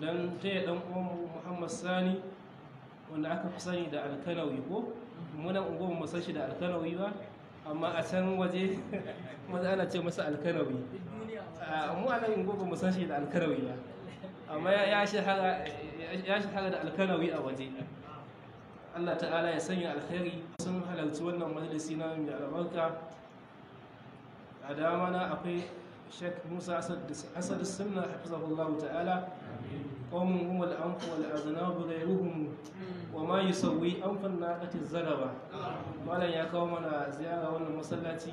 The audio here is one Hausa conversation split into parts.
don taya dan uwanmu muhammad sani wanda aka fi sani da alkanawi ko muna unguwa mu san shi da alkanawi ba amma a can waje maza ana ce masa alkanawi mu a nan gobe mu san shi da alkanawi ba amma ya shahara da alkanawi a waje Allah ta'ala ya sanya alkhairi sun halarci wannan majalisi na mai albarka a dama na akwai Sheikh Musa Asad Sunna hafizahullahu ta'ala qaumun hum al-anfu wal aznabu ghayruhum wa ma yusawwi anfan naqati malam ya kawo mana ziyara wannan masallaci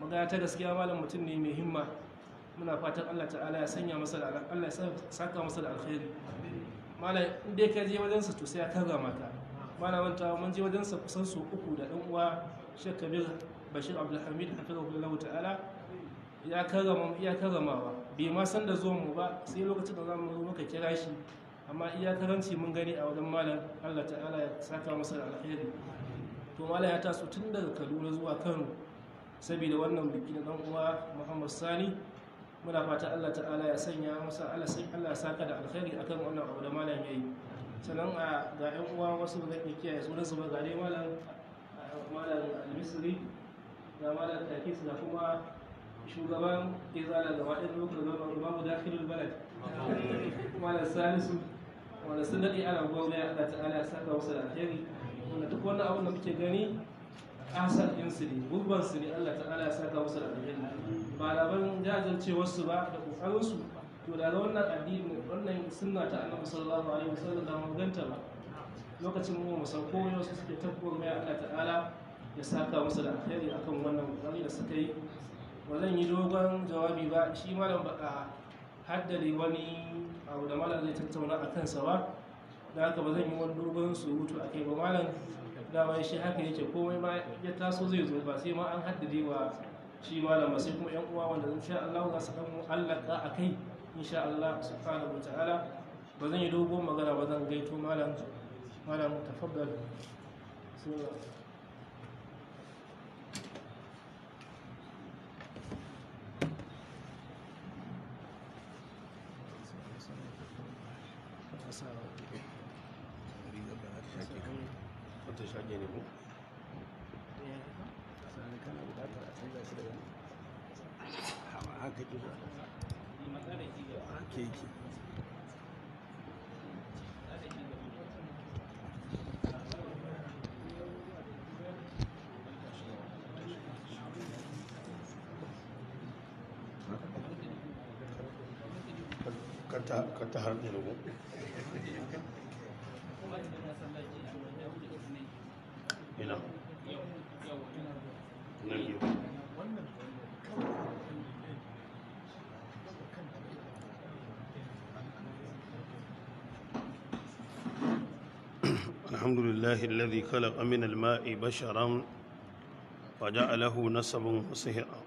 magana ta gaskiya malam mutum ne mai himma muna fatan Allah ta'ala ya sanya masa da Allah ya saka masa da alkhairi malam in ka je wajen sa to sai ya karra maka ta mun je wajen sa kusan so uku da dan uwa Sheikh Kabir Bashir Abdulhamid hafizahullahu ta'ala ya karrama ya karramawa bai ma san da zuwan mu ba sai lokacin da za mu zo muka kira shi amma iya karanci mun gani a wajen malam Allah ta'ala ya saka masa da alheri to malam ya taso tun daga Kaduna zuwa Kano saboda wannan biki na dan uwa Muhammad Sani muna fata Allah ta'ala ya sanya masa Allah sai Allah saka da alheri akan wannan abu da malam yayi sannan a ga 'yan uwa wasu ba zan kiyaye sunan su ba ga dai malam malam al-Misri ga malam Takis da kuma shugaban izala gaba ɗaya muka zama imamu dakhilul balad malam salisu wanda sun daɗe ana gwamna ya Allah ta'ala ya saka wasu da alheri wanda duk wannan abin da muke gani asar ɗinsu ne gubban su ne Allah ta'ala ya saka da ba labarin su ba da wannan addini wannan sunna ta annabi sallallahu alaihi wasallam da ganta ba lokacin mu mu san koyo suke tabbar mai Allah ta'ala ya saka musu da alheri akan wannan wani da suka yi ba zan yi dogon jawabi ba shi malam ba a wani abu da malam zai tattauna a kansa ba da haka ba zan yi wani dogon surutu a kai ba malam dama shi haka yake komai ma ya taso zai zo ba sai ma an haddari wa shi malam ba sai kuma yan uwa wanda sha Allah ga sakan mu allaka a kai insha Allah subhanahu ta'ala ba zan yi dogon magana ba zan gaito malam malam tafaddal bismillah الحمد لله الذي خلق من الماء بشرا وجعله نسبا وصهرا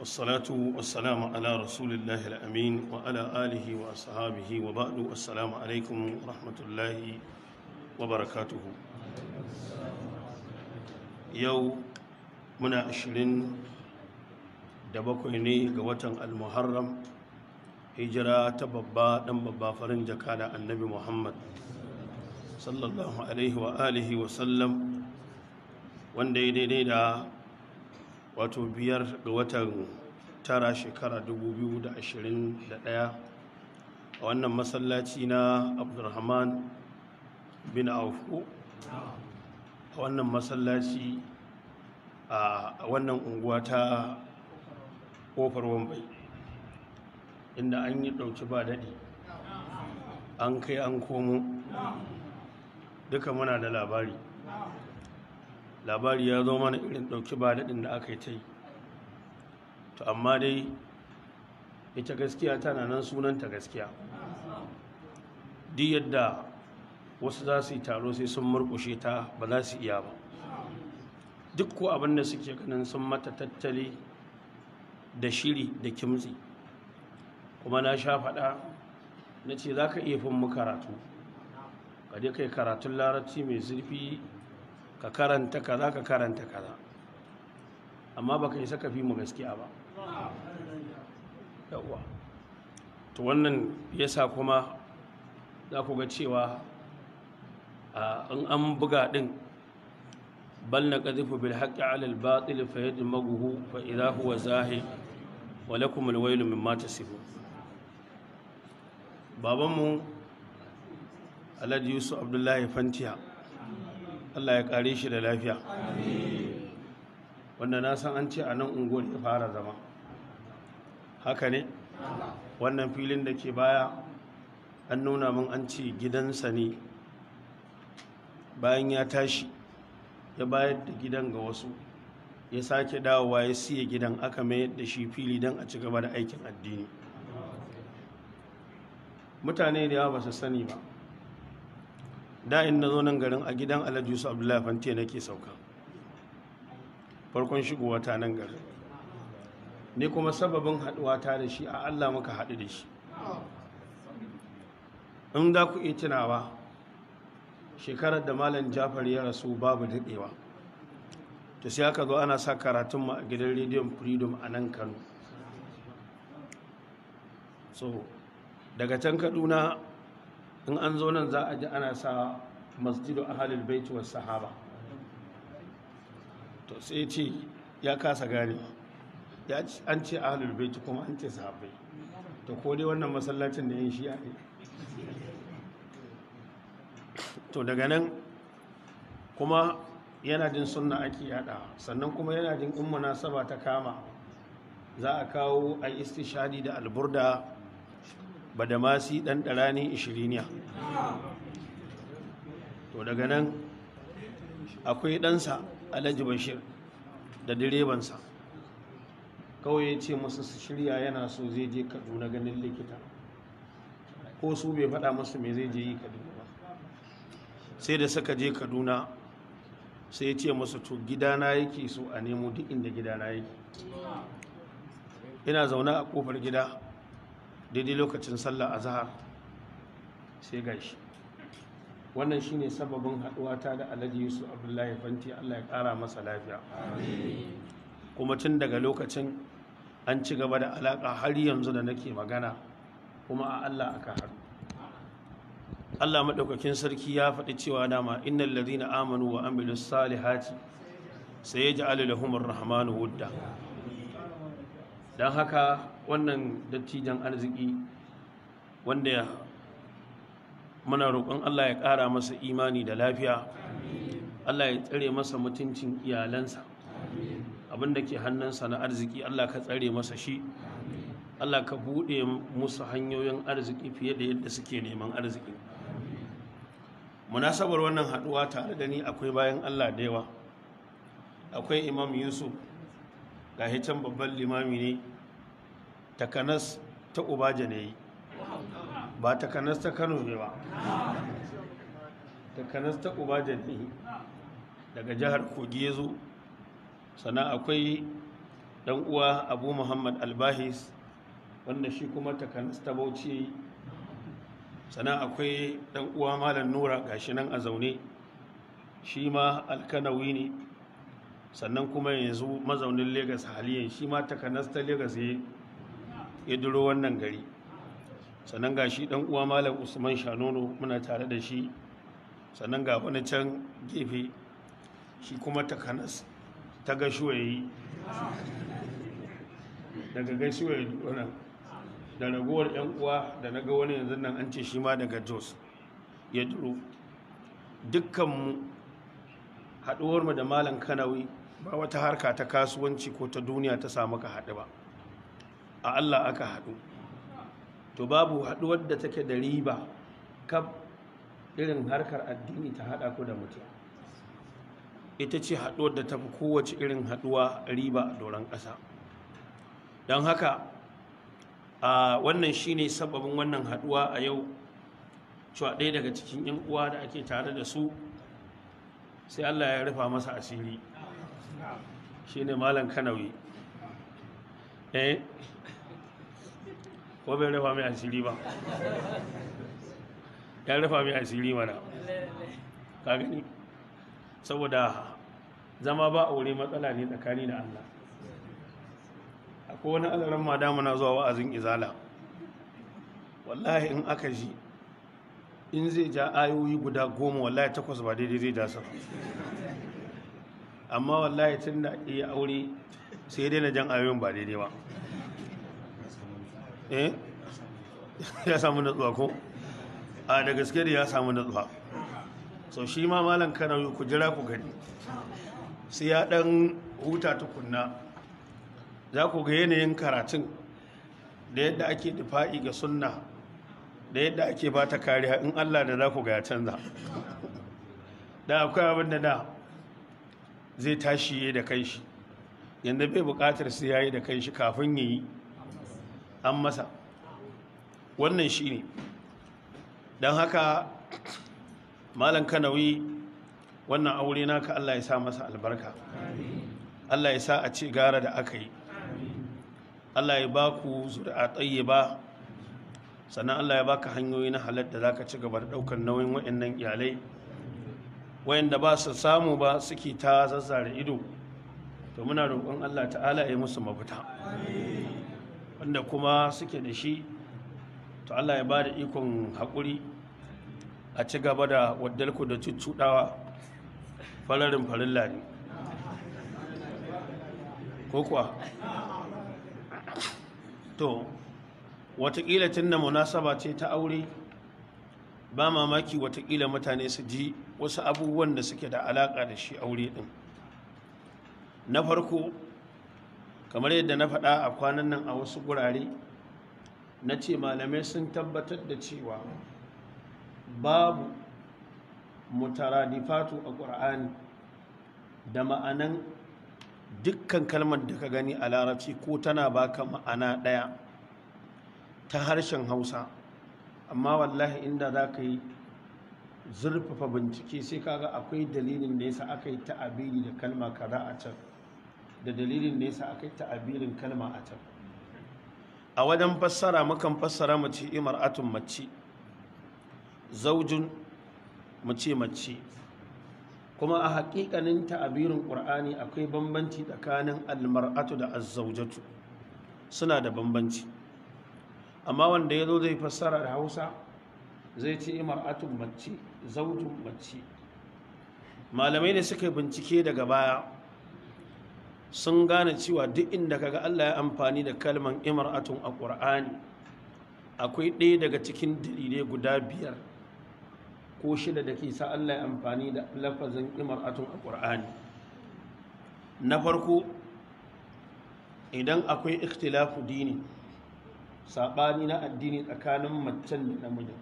wasalatu wasalamu ala rasulillahi al'amin wa ala alihi wa ashabihi wa ba'du alaikum wa rahmatullahi wa barakatuhu yau muna ashirin da bakwai ne ga watan al-muharram hijira ta babba dan babba farin jakada annabi muhammad sallallahu alaihi wa alihi wa sallam wanda ya daidai da wato biyar ga watan tara shekara 2021 a wannan masallaci na Abdulrahman bin aufu a wannan masallaci a wannan unguwa ta kofar wambai inda an yi ɗauki ba daɗi an kai an komo duka muna da labari labari ya zo mana irin ɗauki ba daɗin da aka yi ta yi to amma dai ita gaskiya tana nan sunanta gaskiya duk yadda wasu za su yi taro sai sun murkushe ta ba za su iya ba duk ko abin da suke ganin sun mata tattali da shiri da kimtsi kuma na sha faɗa na ce za ka iya fin mu karatu ka dai kai karatun larabci mai zurfi ka karanta kaza ka karanta kaza amma baka yi saka fi mu gaskiya ba yawa to wannan yasa kuma za ku ga cewa in an buga din bal na qadhifu bil haqqi alal al batil fa yadmaghu fa idha huwa zahi wa lakum al waylu mimma babanmu alhaji yusuf abdullahi fantiya Allah ya kare shi da lafiya wanda na san an ce a nan unguwar ya fara zama haka ne wannan filin da ke baya an nuna min an ce gidansa ne bayan ya tashi ya bayar da gidan ga wasu ya sake dawowa ya siya gidan aka mai da shi fili don a ci gaba da aikin addini mutane da yawa ba su sani ba da in na zo nan garin a gidan alhaji yusuf abdullahi Fante nake sauka farkon shigowa ta nan garin Ne kuma sababin haɗuwa ta da shi a allah muka haɗu da shi in za ku iya tunawa shekarar da malam jafar ya rasu babu daɗewa Ta sai aka zo ana sa karatun karatunmu a gidan rediyon freedom a nan kano so daga can kaduna in an zo nan za a ji ana sa masjidu ahalil baiti was sahaba to sai ce ya kasa gane ya an ce ahalil baiti kuma an ce sahabai to ko dai wannan masallacin da yin shi a ne to daga nan kuma yana jin suna ake yada sannan kuma yana jin in munasaba ta kama za a kawo a istishadi da alburda badamasi ɗan ɗarani ishiriniya to daga nan akwai ɗansa alhaji bashir da direbansa kawai ya ce masu su shirya yana so zai je kaduna ganin likita ko su bai faɗa masu mai zai je yi kaduna sai da suka je kaduna sai ya ce masu to gidana yake so a nemo duk inda gidana yake ina zaune a kofar gida daidai lokacin sallar azhar sai gashi wannan shine sababin haduwa ta da Alhaji Yusuf Abdullahi Fanti Allah ya kara masa lafiya kuma tun daga lokacin an ci gaba da alaka har yanzu da nake magana kuma a Allah aka haɗu Allah madaukakin sarki ya faɗi cewa dama innal ladina amanu wa amilus salihati sayaj'alu lahumur rahmanu wudda don haka wannan dattijan arziki wanda muna roƙon Allah ya ƙara masa imani da lafiya Allah ya tsare masa mutuncin iyalansa abinda ke hannunsa na arziki Allah ka tsare masa shi Allah ka buɗe musu hanyoyin arziki fiye da yadda suke neman arziki munasabar wannan haɗuwa tare da ni akwai bayan Allah da yawa akwai imam yusuf ga can babban limami ne takanas ta ubaja ne yi ba takanas ta kano ne ba takanas ta ubaja ne daga jihar kogi ya zo sannan akwai dan uwa abu muhammad albahis wanda shi kuma takanas ta bauchi sannan akwai dan uwa malam nura gashi nan a zaune shi ma alkanawi ne sannan kuma yanzu mazaunin Legas haliyan shi ma takanas ta Legas ya duro wannan gari sannan ga shi dan uwa malam Usman Shanono muna tare da shi sannan ga wani can gefe shi kuma takanas ta ga yi daga gaisuwa ya dora da ragowar 'yan uwa da na ga wani yanzu nan an ce shi ma daga jos ya duro dukkanmu haɗuwarmu da malam kanawi ba wata harka ta kasuwanci ko ta duniya ta samu ka haɗu ba a Allah aka haɗu to babu haɗuwar da take da riba kaf irin harkar addini ta haɗa ku da mutum ita ce haɗuwar da fi kowace irin haɗuwa riba a doron ƙasa don haka a wannan ne sababin wannan haɗuwa a yau cewa ɗaya daga cikin 'yan uwa da ake tare da su sai Allah ya rufa masa asiri Shi ne malam kanawi eh ko bai rufa mai asiri ba ya rufa mai asiri mana ka gani saboda zama ba a wuri matsala ne tsakani da Allah akwai wani alaran madamu na zuwa wa'azin izala wallahi in aka ji in zai ja ayoyi guda goma wallahi takwas ba daidai zai dasa amma wallahi tun da iya aure sai dai na jan ayoyin ba daidai ba eh ya samu natsuwa ko a da gaske da ya samu natsuwa so shi ma malam yi ku jira ku gani sai ya dan huta tukunna za ku ga yanayin karatun da yadda ake difa'i ga sunna da yadda ake ba ta kariya in allah da za ku ga ya canza da akwai abin da da zai tashi yi da shi yadda bai bukatar sai yayi da shi kafin yi an masa wannan shi ne, don haka malam kanawi wannan aure naka Allah ya sa masa albarka Allah ya sa a ci gara da aka yi Allah ya ba ku zuri'a ba sannan Allah ya baka hanyoyi na halatta zaka ci gaba da ɗaukar nauyin waɗannan iyalai wayanda ba su samu ba suke ta zazzara ido to muna roƙon Allah ta'ala ya musu mafita wanda kuma suke da shi to Allah ya ba da ikon haƙuri a ci gaba da waddalku da cuccuɗawa falarin farilla ne ko kuwa to watakila tun da munasaba ce ta aure ba mamaki watakila mutane su ji wasu abubuwan da suke da alaƙa da shi aure ɗin na farko kamar yadda na faɗa a kwanan nan a wasu gurare na ce malamai sun tabbatar da cewa babu mutaradifatu a ƙur'ani da ma'anan dukkan kalmar da ka gani a larabci ko tana baka ma'ana ɗaya ta harshen hausa amma wallahi inda za ka yi zurfafa bincike sai kaga akwai dalilin da yasa aka yi ta'abiri da kalma kaza a can da dalilin da yasa aka yi ta'abirin kalma a can a wajen fassara mukan fassara mu ce imar'atun mace zaujin mu ce mace kuma a haƙiƙanin ta'abirin ƙur'ani akwai bambanci tsakanin almar'atu da azzaujatu suna da bambanci amma wanda ya zo zai fassara da hausa zai ce imar'atun mace zautun mace malamai da suka bincike daga baya sun gane cewa duk inda kaga Allah ya amfani da kalman imar'atun a ƙur'ani akwai ɗaya daga cikin dalilai guda biyar ko shida da ke sa Allah ya amfani da lafazin atun a ƙur'ani na farko idan akwai ikhtilafu dini saɓani na addini tsakanin macen da namijin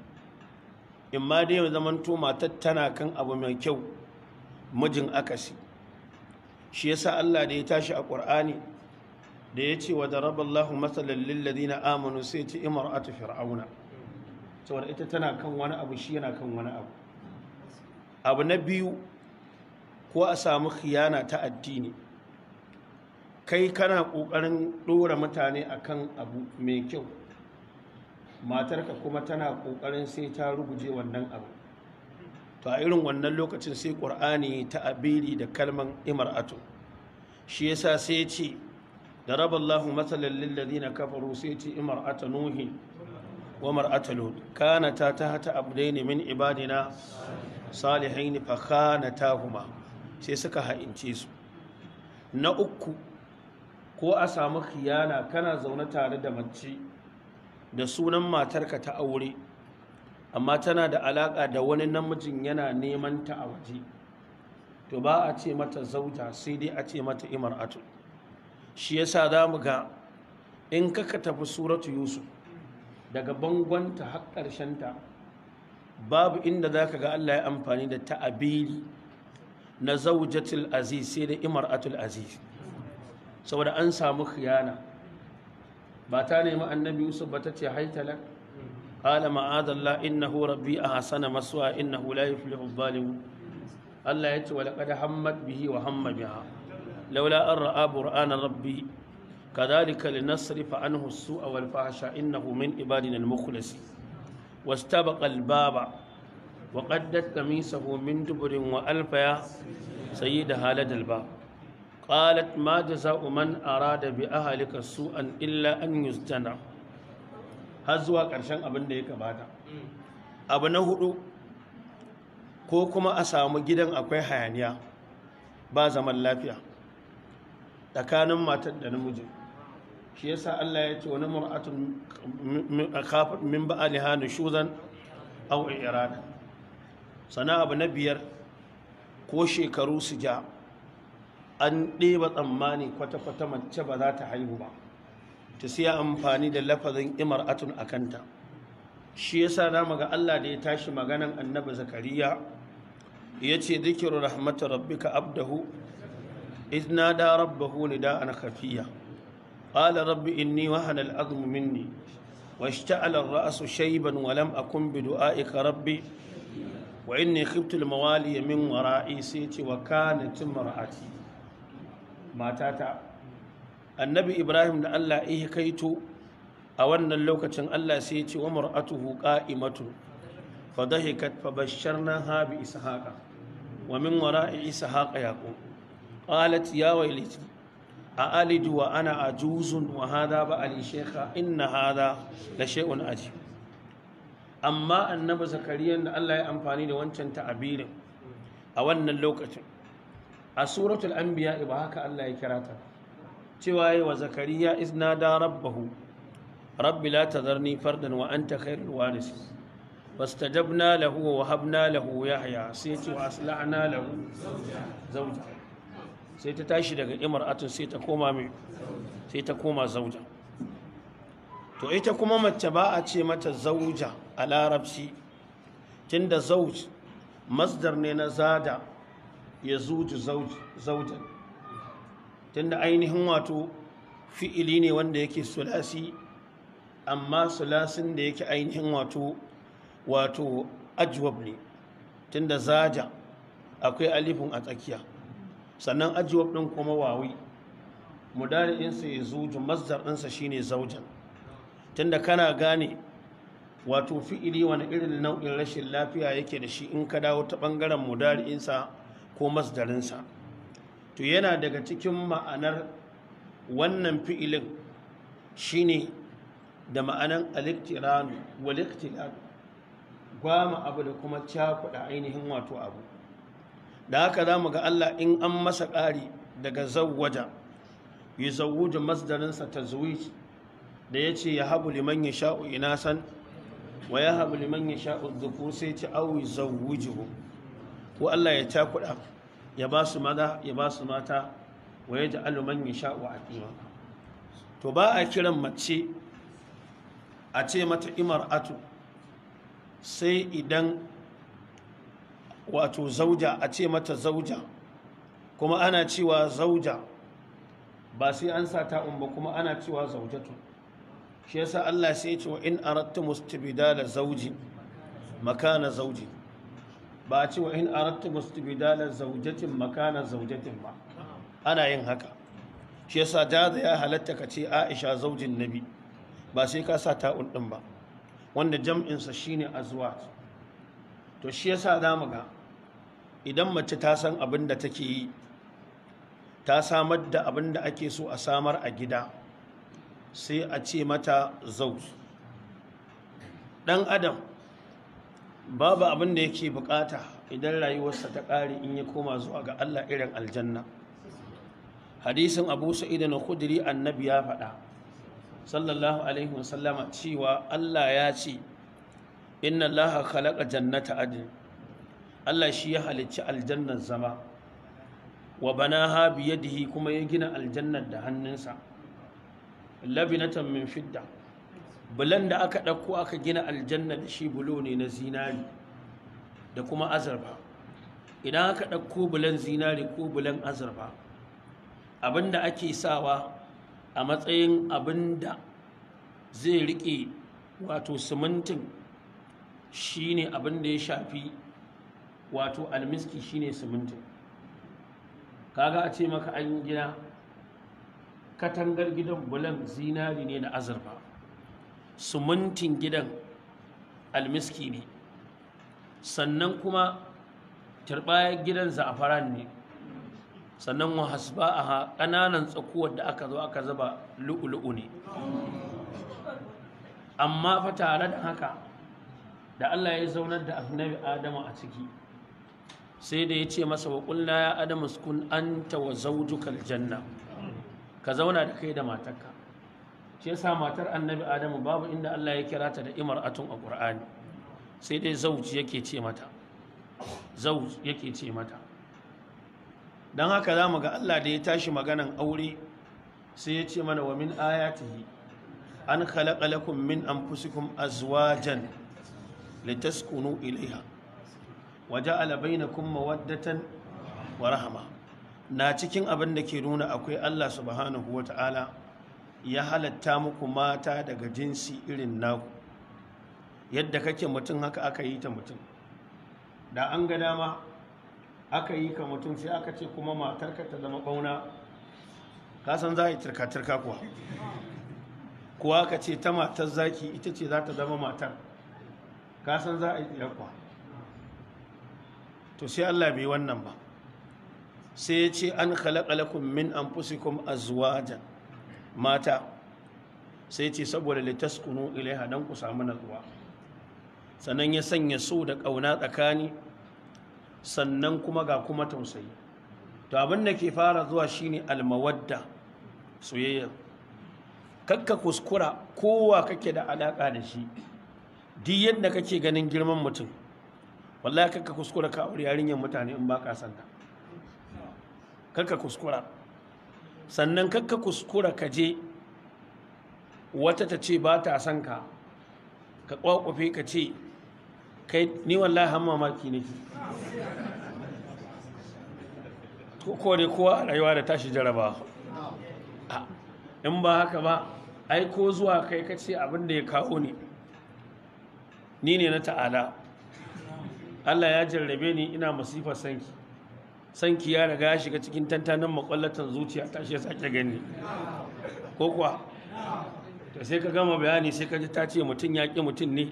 in ma dai ya zamanto matar tana kan abu mai kyau mijin akasi shi yasa Allah da ya tashi a Qur'ani da ya ce wa daraballahu masalan lil ladina amanu sai ta imra'atu fir'auna saboda ita tana kan wani abu shi yana kan wani abu abu na biyu ko a samu khiyana ta addini kai kana kokarin dora mutane akan abu mai kyau matarka kuma tana ƙoƙarin sai ta ruguje wannan abu to a irin wannan lokacin sai ƙur'ani ta abiri da kalman imar'atu shi yasa sai ce da raballahu matsalar ladina kafaru sai ce imar'ata nuhi wa mar'ata lut kana ta tahta abdaini min ibadina salihain fa kana huma sai suka ha'ince su na uku ko a samu khiyana kana zaune tare da mace da sunan matarka ta aure amma tana da alaƙa da wani namijin yana neman ta a waje to ba a ce mata zauta sai dai a ce mata imar'atu shi yasa za mu ga in kaka tafi suratu yusuf daga bangonta har ta babu inda za ka ga Allah ya amfani da ta'abiri na zaujatul aziz sai da imar'atul aziz saboda an samu khiyana ba ta nemi annabi yusuf ba ta ce haitala qala ma'adallah innahu rabbi ahsana masuwa innahu la yuflihu adh Allah ya ce wa laqad hammat bihi wa hamma biha laula an ra'a bur'ana rabbi kadhalika linasrifa anhu as-su'a wal fahsha innahu min ibadina al-mukhlasin واستبق الباب وقدت قميصه من دبر وألفيا سيدها لدى الباب قالت ما جزاء من أراد بأهلك سوءا إلا أن يستنى هزوا كرشان أبن ديك بادا أبن هدو ko kuma a samu gidan akwai hayaniya ba zaman lafiya tsakanin matar da namiji shi yasa Allah ya ce wani mur'atun khafat min ba'aliha nushuzan aw irada sana abu na biyar ko shekaru su ja an ɗeba tsammani kwata-kwata mace ba za ta haihu ba ta siya amfani da lafazin atun a kanta shi ya sa dama ga Allah da ya tashi maganan annabi zakariya ya ce zikiru rahmatu rabbika abdahu izna da rabbahu nida'an khafiya qala rabbi inni wahana al'azmu minni واشتعل الرأس du'aika rabbi أكن بدعائك ربي min خبت sai من ورائي سيتي وكانت امرأتي matata annabi ibrahim da allah ya kaito a wannan lokacin allah sai ya ce wa mar'atuhu qa'imatu fa dahikat fa basharnaha bi ishaqa wa min wara'i ishaqa yaqub qalat ya waylati a alidu wa ana ajuzun wa hada ba ali shaykha inna hada la shay'un ajib amma annabi zakariya da allah ya amfani da wancan ta'abirin a wannan lokacin a suratul anbiya ba haka Allah ya kira ta cewa yi wa zakariya izna da rabbahu rabbi la tazarni fardan wa anta khairul warisi فاستجبنا له ووهبنا له يحيى سيت واصلحنا له زوجا sai ta tashi daga imra'atun sai ta koma mai sai ta koma zauja to ita kuma mace ba a ce mata zauja a larabci tunda zauj masdar ne na zada ya zuji zaujan tunda ainihin wato fi'ili ne wanda yake sulasi amma sulasin da yake ainihin wato wato ajwab ne tunda zaja akwai alifin a tsakiya sannan ajwab din kuma wawi mudari'insa ya zuji mazdar ɗinsa ne zaujan tunda kana gane wato fi'ili wani irin nau'in rashin lafiya yake da shi in ka dawo ta ɓangaren mudari'insa ko masdarinsa to yana daga cikin ma'anar wannan fi'ilin shine da ma'anar aliktiranu waliktilar gwama abu da kuma cakuɗa ainihin wato abu da haka za ga Allah in an masa ƙari daga zawwaja yi zawwujin masdarinsa ta zuwi da ya ce ya habu liman ya sha'u inasan wa ya habu liman ya sha'u zuku sai ci auyi zawwujin ko Allah ya takuɗa ya ba su maza ya ba su mata wa ya ja'alu man yasha'u aqima to ba a kiran mace a ce mata imar imar'atu sai idan wato zauja a ce mata zauja kuma ana cewa zauja ba sai an sa ta'un ba kuma ana cewa zaujatu shi yasa Allah sai ya ce wa in aradtum istibdala zawji makana zawji ba a ce wa in arattu mustabidalar zaujatin makana zaujatin ba ana yin haka shi yasa jaza ya halatta ka ce aisha zaujin nabi ba sai ka sa ta ɗin ba wanda jam'insa shine zuwa. to shi yasa mu ga idan mace ta san abin da take yi ta samar da abin da ake so a samar a gida sai a ce mata zauj dan adam babu abin da yake bukata idan rayuwarsa ta ƙare in ya koma zuwa ga Allah irin aljanna hadisin Abu Sa'id na Kudiri annabi ya faɗa sallallahu alaihi wasallama cewa Allah ya ce inna Allah khalaqa jannata adin. Allah shi ya halicci aljannar zama wa banaha bi yadihi kuma ya gina aljannar da hannunsa labinatan min fidda bulan da aka ɗauko aka gina aljanna da shi bulo ne na zinari da kuma azurfa idan aka ɗauko bulan zinari ko bulan azurfa da ake sawa a matsayin da zai riƙe wato simintin shine da ya shafi wato almiski shine simintin kaga a ce maka an gina katangar gidan bulan zinari ne na azurfa sumuntin gidan almiski ne sannan kuma turɓayar gidan za'afaran ne sannan wa a ƙananan tsakuwar da aka zo aka zaba lu'ulu'u ne amma fa tare da haka da Allah ya zaunar da annabi Adamu a ciki sai da ya ce masa wa qulna ya adamu an ta wa zaujukar janna, ka zauna da kai da matakka. shi yasa matar annabi adamu babu inda Allah ya kira ta da imar'atun a Qur'ani sai dai zauji yake ce mata yake ce mata Don haka za mu ga Allah da ya tashi maganan aure sai ya ce mana wa min ayatihi an khalaqa lakum min anfusikum azwajan litaskunu ilaiha. Waje alabaina bainakum mawaddatan wa rahma na cikin abin da ke nuna akwai Allah subhanahu wata'ala ya halatta muku mata daga jinsi irin naku yadda kake mutum haka aka yi ta mutum da an ga dama aka yi ka mutum sai aka ce kuma matarka ta zama Ka kasan za a yi turka-turka kuwa kuwa ka ce ta matar zaki ita ce za ta zama matar kasan za a yi kuwa to sai allah bai wannan ba sai ya ce an khalaqalakum min an a azwajan mata sai ce saboda litaskunu ilaiha dan ku samu natsuwa sannan ya sanya so da ƙauna tsakani sannan kuma ga kuma tausayi to abin da ke fara zuwa shine almawadda soyayya kakka kuskura kowa kake da alaka da shi duk yadda kake ganin girman mutum wallahi kakka kuskura ka aure yarinyar mutane in ba ka santa kakka kuskura sannan kakka kuskura ka je wata ta ce ba ta son ka ka kwakwafe ka ce kai ni wallahi hamma maki ne ko dai kowa a rayuwa da tashi jaraba in ba haka ba ai ko zuwa kai ka ce abin da ya kawo ni ni ne na ta'ala Allah ya jarrabe ni ina masifar sanki san ki ya riga ya shiga cikin tantanin makwallatan zuciya ta shi sake gani ko kuwa to sai ka gama bayani sai ka ji ta ce mutum ya ƙi mutum ne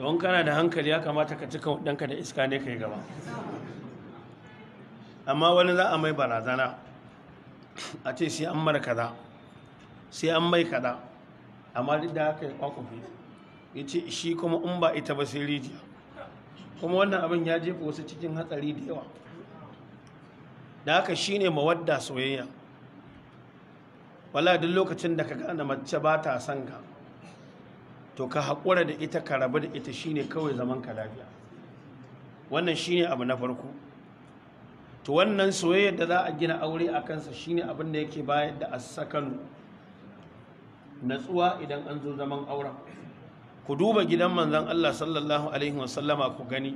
to wani kana da hankali ya kamata ka cika ɗanka da iska ne ka yi gaba amma wani za a mai barazana a ce sai an mara kaza sai an mai kaza amma duk da haka ya kwakwafi ya ce shi kuma in ba ita ba sai rijiya kuma wannan abin ya jefa wasu cikin hatsari da yawa da haka ne mawadda soyayya wala duk lokacin da ka gane mace ba ta son ka to ka haƙura da ita ka rabu da ita shine kawai zaman ka lafiya wannan shi ne abu na farko to wannan soyayya da za a gina aure a kansa shine abin da yake bayar da a asakanu natsuwa idan an zo zaman auren ku duba gidan manzan Allah sallallahu alaihi wasallama ku gani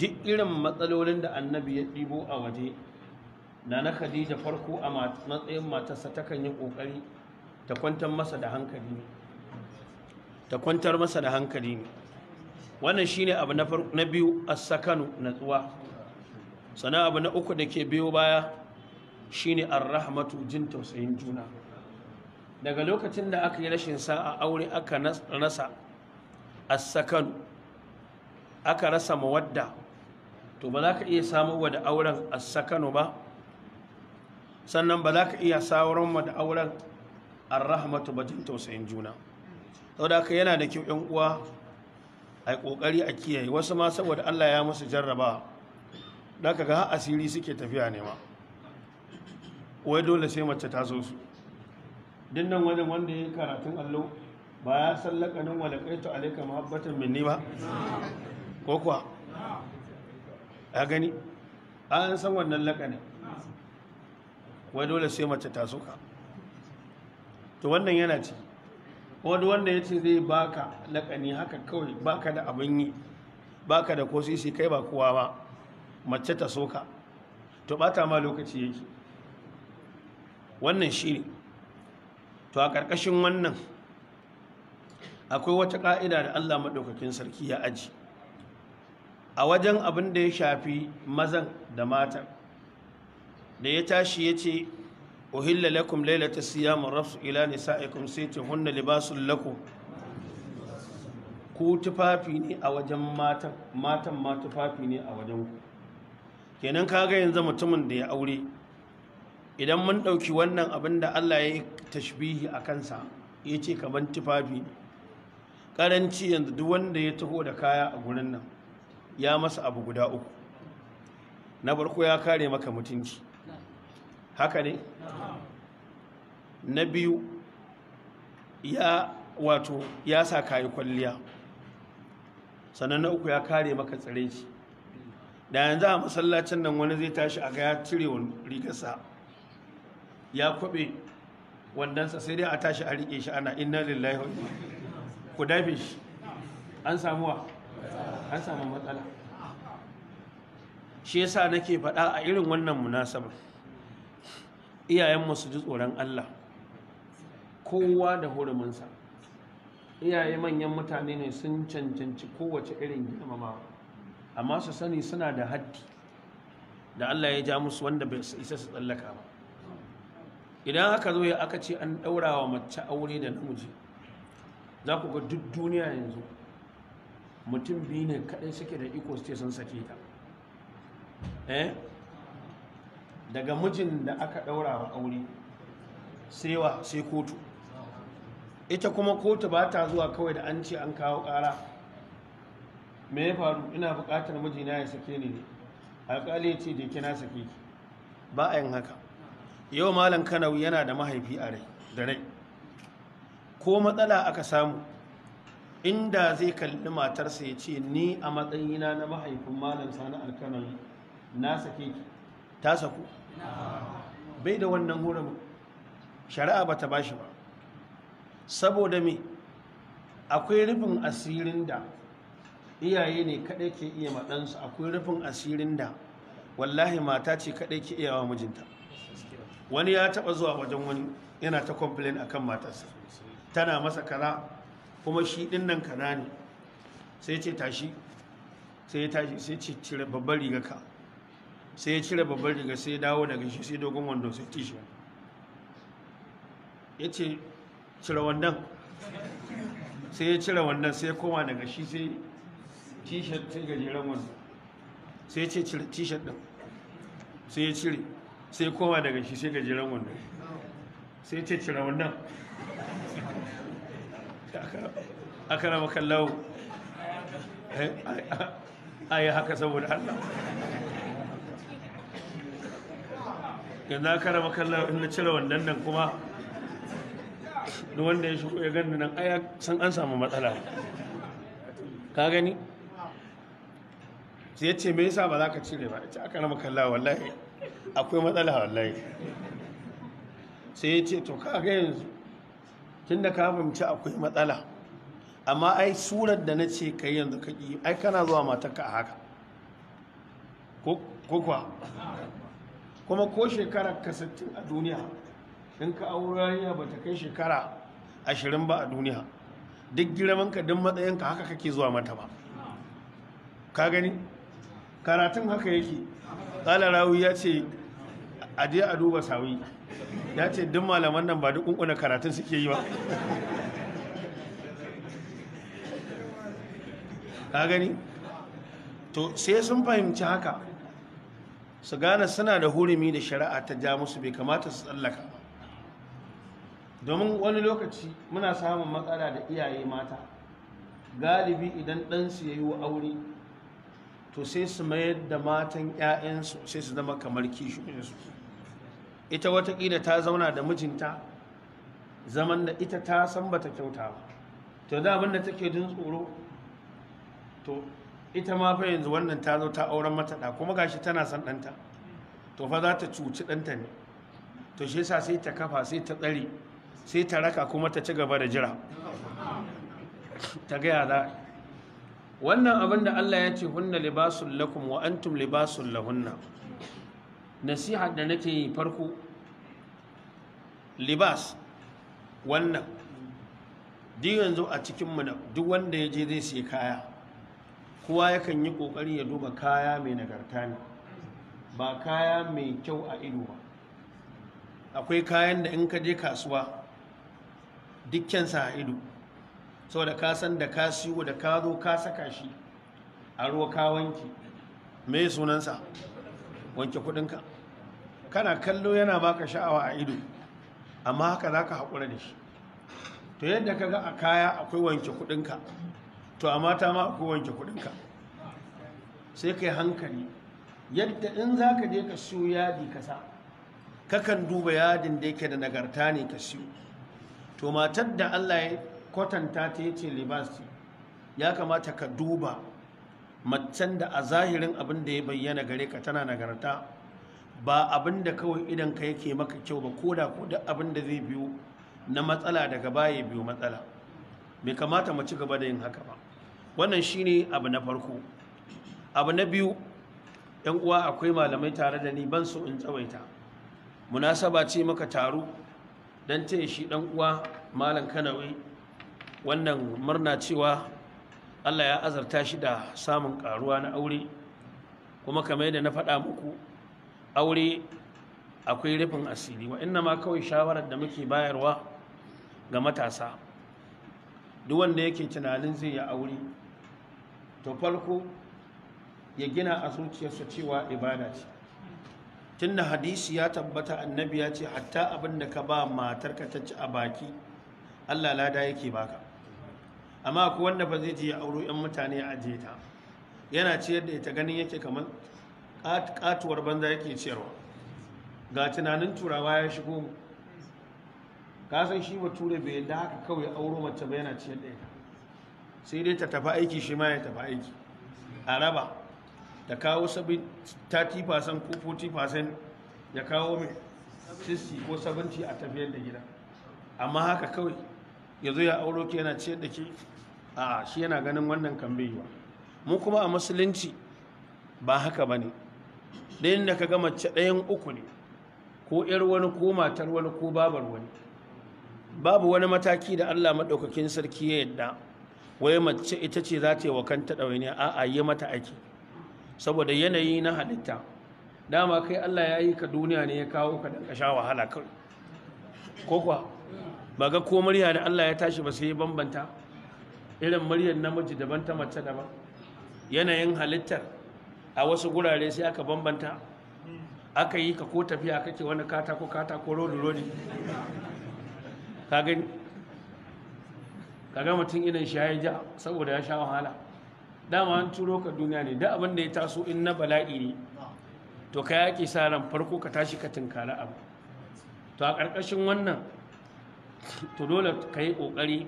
duk irin matsalolin da annabi ya ɗibo a waje na na khadija farko a matsayin matarsa takan yi ƙoƙari ta kwantar masa da hankali ne ta kwantar ne wannan abu na biyu a sakanu tsuwa. sana abu na uku da ke biyo baya shi ne an rahmatu jin tausayin juna daga lokacin da aka yi rashin sa'a aure aka rasa as-sakan aka rasa mawadda to ba za ka iya wa da auren as-sakanu ba sannan ba za ka iya wa da auren ar-rahmatu ba jin tausayin juna saboda ka yana da kyau yan uwa ai kokari a kiyaye wasu ma saboda Allah ya musu jarraba da ka ga asiri suke tafiya nema wai dole sai mace ta zo su dinnan wajen wanda ya yi karatun allo ba ya san kai walakaitu alaika mahabbatan minni ba ko kuwa ya gani an san wannan lakanin wai dole sai mace ta suka to wannan yana ci wani wanda ya ce zai baka lakani haka kawai baka da abin yi baka da kosisi kai ba kowa ba mace ta soka to bata ma lokaci yake wannan shi ne to a ƙarƙashin wannan akwai wata ƙa'ida da Allah maɗaukakin sarki ya aji a wajen abin da ya shafi mazan da matan da ya tashi ya ce uhilla lakum lailata ma rafsu ila nisa'ikum sai ce hunna libasun lakum ku tufafi ne a wajen matan matan ma tufafi ne a wajen ku kenan kaga yanzu mutumin da ya aure idan mun ɗauki wannan abin da Allah ya yi tashbihi a kansa ya ce kamar tufafi ne ƙaranci yanzu duk wanda ya taho da kaya a gurin nan ya masa abu guda uku na farko ya kare maka mutunci haka ne na biyu ya wato ya sa kayi kwalliya sannan na uku ya kare maka tsare da yanzu a masallacin nan wani zai tashi a ga ya cire rigarsa ya kwabe wandansa sai dai a tashi a rike shi ana inna lillahi wa ku dafe shi an samu wa an samu matsala shi yasa nake faɗa a irin wannan munasaba iyayenmu su ji tsoron Allah kowa da huruminsa iyaye manyan mutane ne sun cancanci kowace irin girmama amma su sani suna da haddi da Allah ya ja musu wanda bai isa su tsallaka ba idan aka zo ya aka ce an ɗaura mace aure da namiji za ku ga duk duniya yanzu mutum biyu ne kaɗai suke da iko su ce sun sake ta eh daga mijin da aka ɗaura wa aure sai wa sai kotu ita kuma kotu ba ta zuwa kawai da an ce an kawo ƙara me ya faru ina bukatar mijina ya sake ni ne alƙali ya ce da na sake ba a yin haka yau malam kanawi yana da mahaifi a rai da rai ko matsala aka samu inda zai kalli matarsa ya ce ni a matsayina na mahaifin malam sani alkanar na sake ta saku bai da wannan hurumin shari'a ba ta bashi ba saboda me akwai rufin asirin da iyaye ne kaɗai ke iya maɗansu akwai rufin asirin da wallahi mata ce kaɗai ke iyawa mijinta wani ya taba zuwa wajen wani yana ta complain akan matarsa tana masa kara kuma shi din nan kana ne sai ce tashi sai ya tashi sai ce cire babbar riga ka sai ya cire babbar riga sai ya dawo daga shi sai dogon wando sai tishi ya ce cire wannan sai ya cire wannan sai ya koma daga shi sai t-shirt sai gajeren wando sai ya ce cire t-shirt din sai ya cire sai koma daga shi sai gajeren wannan sai ce cire wannan a kana makallau eh, a yi haka saboda allah yanzu a kana makallau inda na cire wannan nan kuma da wanda ya shigo ya gani nan aya san an samu matsala ka gani sai ce me yasa ba za ka cire ba a ce a kana makallawo wallahi akwai matsala wallahi sai ya ce to kaga yanzu Tunda ka fahimci akwai matsala amma ai surar da na ce ka yanzu ka ai kana zuwa matarka a haka ko kwa kuma ko shekarar ka 60 a duniya in ka aurariya ba ta kai shekara ashirin ba a duniya duk girman girmanka duk matsayinka haka kake zuwa mata ba ka gani karatun haka yake ƙala rawu ya ce a je a duba sawi ya ce duk malaman nan ba duk kunkuna karatun suke yi ba ka gani to sai sun fahimci haka su gane suna da hurumi da shari'a ta ja musu bai kamata su tsallaka domin wani lokaci muna samun matsala da iyaye mata galibi idan ɗansu ya yi wa aure to sai su mayar da matan 'ya'yansu sai su zama kamar kishinsu ita watakila ta zauna da mijinta zaman da ita ta san bata kyauta ba to da abin da take jin tsoro to ita ma fa yanzu wannan ta zo ta auren mata da kuma gashi tana san ɗanta to fa za ta cuci ɗanta ne to shi yasa sai ta kafa sai ta tsare sai ta raka kuma ta ci gaba da jira ta gaya za wannan abin da Allah ya ce hunna libasul lakum wa antum libasul lahunna nasiha da nake yi farko libas wannan duk yanzu a cikinmu duk wanda ya je zai sai kaya kowa yakan yi ƙoƙari ya duba kaya mai nagarta ne ba kaya mai kyau a ido ba akwai kayan da in ka je kasuwa dukkansa a ido saboda ka san da ka siyo da ka zo ka saka shi a ruwa ka wanki mai sunansa wanke kudinka kana kallo yana baka sha'awa a ido amma haka za ka haƙura da shi to yadda ka ga a kaya akwai wanke kudinka to a mata ma akwai wanke kudinka sai ka yi hankali yadda in za ka je ka siyo yadi ka kasa kakan duba yadin da yake da nagarta ne ka siyo to matar da allah ya kwatanta ta yace libas ya kamata ka duba macen da a zahirin abin da ya bayyana gare ka tana nagarta ba abin da kawai idan ka yake maka kyau ba ko da ko da abin da zai biyu na matsala daga baya biyu matsala bai kamata mu ci gaba da yin haka ba wannan shine abu na farko abu na biyu yan uwa akwai malamai tare da ni ban so in tsawaita munasaba ce maka taro dan taya shi dan uwa malam Kanawe wannan murna cewa Allah ya azarta shi da samun ƙaruwa na aure kuma kamar yadda na faɗa muku aure akwai rufin asiri wa inna ma kawai shawarar da muke bayarwa ga matasa duk wanda yake tunanin zai yi aure to farko ya gina a zuciyarsa cewa ibada ce Tun da hadisi ya tabbata annabi ya ce hatta abin da ka ba matarka ta ci a baki Allah lada yake baka amma ko wanda ba zai ji ya auro yan mutane a ajiye ta yana ciyar da ita ganin yake kamar katuwar banza yake ciyarwa ga tunanin turawa ya shigo kasan shi bature bai yadda haka kawai auro mace ba yana ciyar da ita sai dai ta tafi aiki shi ma ya tafi aiki a raba ta kawo sabi 30% ko 40% ya kawo mai 60 ko 70 a tafiyar da gida amma haka kawai yanzu ya auro ki yana ciyar da ke a shi yana ganin wannan kan bai yiwa mu kuma a musulunci ba haka bane ɗayan da ka ga mace ɗayan uku ne ko ƴar wani ko matar wani ko babar wani babu wani mataki da Allah maɗaukakin sarki ya yadda wai mace ita ce za ta yi wa kanta ɗawainiya a a yi mata ake saboda yanayi na halitta dama kai Allah ya yi ka duniya ne ya kawo ka da kasha wahala kai ko kuwa ba ga ko murya da Allah ya tashi ba sai ya bambanta irin muryar namiji daban ta mace daban yanayin halittar a wasu gurare sai aka bambanta aka yi ka ko tafiya kake wani katako katako rodi rodi Ka kaga mutum idan shi ya ja saboda ya sha wahala dama an turo ka duniya ne da abin da ya taso in na bala'i ne to ka yaƙi sa ran farko ka tashi ka tunkari abu to a ƙarƙashin wannan to dole ka yi ƙoƙari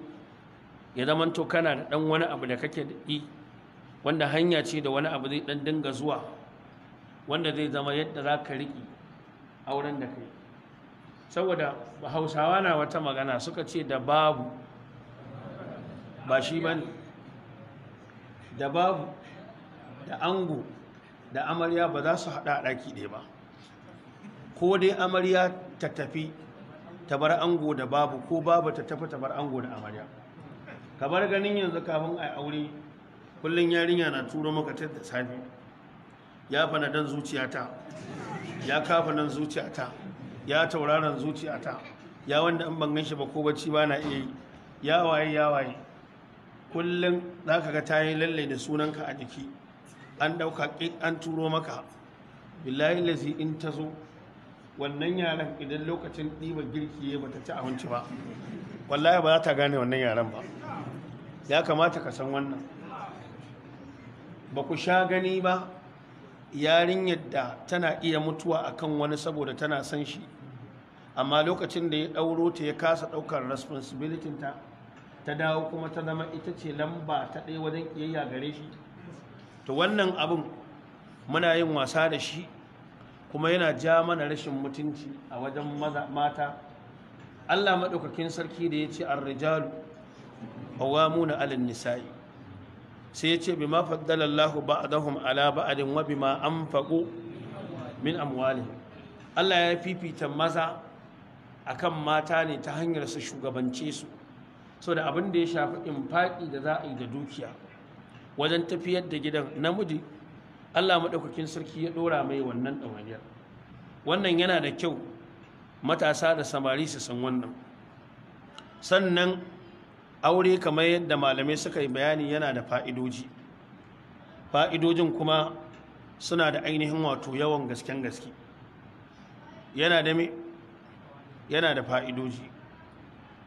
ya zama to kana da ɗan wani abu da kake da yi wanda hanya ce da wani abu zai ɗan dinga zuwa wanda zai zama yadda za ka riƙi auren da kai saboda hausawa na wata magana suka ce da babu ba shi ba da babu da ango da amarya ba za su haɗa ɗaki ɗaya ba ko dai amarya ta tafi Ta bar ango da babu ko babu ta tafi bar ango da amarya kamar ganin yanzu kafin a aure kullum yarinya na turo maka ta da safe ya fana dan zuciyata ya kafa nan zuciyata ya tauraron zuciyata ya wanda an ban shi ba ko bacci ba na iya yi ya waye ya waye kullum za ka ga ta yi lallai da sunanka a jiki an ɗauka an turo maka billahi lazi in ta zo wannan yaran idan lokacin ɗiba girki ya bata ci abinci ba wallahi ba za ta gane wannan yaran ba ya kamata ka san wannan ba ku sha gani ba yarinyar da tana iya mutuwa akan wani saboda tana san shi amma lokacin da ya ɗauro ta ya kasa ɗaukar responsibility ta ta dawo kuma ta zama ita ce lamba ta ɗaya wajen iyayya gare shi to wannan abin muna yin wasa da shi kuma yana ja mana rashin mutunci a wajen mata Allah maɗaukakin sarki da ya ce arrijalu na alin nisa'i sai ya ce bima ba a zahun ala bi ma an anfaqu min amwali Allah ya fifita maza a kan mata ne ta hanyar su shugabance su da abin da ya shafi in faɗi da za a yi da dukiya wajen tafiyar da gidan namiji Allah maɗaukakin sarki ya ɗora mai wannan ɗawaniyar wannan yana da kyau matasa da samari su san wannan sannan aure kamar yadda malamai suka yi bayani yana da fa'idoji fa'idojin kuma suna da ainihin wato yawan gasken gaske yana da me yana da fa'idoji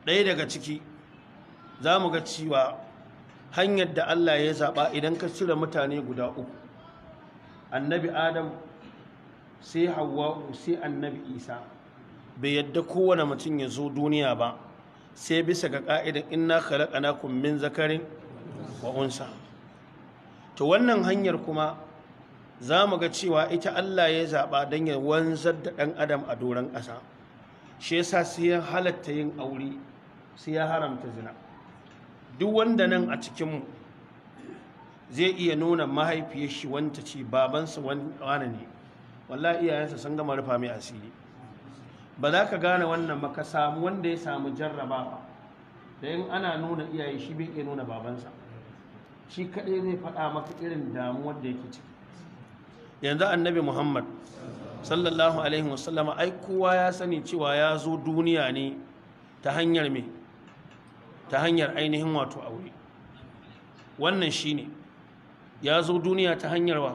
ɗaya daga ciki za mu ga cewa hanyar da Allah ya zaɓa idan ka cire mutane guda uku annabi adam sai hawa'u sai annabi isa bai yadda kowane mutum ya zo duniya ba sai bisa ga ka'idan kalaka na min zakarin wa unsa ta wannan hanyar kuma za mu ga cewa ita Allah ya zaɓa don ya wanzar da ɗan adam a doron ƙasa shi yasa sai ya halatta yin aure sai ya haramta zina duk wanda nan a cikinmu zai iya nuna mahaifiyar shi wanta ce babansa wani ne walla iyayensa sun gama rufa mai asiri ba za ka gane wannan ba ka samu wanda ya samu jarraba. da yin ana nuna iyaye shi bai nuna babansa shi kaɗai zai faɗa maka irin damuwar da yake ciki yanzu annabi muhammad sallallahu alaihi wasallama ai kowa ya sani cewa ya zo duniya ne ta hanyar me ta hanyar ainihin wato aure wannan shi ne, ya zo duniya ta hanyar wa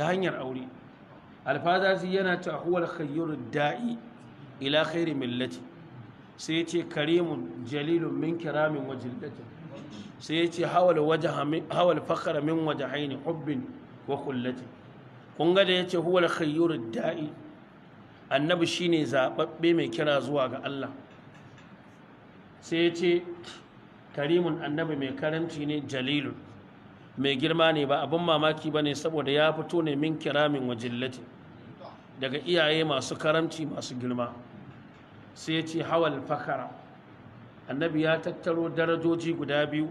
ta hanyar aure alfazazi yana ta huwar khayyur da'i ila khairi millati sai ce karimun jalilun min kiramin wajillati sai ce hawal wajha min hawal fakhra min hubbin wa kullati kun ga da yace huwal khayyur da'i annabi shine zababbe mai kira zuwa ga Allah sai ce karimun annabi mai karanci ne jalilun mai girma ne ba abin mamaki ba ne saboda ya fito ne min kiramin wajillati daga iyaye masu karamci masu girma sai ya ce hawal fakara annabi ya tattaro darajoji guda biyu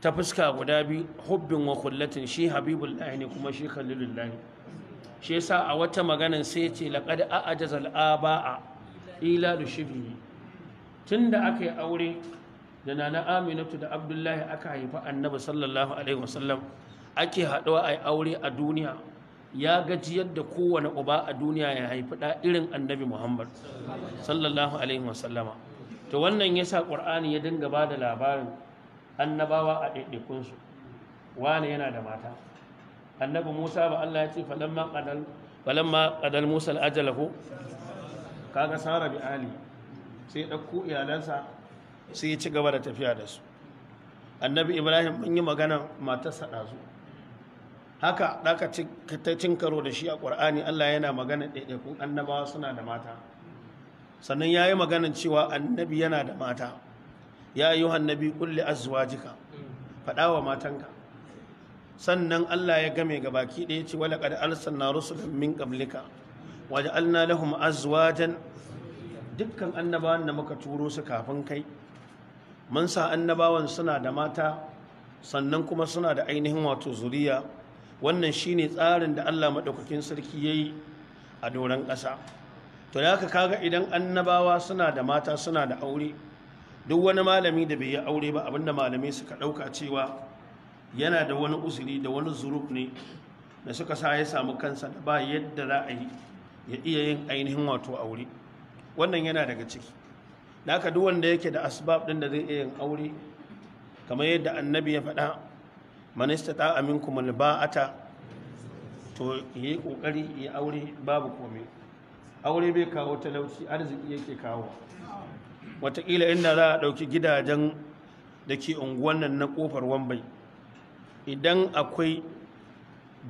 ta fuska guda biyu hubbin wa kullatin shi habibullahi ne kuma shi kallilullahi shi yasa a wata maganan sai ya ce laqad a'ajazal aba'a ila lushibi tunda aka yi aure da nana aminatu da abdullahi aka haifa annabi sallallahu alaihi wasallam ake haɗuwa a yi aure a duniya ya gaji yadda kowane uba a duniya ya haifi da irin annabi muhammad sallallahu alaihi wasallama to wannan ya sa ƙur'ani ya dinga ba da labarin annabawa a ɗaiɗaikunsu wane yana da mata annabi musa ba allah ya ce falamma ƙadal musa al ko kaga sara bi ali sai ɗauko iyalansa sai ya ci gaba da tafiya da su annabi ibrahim mun yi magana matarsa ɗazu haka ɗaka ta cin karo da shi a ƙwar'ani Allah yana magana ɗaiɗaikun annabawa suna da mata sannan ya yi maganin cewa annabi yana da mata ya yi annabi ƙulli jika. faɗa wa matanka sannan Allah ya game ga baki ɗaya ce wale ƙada arsalna rusulan min qablika waja'alna lahum jan dukkan annabawan da muka turo su kafin kai mun sa annabawan suna da mata sannan kuma suna da ainihin wato zuriya wannan shine tsarin da Allah maɗaukakin sarki yayi a doron ƙasa to da kaga idan annabawa suna da mata suna da aure duk wani malami da bai yi aure ba abinda malami suka ɗauka cewa yana da wani usuri da wani zuruf ne da suka sa ya samu kansa da ba yadda za a yi ya iya yin ainihin wato aure wannan yana daga ciki da ka duk wanda yake da asbab ɗin da zai iya yin aure kamar yadda annabi ya faɗa kuma ba a ta? to yi kokari yi aure babu komai aure bai kawo talauci arziki yake kawo wataƙila inda za a ɗauki gidajen da ke unguwan na ƙofar wambai idan akwai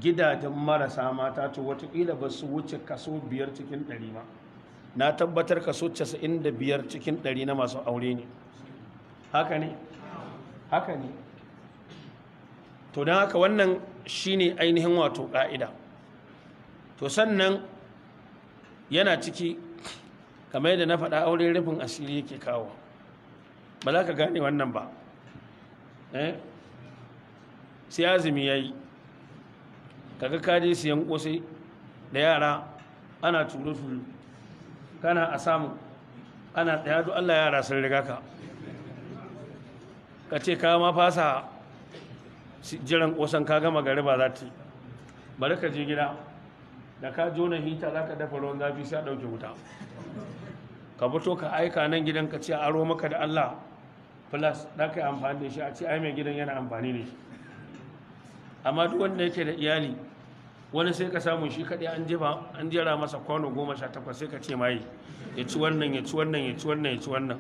gidajen marasa mata to watakila ba su wuce kaso biyar cikin ɗari ba na tabbatar kaso casa'in da biyar cikin ɗari na masu aure ne haka ne haka ne to don haka wannan shine ainihin wato ƙa'ida to sannan yana ciki kamar yadda na faɗa aure rufin asiri yake kawo ba za ka gane wannan ba eh? sai azumi ya yi kaga kaje siyan kose da yara ana turu-turu kana a samu ana tsaya duk allah yara sun riga ka ka ce ka ma fasa jiran kosan ka gama gari ba za ta yi bari ka je gida da ka jona hita za ka dafa ruwan zafi sai a ɗauke wuta ka fito ka aika nan gidan ka ce aro maka da allah plus za ka yi amfani da shi a ce ai mai gidan yana amfani da shi amma duk wanda yake da iyali wani sai ka samu shi kaɗai an jefa an jera masa kwano goma sha takwas sai ka ce mai ya ci wannan ya ci wannan ya ci wannan ya ci wannan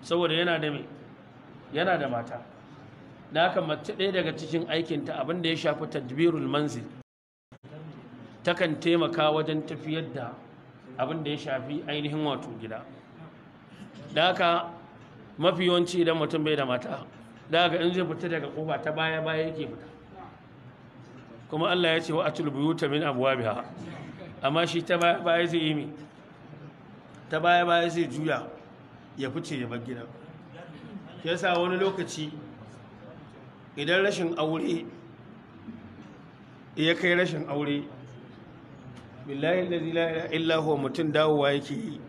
saboda yana da yana da mata da haka mace ɗaya daga cikin aikinta abin da ya shafi tadbirul manzil takan taimaka wajen tafiyar da abin da ya shafi ainihin wato gida da haka mafi yawanci idan mutum bai da mata da haka in zai fita daga kofa ta baya baya yake fita kuma Allah ya ce wa atul buyuta min abwabiha amma shi ta baya baya zai yi mi ta baya baya zai juya ya fice ya bar gida yasa wani lokaci idan rashin aure ya kai rashin aure billahi lalzi la'ila illahu mutum dawowa yake yi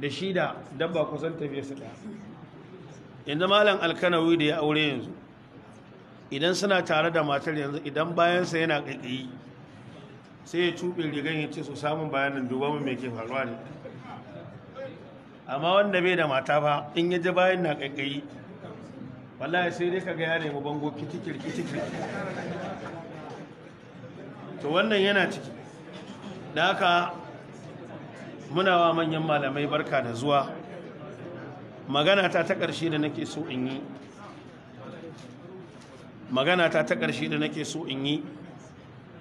da shi da dabba kusan tafiya su ɗaya yanzu malam alkanawi da ya aure yanzu idan suna tare da matar yanzu idan bayansa yana ƙaƙi sai ya tuɓe rigan ya ce su samun bayanin dubamin mai ke faruwa ne amma wanda bai da mata ba in ya ji bayan na ƙaƙi wallahi sai dai kaga ya nemi bango kitikir to wannan yana ciki da haka muna wa manyan malamai barka da zuwa magana ta ta ƙarshe da nake so in yi magana ta ta ƙarshe da nake so in yi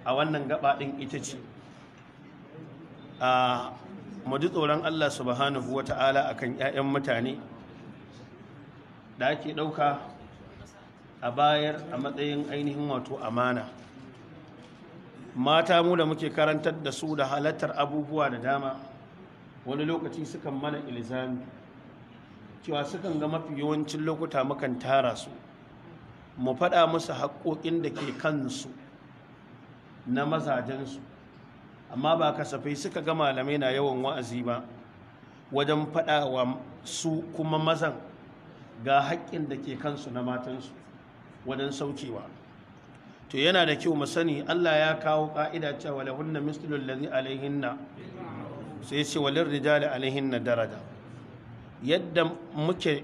a wannan gaba ɗin ita ce a ji tsoron Allah subhanahu wa ta'ala a kan ‘ya'yan mutane da ake ɗauka a bayar a matsayin ainihin wato amana mata mu da muke karantar da su da halattar abubuwa da dama wani lokaci sukan mana ilizami, cewa sukan ga mafi yawancin lokuta mukan tara su mu faɗa musu haƙoƙin da ke kansu na mazajensu amma ba kasafai suka ga malamai na yawan wa'azi ba wajen faɗa wa su kuma mazan ga haƙƙin da ke kansu na matansu wajen saukewa to yana da kyau mu sani Allah ya kawo ka'ida cewa lahunna mislul ladhi alaihinna sai ce walir rijali alaihinna daraja yadda muke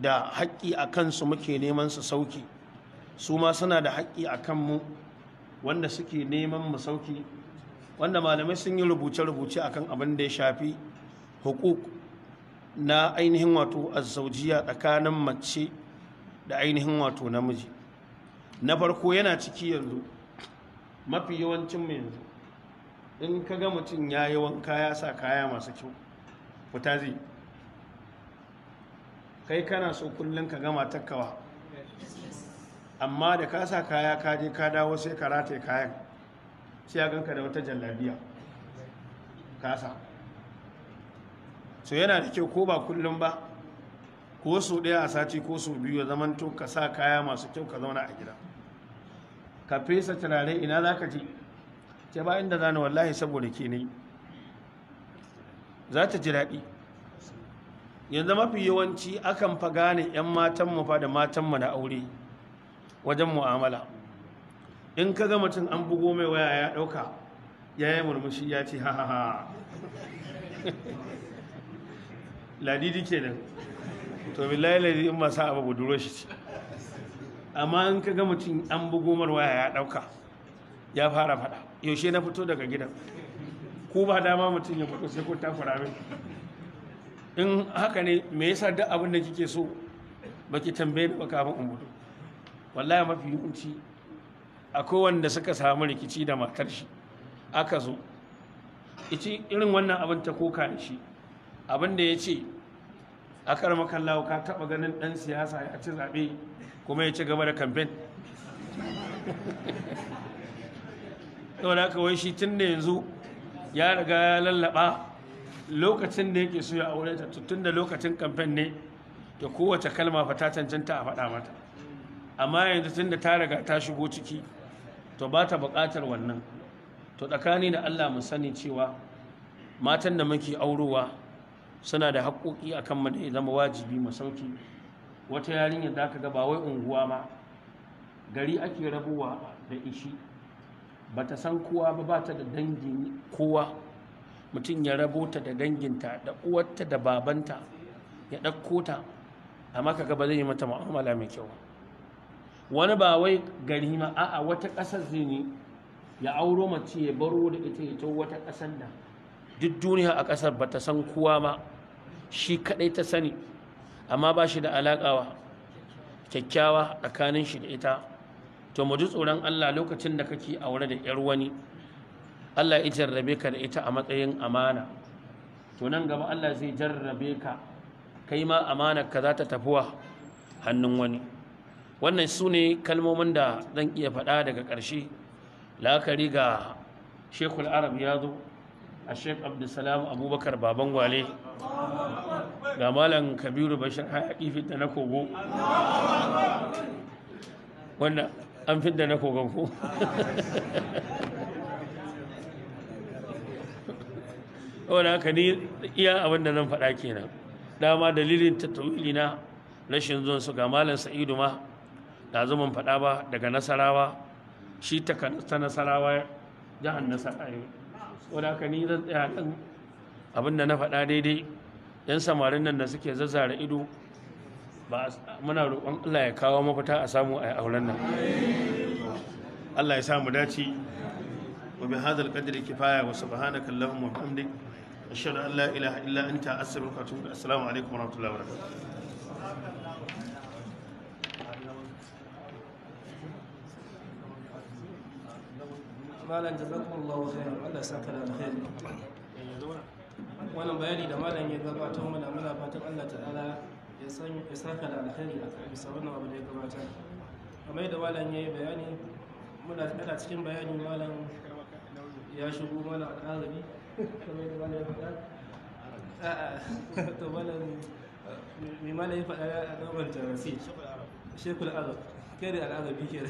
da haƙƙi a kansu muke neman su sauki su ma suna da haƙƙi a kanmu wanda suke neman mu sauki wanda malamai sun yi rubuce-rubuce akan abin da ya shafi hukuk na ainihin wato azzaujiya tsakanin mace da ainihin wato namiji na farko yana ciki yanzu mafi yawancin mu yanzu in ka ga mutum ya yi wanka ya sa kaya masu kyau fita zai kai kana so kullum ka gama takawa amma da ka sa kaya ka je ka dawo sai ka rataye kayan sai ya ganka da wata jallabiya sa so yana da kyau ko ba kullum ba ko su ɗaya a sati ko su biyu ya zaman to ka sa kaya masu kyau ka zauna a gida ka fesa turare ina za ka ce ke ba inda zana wallahi saboda ke ne za ta ji daɗi yanzu mafi yawanci akan fa gane 'yan matanmu fa da matanmu na aure wajen mu'amala in ka ga mutum an bugo mai waya ya ɗauka ya yi murmushi ya ce ha ha ha ladidi nan. to billahi lazi in ba abu buduro shi ce amma in ka ga mutum an bugo waya ya dauka ya fara fada yaushe na fito daga gidan ko ba dama mutum ya fito sai ko ta fara mai in haka ne me yasa duk abin da kike so baki tambaye ni ba kafin in wallahi mafi yunci akwai wanda suka samu rikici da matar shi aka zo irin wannan abin ta koka da shi abin da ya ce a akar makallawa ka taba ganin dan siyasa ya ci zaɓe kuma ya ci gaba da kamfen yau da aka wai shi tun da yanzu ya riga ya lallaba lokacin da yake suya a wurin ta tun da lokacin kamfen ne da kowace kalma fata cancanta a faɗa mata amma yanzu tun da ta riga ta shigo ciki to ba ta buƙatar wannan to tsakani da allah mu sani cewa matan da muke aurowa suna da haƙoƙi akan kan ya zama wajibi masauki sauki wata yarinya za ka ga wai unguwa ma gari ake rabuwa da ishi ba ta san kowa ba ta da dangin kowa mutum ya rabota da danginta da uwarta da babanta ya ɗakko ta amma maka ba zai yi mata mu'amala mai kyau wani ba wai gari ma a'a wata ƙasar zai ne ya auro mace ya baro da ita ya wata ƙasar da duk duniya a ƙasar ba ta san kowa ma shi kadai ta sani amma ba shi da alaƙawa kyakkyawa tsakanin shi da ita to mu ji tsoron Allah lokacin da kake aure da yar wani Allah ya jarrabe ka da ita a matsayin amana to nan gaba Allah zai jarrabe ka kai ma amanar ka za ta tafuwa hannun wani wannan su ne kalmomin da zan iya faɗa daga ƙarshe la'akari ga shekul arab ya zo a sheik abdulsalam abubakar baban wale ga malam kabiru bashir haƙi da na kogo wanda an fidda na kogon ko wadda haka ni iya abinda da nan faɗa kenan dama dalilin tattawili na rashin zuwan su ga malam sa'idu ma da zuman faɗa ba daga nasarawa shi ta nasarawa jihar nasarawa wadda ni zan tsaya na faɗa daidai yan samarin nan da suke zazzara ido ba muna roƙon Allah ya kawo mafita a samu a auren nan Allah ya samu dace wa bi hadal qadri kifaya wa subhanaka allahumma wa bihamdik ashhadu an la ilaha illa anta astaghfiruka wa atubu assalamu alaikum wa rahmatullahi wa barakatuh malam jazakumullahu da alkhairi wannan bayani da malam ya gabatar mana muna fatan Allah ta'ala ya san ya saka da a bisa wannan abu da ya gabata. kamar da malam ya yi bayani muna tsada cikin bayani malam ya shigo mana al'arabi kamar da malam ya faɗa to malam mai malam ya faɗa a gaban jarasi shekul arab kare al'arabi kare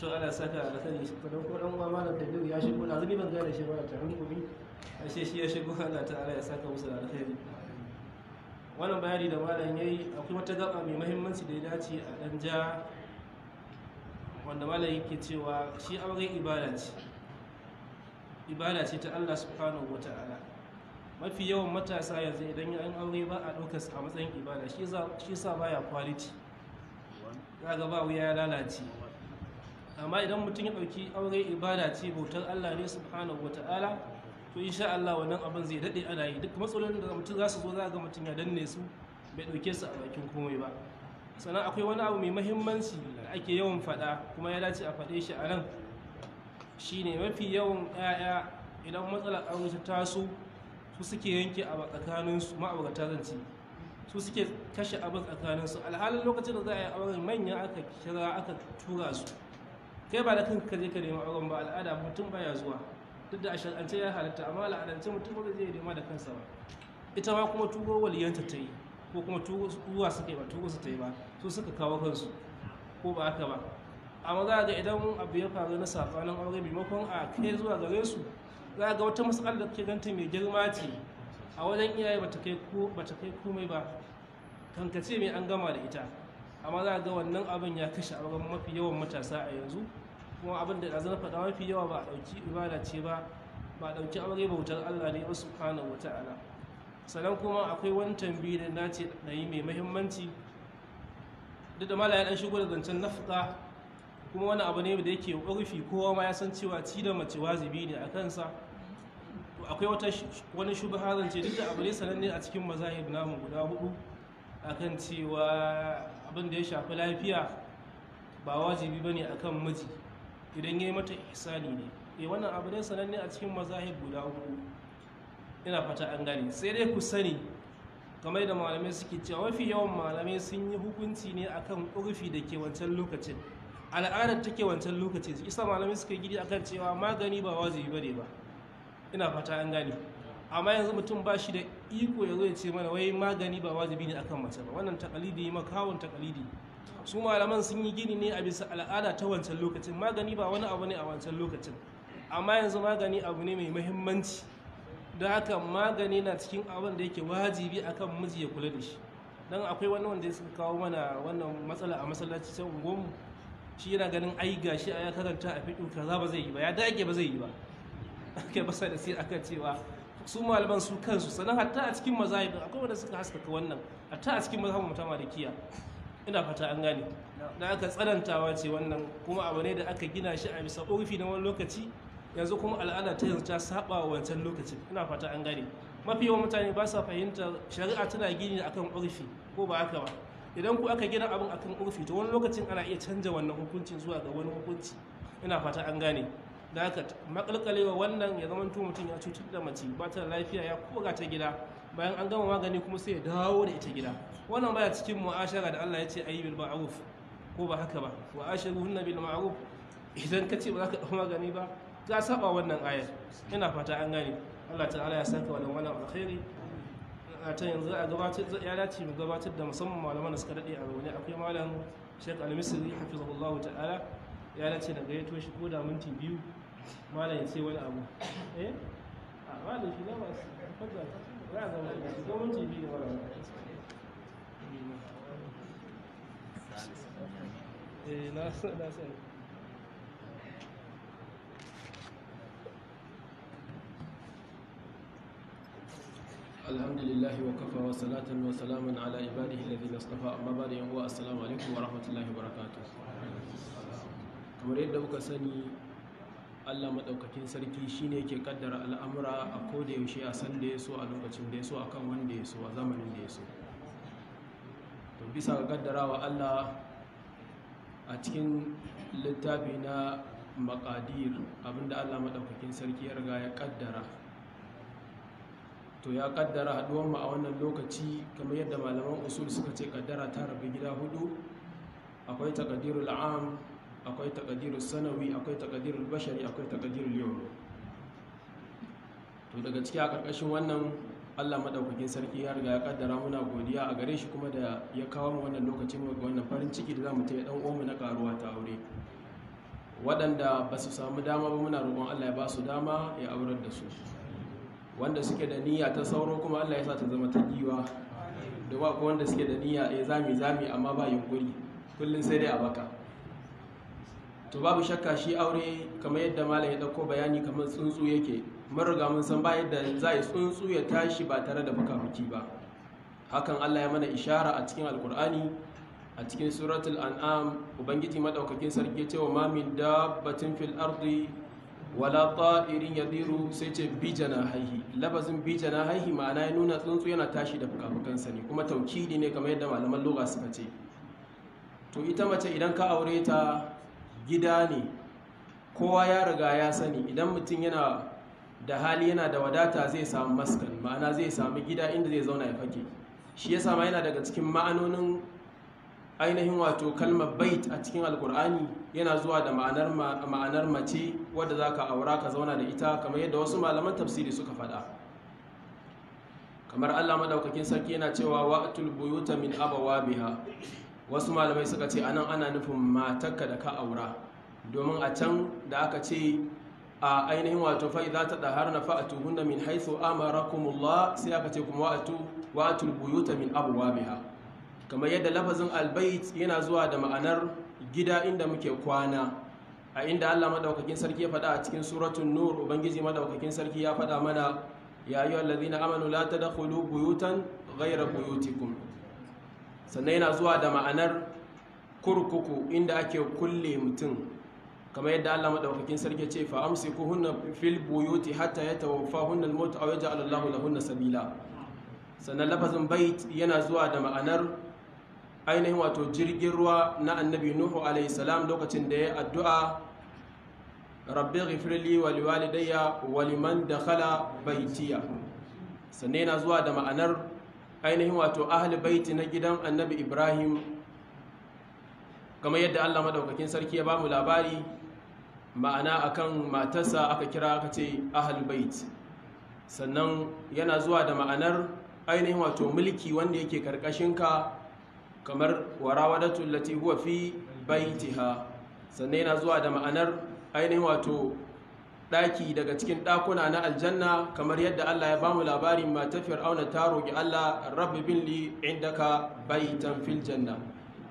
to ana saka alkhairi sannan kuma ɗan uwa malam tabiru ya shigo na zubi ban gane shi ba ta hankali ashe shi ya shigo Allah ta'ala ya saka musu alkhairi wannan bayani da malam yayi akwai wata gaba mai muhimmanci da ya dace a ɗan ja wanda malam yake cewa shi aure ibada ce ibada ce ta Allah subhanahu wata'ala mafi yawan matasa yanzu idan ya an aure ba a ɗaukar a matsayin ibada shi sa baya quality za ga ba wuya ya lalace amma idan mutum ya ɗauki aure ibada ce bautar Allah ne subhanahu wata'ala to insha Allah wannan abin zai daɗe ana yi duk matsalolin da mutum za su zo za ga mutum ya danne su bai ɗauke su a bakin komai ba sannan akwai wani abu mai mahimmanci da ake yawan faɗa kuma ya dace a faɗe shi a nan shine mafi yawan ƴaƴa idan matsalar aure ta taso su suke yanke a tsakaninsu ma'aurata zance su suke kashe abin tsakaninsu alhalin lokacin da za a yi auren manya aka kira aka tura su kai ba da kanka ka je ka nemi auren ba al'ada mutum baya zuwa duk da a shar'ance ya halatta amma al'adance mutum ba zai nema da kansa ba ita ma kuma tuwo waliyanta ta yi ko kuma tuwa suka yi ba tuwo su ta yi ba su suka kawo kansu ko ba haka ba amma za ga idan abu ya faru na safanin aure maimakon a kai zuwa gare su za ga wata matsala da ke ganta mai girma ce a wajen iyaye ba ta kai komai ba kankace mai an gama da ita amma za ga wannan abin ya kashe a mafi yawan matasa a yanzu kuma abin da na faɗa mafi yawa ba a ɗauki ibada ce ba ba a ɗauki aure bautar Allah ne ba wata ala. sannan kuma akwai wani tambayi da na ce na yi mai mahimmanci duk da mala ya ɗan shigo da zancen nafuka kuma wani abu ne da yake ƙarfi kowa ma ya san cewa ci da mace wajibi ne a kansa akwai wata wani harin ce. duk da abu ne sananne a cikin mazahib namu guda hudu akan cewa abin da ya shafi lafiya ba wajibi ba ne a kan miji idan ya yi mata ihsani ne e wannan abu ne sananne a cikin mazahib guda uku ina fata an gane sai dai ku sani kamar da malamai suke cewa mafi yawan malamai sun yi hukunci ne akan kurfi da ke wancan lokacin al'adar ta ke wancan lokacin isa malamai suka gidi akan cewa magani ba wajibi ba ne ba ina fata an gane amma yanzu mutum ba shi da iko ya zo ya ce mana wai magani ba wajibi ne akan mace ba wannan takalidi makawon takalidi su malaman sun yi gini ne a bisa al'ada ta wancan lokacin magani ba wani abu ne a wancan lokacin amma yanzu magani abu ne mai muhimmanci da haka magani na cikin abin da yake wajibi akan miji ya kula da shi dan akwai wani wanda ya suka kawo mana wannan matsala a masallaci ta unguwarmu shi yana ganin ai gashi a ya karanta a fiƙin kaza ba zai yi ba ya dage ba zai yi ba aka basa da sai aka cewa su malaman su kansu sannan hatta a cikin mazahibin akwai wanda suka haskaka wannan hatta a cikin mazhabin mutama da kiya ina fata an gane da aka tsanantawa ce wannan kuma abu ne da aka gina shi a bisa urfi na wani lokaci yanzu kuma al'ada ta yanzu ta saba wa wancan lokacin ina fata an gane mafi yawan mutane ba sa fahimtar shari'a tana gini akan urfi ko ba haka ba idan ku aka gina abin akan urfi to wani lokacin ana iya canja wannan hukuncin zuwa ga wani hukunci ina fata an gane da haka makalkalewa wannan ya zama mutum ya cutar da mace ba ta lafiya ya koga ta gida bayan an gama magani kuma sai ya dawo da ita gida wannan baya cikin mu'ashara da Allah ya ce ayi bil ma'ruf ko ba haka ba wa ashiruhunna bil ma'ruf idan ka ce ba za ka dau magani ba ka saba wannan ayar ina fata an gane Allah ta'ala ya saka wannan wannan alkhairi a ta yanzu a gabatar da ya dace mu gabatar da musamman malaman da suka dade a rauni akwai malam Sheikh Al-Misri hafizahullahu ta'ala ya dace daga gayyato shi ko da minti biyu malam sai wani abu eh a malam shi na su fadda ba a zama da su zaman jibi da mara eh na sa na kamar yadda kuka sani Allah maɗaukakin sarki shi ne ke kaddara al'amura a koda yaushe a san da ya so a lokacin da ya so a kan wanda ya so a zamanin da ya so to bisa ga wa Allah a cikin littafi na makadir abinda Allah maɗaukakin sarki ya riga ya kaddara to ya kaddara haɗuwar mu a wannan lokaci kamar yadda malaman usul suka ce kaddara ta rabu gida hudu akwai takadirul am akwai takadirul sanawi akwai takadirul bashari akwai takadirul yau to daga ciki a karkashin wannan Allah maɗaukakin sarki ya riga ya kaddara muna godiya a gare shi kuma da ya kawo mu wannan lokacin mu ga wannan farin ciki da zamu taya dan uwanmu na karuwa ta aure waɗanda ba su samu dama ba muna roƙon Allah ya ba su dama ya aurar da su wanda suke da niyya ta sauro kuma Allah ya sa ta zama ta giwa da ba wanda suke da niyya ya eh, zami zami amma ba yunkuri kullum sai dai a baka to babu shakka shi aure kamar yadda malam ya dauko bayani kamar tsuntsu yake marga mun san ba yadda za yi tsuntsu ya tashi ba tare da fukafuki ba hakan Allah ya mana ishara a cikin alkur'ani a cikin suratul an'am ubangiji madaukakin sarki cewa ma min dabbatin fil ardi wala ta'irin yadiru sai ce bi janahihi labazin bi janahihi ma'ana ya nuna tsuntsu yana tashi da fuka-fukansa ne kuma taukidi ne kamar yadda malaman lugha suka ce to ita mace idan ka aure ta gida ne kowa ya riga ya sani idan mutum yana da hali yana da wadata zai samu maskan ma'ana zai samu gida inda zai zauna ya fake shi ya sama yana daga cikin ma'anonin ainihin wato kalmar bait a cikin alkur'ani yana zuwa da ma'anar mace wadda za ka aura ka zauna da ita kamar yadda wasu malaman tafsiri suka faɗa kamar allah maɗaukakin sarki yana cewa wa'atul buyuta min abawa biha wasu malamai suka ce anan ana nufin matarka da ka aura domin a can da aka ce a ainihin wato fai za ta ɗahar na fa'atu hunna min haisu amarakumullah sai aka ce kuma wa'atu buyu buyuta min abuwa biha kamar yadda lafazin albait yana zuwa da ma'anar gida inda muke kwana a inda Allah madaukakin sarki ya faɗa a cikin suratun nur ubangiji madaukakin sarki ya faɗa mana ya ayyuhallazina amanu la tadkhulu buyutan gaira buyutikum sannan yana zuwa da ma'anar kurkuku inda ake kulle mutum kamar yadda Allah madaukakin sarki ce fa amsikuhunna fil buyuti hatta yatawaffahunna al-maut aw yaj'al Allahu lahunna sabila sannan lafazin bait yana zuwa da ma'anar ainihin wato jirgin ruwa na annabi nuhu alayhi salam lokacin da ya addu'a rabbi ghifirli wa liwalidayya wa liman dakhala baitiya sannan yana zuwa da ma'anar ainihin wato ahli baiti na gidan annabi ibrahim kamar yadda allah maɗaukakin sarki ya ba mu labari ma'ana akan matarsa aka kira aka ce ahli baiti sannan yana zuwa da ma'anar ainihin wato mulki wanda yake ka kamar warawadatu lati huwa fi baitiha sannan yana zuwa da ma'anar ainihin wato ɗaki daga cikin ɗakuna na aljanna kamar yadda Allah ya bamu labarin mata fir'auna ta roƙi Allah rabbi bin li indaka baitan fil janna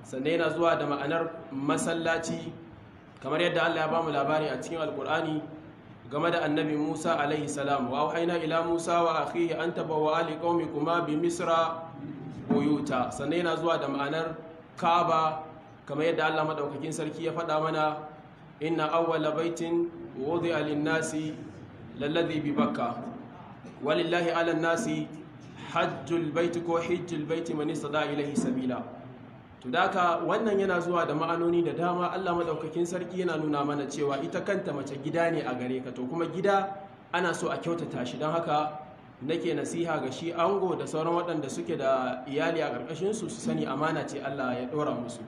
sannan yana zuwa da ma'anar masallaci kamar yadda Allah ya bamu labari a cikin alkur'ani game da annabi Musa alaihi salam wa auhayna ila Musa wa akhihi an tabawwa ali qaumikuma bi misra buyuta sannan yana zuwa da ma'anar Kaaba kamar yadda Allah madaukakin sarki ya faɗa mana inna awwala baitin wudi alinnasi lalladhi bi bakka walillahi Alin nasi hajjul baiti ko hijjul baiti man istada ilaihi sabila to daka wannan yana zuwa da ma'anoni da dama Allah Maɗaukakin sarki yana nuna mana cewa ita kanta mace gida ne a gare ka to kuma gida ana so a kyautata shi don haka nake nasiha ga shi ango da sauran waɗanda suke da iyali a ƙarƙashin su sani amana ce Allah ya ɗora musu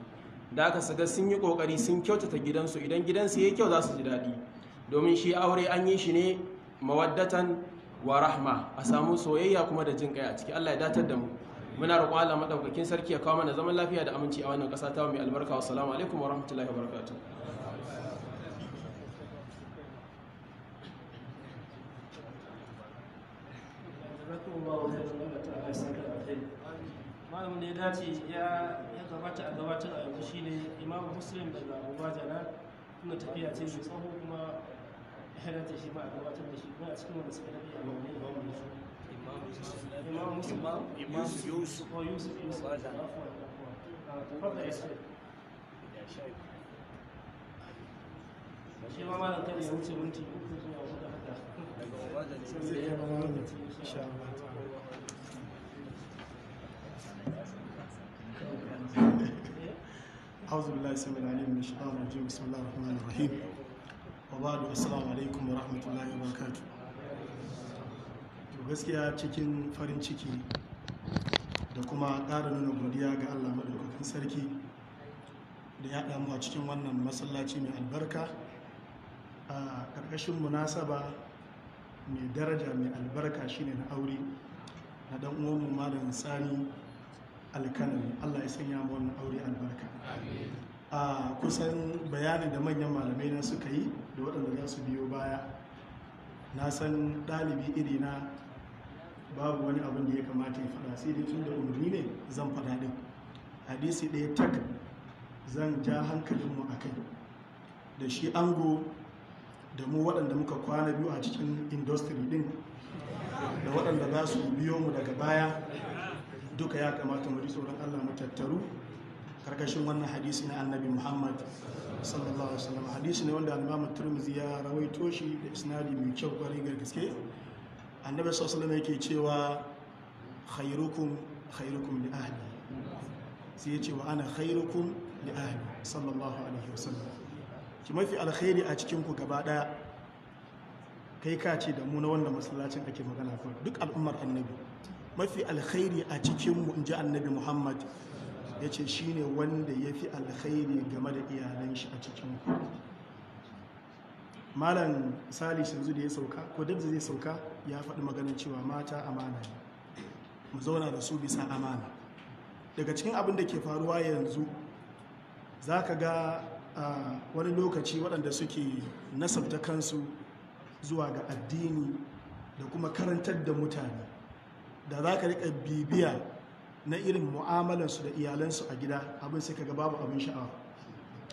da aka ga sun yi ƙoƙari sun kyautata gidansu idan gidansu ya yi kyau za su ji daɗi domin shi aure an yi shi ne mawaddatan wa rahma a samu soyayya kuma da jin kai a ciki Allah ya datar da mu muna roƙon Allah madaukakin sarki ya kawo mana zaman lafiya da aminci a wannan ƙasa ta mai albarka wassalamu alaikum wa rahmatullahi wa barakatuh malamin da ya dace ya gabata a gabatar a yanzu shine imamu muslim daga abubuwa jana kuma tafiya ce mai tsawo kuma karanta shi ba a gabatar da shi ba a cikin a wani imam imam yusuf yusuf oh, yusuf da ah, ya wuce ba أعوذ بالله السميع العليم من الشيطان الرجيم بسم الله الرحمن الرحيم wabadu assalamu alaikum wa rahmatullahi wa barakatu gaskiya cikin farin ciki da kuma ƙara nuna godiya ga allah maɗaukakin sarki da ya damu a cikin wannan masallaci mai albarka a ƙarƙashin munasaba mai daraja mai albarka shine na aure na ɗan uwanmu malam sani alkanan allah ya sanya mu wannan aure albarka a kusan bayanin da manyan malamai na suka yi da waɗanda za su biyo baya na san ɗalibi iri na babu wani abin da ya kamata ya faɗa sai dai tun da umarni ne zan faɗa ɗin hadisi ɗaya tak zan ja hankalinmu a kai da shi ango da mu waɗanda muka kwana biyu a cikin industry ɗin da waɗanda za su biyo mu daga baya duka ya kamata mu ji tsoron allah mu tattaru karkashin wannan hadisi na annabi muhammad sallallahu alaihi wasallam hadisi ne wanda al-imam turmizi ya rawaito shi da isnadi mai kyau kwarai ga gaske annabi sallallahu alaihi wasallam yake cewa khairukum khairukum li ahli sai ya ce wa ana khairukum li ahli sallallahu alaihi wasallam ki mafi alkhairi a cikin ku gaba daya kai ka ce da mu na wanda masallacin ake magana fa duk al'ummar annabi mafi alkhairi a cikin mu inji annabi muhammad ya ce shi ne wanda ya fi alkhairi game da iyalan shi a cikin ku malam salis yanzu da ya sauka ko da zai sauka ya faɗi maganin cewa mata amana ne mu zauna da su bisa amana daga cikin abin da ke faruwa yanzu za ka ga wani lokaci waɗanda suke nasabta kansu zuwa ga addini da kuma karantar da mutane da za ka riƙa bibiya na irin mu'amalansu da iyalansu a gida abin sai kaga babu abin sha'awa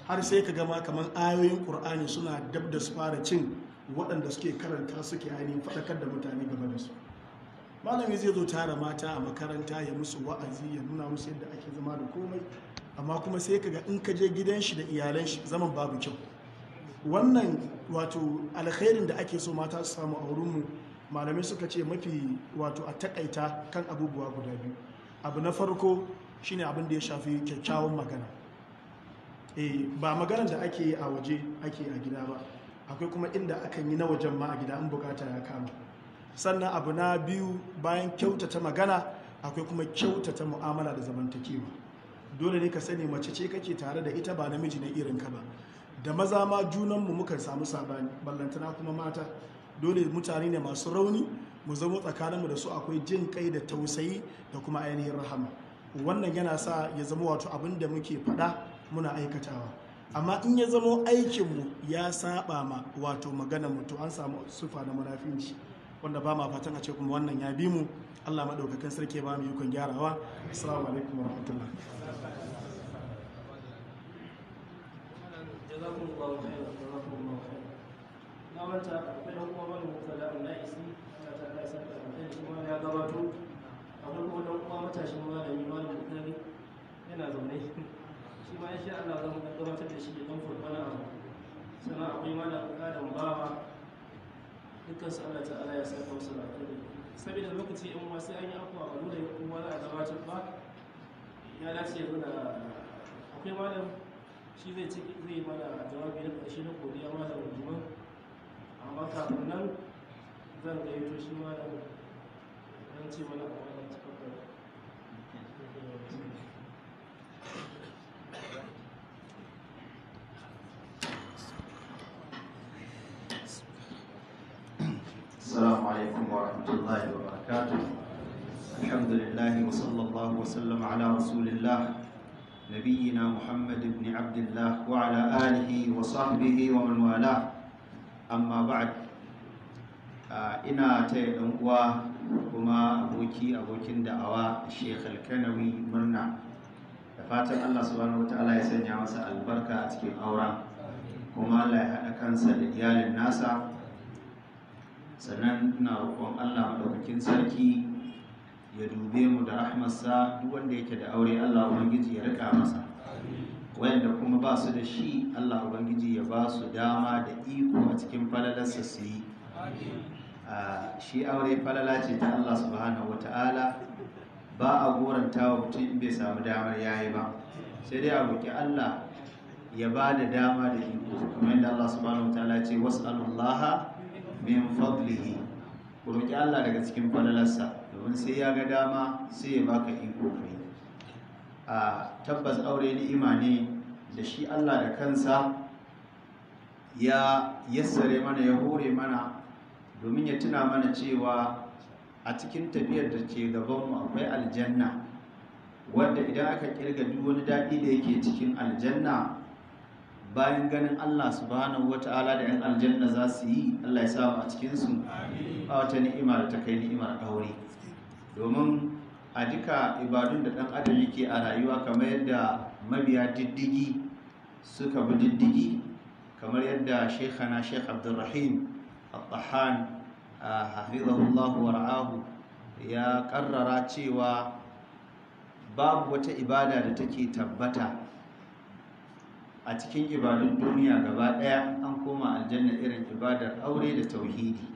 har sai ka gama kamar ayoyin ƙur'ani suna dab da su fara cin waɗanda suke karanta suke ainihin faɗakar da mutane game da su malami zai zo tara mata a makaranta ya musu wa'azi ya nuna musu yadda ake zama da komai amma kuma sai kaga in ka je gidan shi da iyalan shi zaman babu kyau wannan wato alkhairin da ake so mata su samu a wurinmu malamai suka ce mafi wato a takaita kan abubuwa guda biyu abu na farko shine abin da ya shafi kyakkyawan magana eh, ba magana da ake yi a waje ake a gida ba akwai kuma inda akan yi na wajen ma a gida in bukata ya kama sannan abu na biyu bayan kyautata magana akwai kuma kyautata mu'amala da zamantakewa dole ne ka sani mace ce kake tare da ita ba namiji na irin ka ba da maza ma junanmu mukan samu sabani ballantana kuma mata dole mutane ne masu rauni mu zama tsakaninmu da su akwai jin kai da tausayi da kuma ainihin rahama wannan yana sa ya zama wato abin da muke faɗa muna aikatawa amma in ya zama aikinmu ya saba ma wato maganar mutu an samu sufa na munafinci wanda ba ma fatan a ce kuma wannan ya bi mu Allah maɗaukakan sarki ba mu yi kun gyarawa assalamu alaikum wa rahmatullah na gabato akwai kuma dan uwa matashin malami malam bukari yana zaune shi ma Allah zan gabatar da shi dan furfana sana akwai malam adam bawa dukkan su Allah ta'ala ya saka musu lafiya saboda lokaci in ma sai an yi afuwa ba za a gabatar ba ya dace da akwai malam shi zai ci zai mana jawabi na ƙarshe na godiya malam juma'a amma kafin nan zan gayyato shi malam السلام عليكم ورحمة الله وبركاته الحمد لله وصلى الله وسلم على رسول الله نبينا محمد بن عبد الله وعلى آله وصحبه ومن والاه أما بعد ina ta yi kuma aboki abokin da'awa Sheikh Alkanawi murna da fatan Allah subhanahu wataala ya sanya masa albarka a cikin aura kuma Allah ya haɗa kansa da iyalin nasa sannan ina roƙon Allah maɗaukakin sarki ya dube mu da rahmarsa duk wanda yake da aure Allah ubangiji ya riƙa masa wayanda kuma ba su da shi Allah ubangiji ya ba su dama da iko a cikin falalarsa su yi shi aure falala ce ta Allah subhanahu ta'ala, ba a goranta wa mutum in bai samu damar yayi ba sai dai a roƙi Allah ya ba da dama da iko kamar yadda Allah subhanahu ta'ala ce was'alullaha min fadlihi ku roƙi Allah daga cikin falalarsa domin sai ya ga dama sai ya baka iko kai a tabbas aure ni'ima ne da shi Allah da kansa ya yassare mana ya hore mana domin ya tuna mana cewa a cikin tafiyar da ke gabanmu akwai aljanna wadda idan aka kirga duk wani daɗi da yake cikin aljanna bayan ganin Allah subhanahu wata'ala da 'yan aljanna za su yi Allah ya samu a cikinsu ba wata ni'ima da ta kai ni'imar aure domin a duka ibadun da ɗan adam yake a rayuwa kamar yadda mabiya diddigi suka bi diddigi kamar yadda shekhana shekh abdulrahim الطحان حفظه الله ورعاه يا ya karrara cewa babu wata ibada da take tabbata a cikin ibadun duniya gaba daya an koma aljanna irin ibadar aure da tauhidi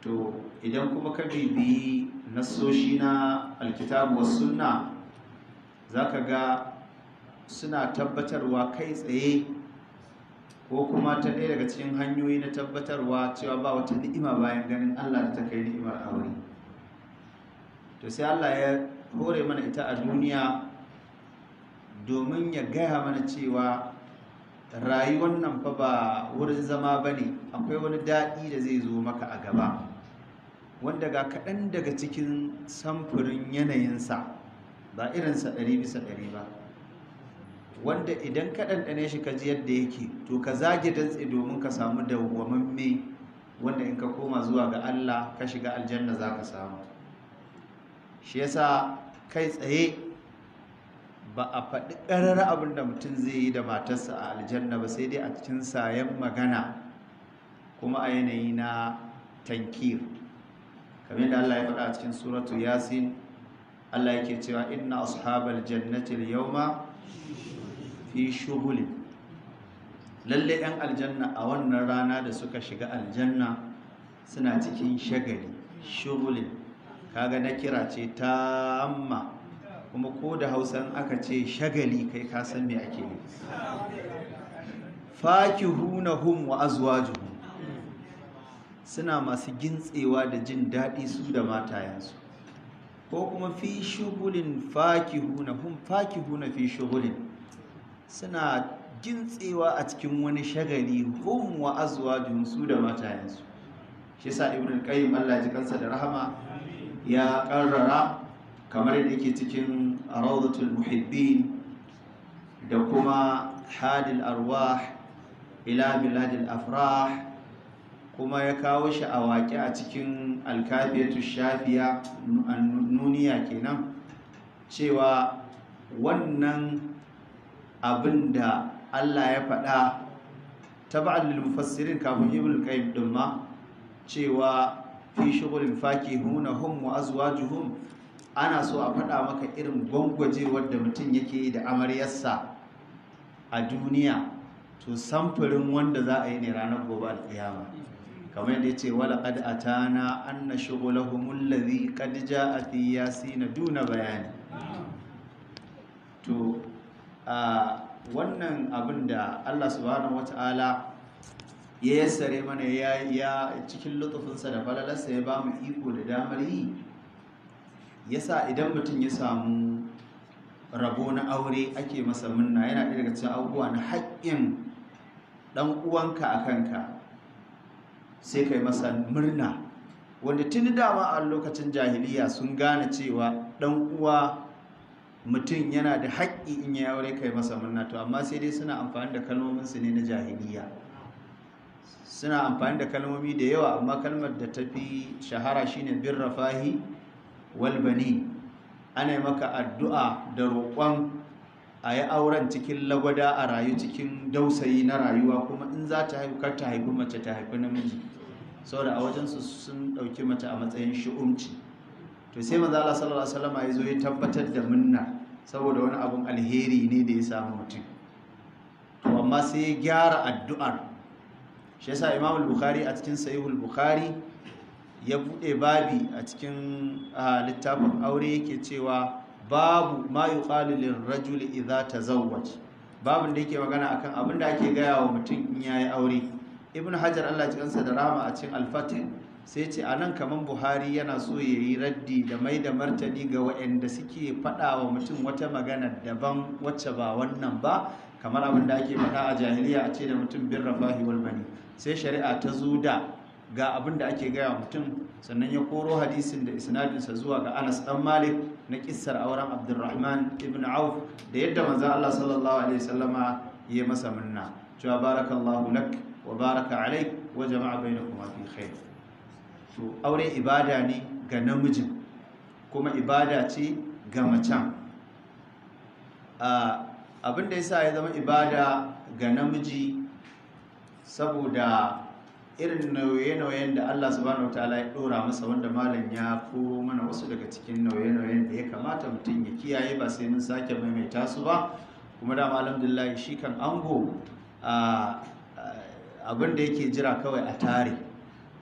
to idan kuma ka bibi nasoshi na alkitabu was sunna zaka ga suna tabbatarwa kai tsaye ko kuma ta ɗaya daga cikin hanyoyi na tabbatarwa cewa ba wata ni'ima bayan ganin Allah da ta kai ni'imar aure to sai Allah ya hore mana ita a duniya domin ya gaya mana cewa rayuwar nan fa ba wurin zama ba ne akwai wani daɗi da zai zo maka a gaba wanda ga kaɗan daga cikin samfurin yanayinsa ba irinsa ɗari bisa ɗari ba wanda idan ka ɗanɗane shi ka ji yadda yake to ka zage dantse domin ka samu dawwamamme wanda in ka koma zuwa ga Allah ka shiga aljanna za ka samu shi yasa kai tsaye ba a faɗi ƙarar abin da mutum zai yi da matarsa a aljanna ba sai dai a cikin sayan magana kuma a yanayi na tankir kamar da Allah ya faɗa a cikin suratu yasin Allah yake cewa inna ashabal jannati al-yawma fi shughulin lalle 'yan aljanna a wannan rana da suka shiga aljanna suna cikin shagali shughulin kaga na kira ce ta amma kuma ko da hausan aka ce shagali kai ka san me ake huna hun wa azwajuhum suna masu gintsewa da jin daɗi su da matayensu ko kuma fi shugulin faki hum fi shugulin suna gintsewa a cikin wani shagali hum wa azwajuhum da matayensu shi yasa ibnu qayyim Allah ji kansa da rahama ya karrara kamar yadda yake cikin rawdatul muhibbin da kuma hadil arwah ila biladil afrah kuma ya kawo shi a waƙe a cikin alkafiyatu shafiya nuniya kenan cewa wannan Abin da Allah ya faɗa taba'an lil mufassirin kafin ibn qayyim din ma cewa fi shughulil huna hum wa juhun ana so a faɗa maka irin gwangwaje da mutum yake yi da amaryarsa a duniya to samfurin wanda za a yi ne ranar gobe alƙiyama kamar yadda ya ce wala qad atana anna shughlahum alladhi qad ja'a na, yasin duna bayani to wannan abin da Allah subhanahu wata'ala ya yassare mana ya ya cikin lutufinsa da falalarsa ya ba mu iko da damar yi yasa idan mutum ya samu rabo na aure ake masa murna yana ɗaya daga cikin abubuwa na haƙƙin ɗan uwanka a kanka sai kai masa murna wanda tun dama a lokacin jahiliya sun gane cewa ɗan uwa mutum yana da haƙƙi in ya aure kai masa murna to amma sai dai suna amfani da kalmomin ne na jahiliya suna amfani da kalmomi da yawa amma kalmar da ta fi shahara shine bin rafahi Walbani ana yi maka addu'a da roƙon a yi auren cikin lagwada a rayu cikin dausayi na rayuwa kuma in za ta haifu kar ta haifi mace ta haifi namiji saboda a wajensu sun ɗauki mace a matsayin shi'umci to sai manzo Allah sallallahu alaihi wasallam ya zo ya tabbatar da munna saboda wani abun alheri ne da ya samu mutum to amma sai ya gyara addu'ar shi yasa Imam al-Bukhari a cikin Sahihul Bukhari ya bude babi a cikin littafin aure yake cewa babu ma yuqalu iza idza tazawwaj babin da yake magana akan abin da ake gaya wa mutum in yayi aure ibnu hajar Allah ya kansa da rama a cikin al sai ce a nan kamar buhari yana so ya yi raddi da mai da martani ga waɗanda suke faɗa wa mutum wata magana daban wacce ba wannan ba kamar abin da ake faɗa a jahiliya a ce da mutum bin rafahi walmani sai shari'a ta zo da ga abin da ake gaya mutum sannan ya koro hadisin da isnadinsa zuwa ga anas dan malik na kissar auren abdulrahman ibn auf da yadda manzo allah sallallahu alaihi wasallama ya masa minna cewa barakallahu lak wa baraka alaik wa jama'a bainakum fi khair to aure ibada ne ga namijin kuma ibada ce ga macen abinda ya sa ya zama ibada ga namiji saboda irin nauye-nauyen da Allah subhanahu wa ta'ala ya dora masa wanda malam ya koro mana wasu daga cikin nauye-nauyen da ya kamata mutum ya kiyaye ba sai mun sake maimaita su ba kuma da alhamdulillah shi kan ango abin da yake jira kawai a tare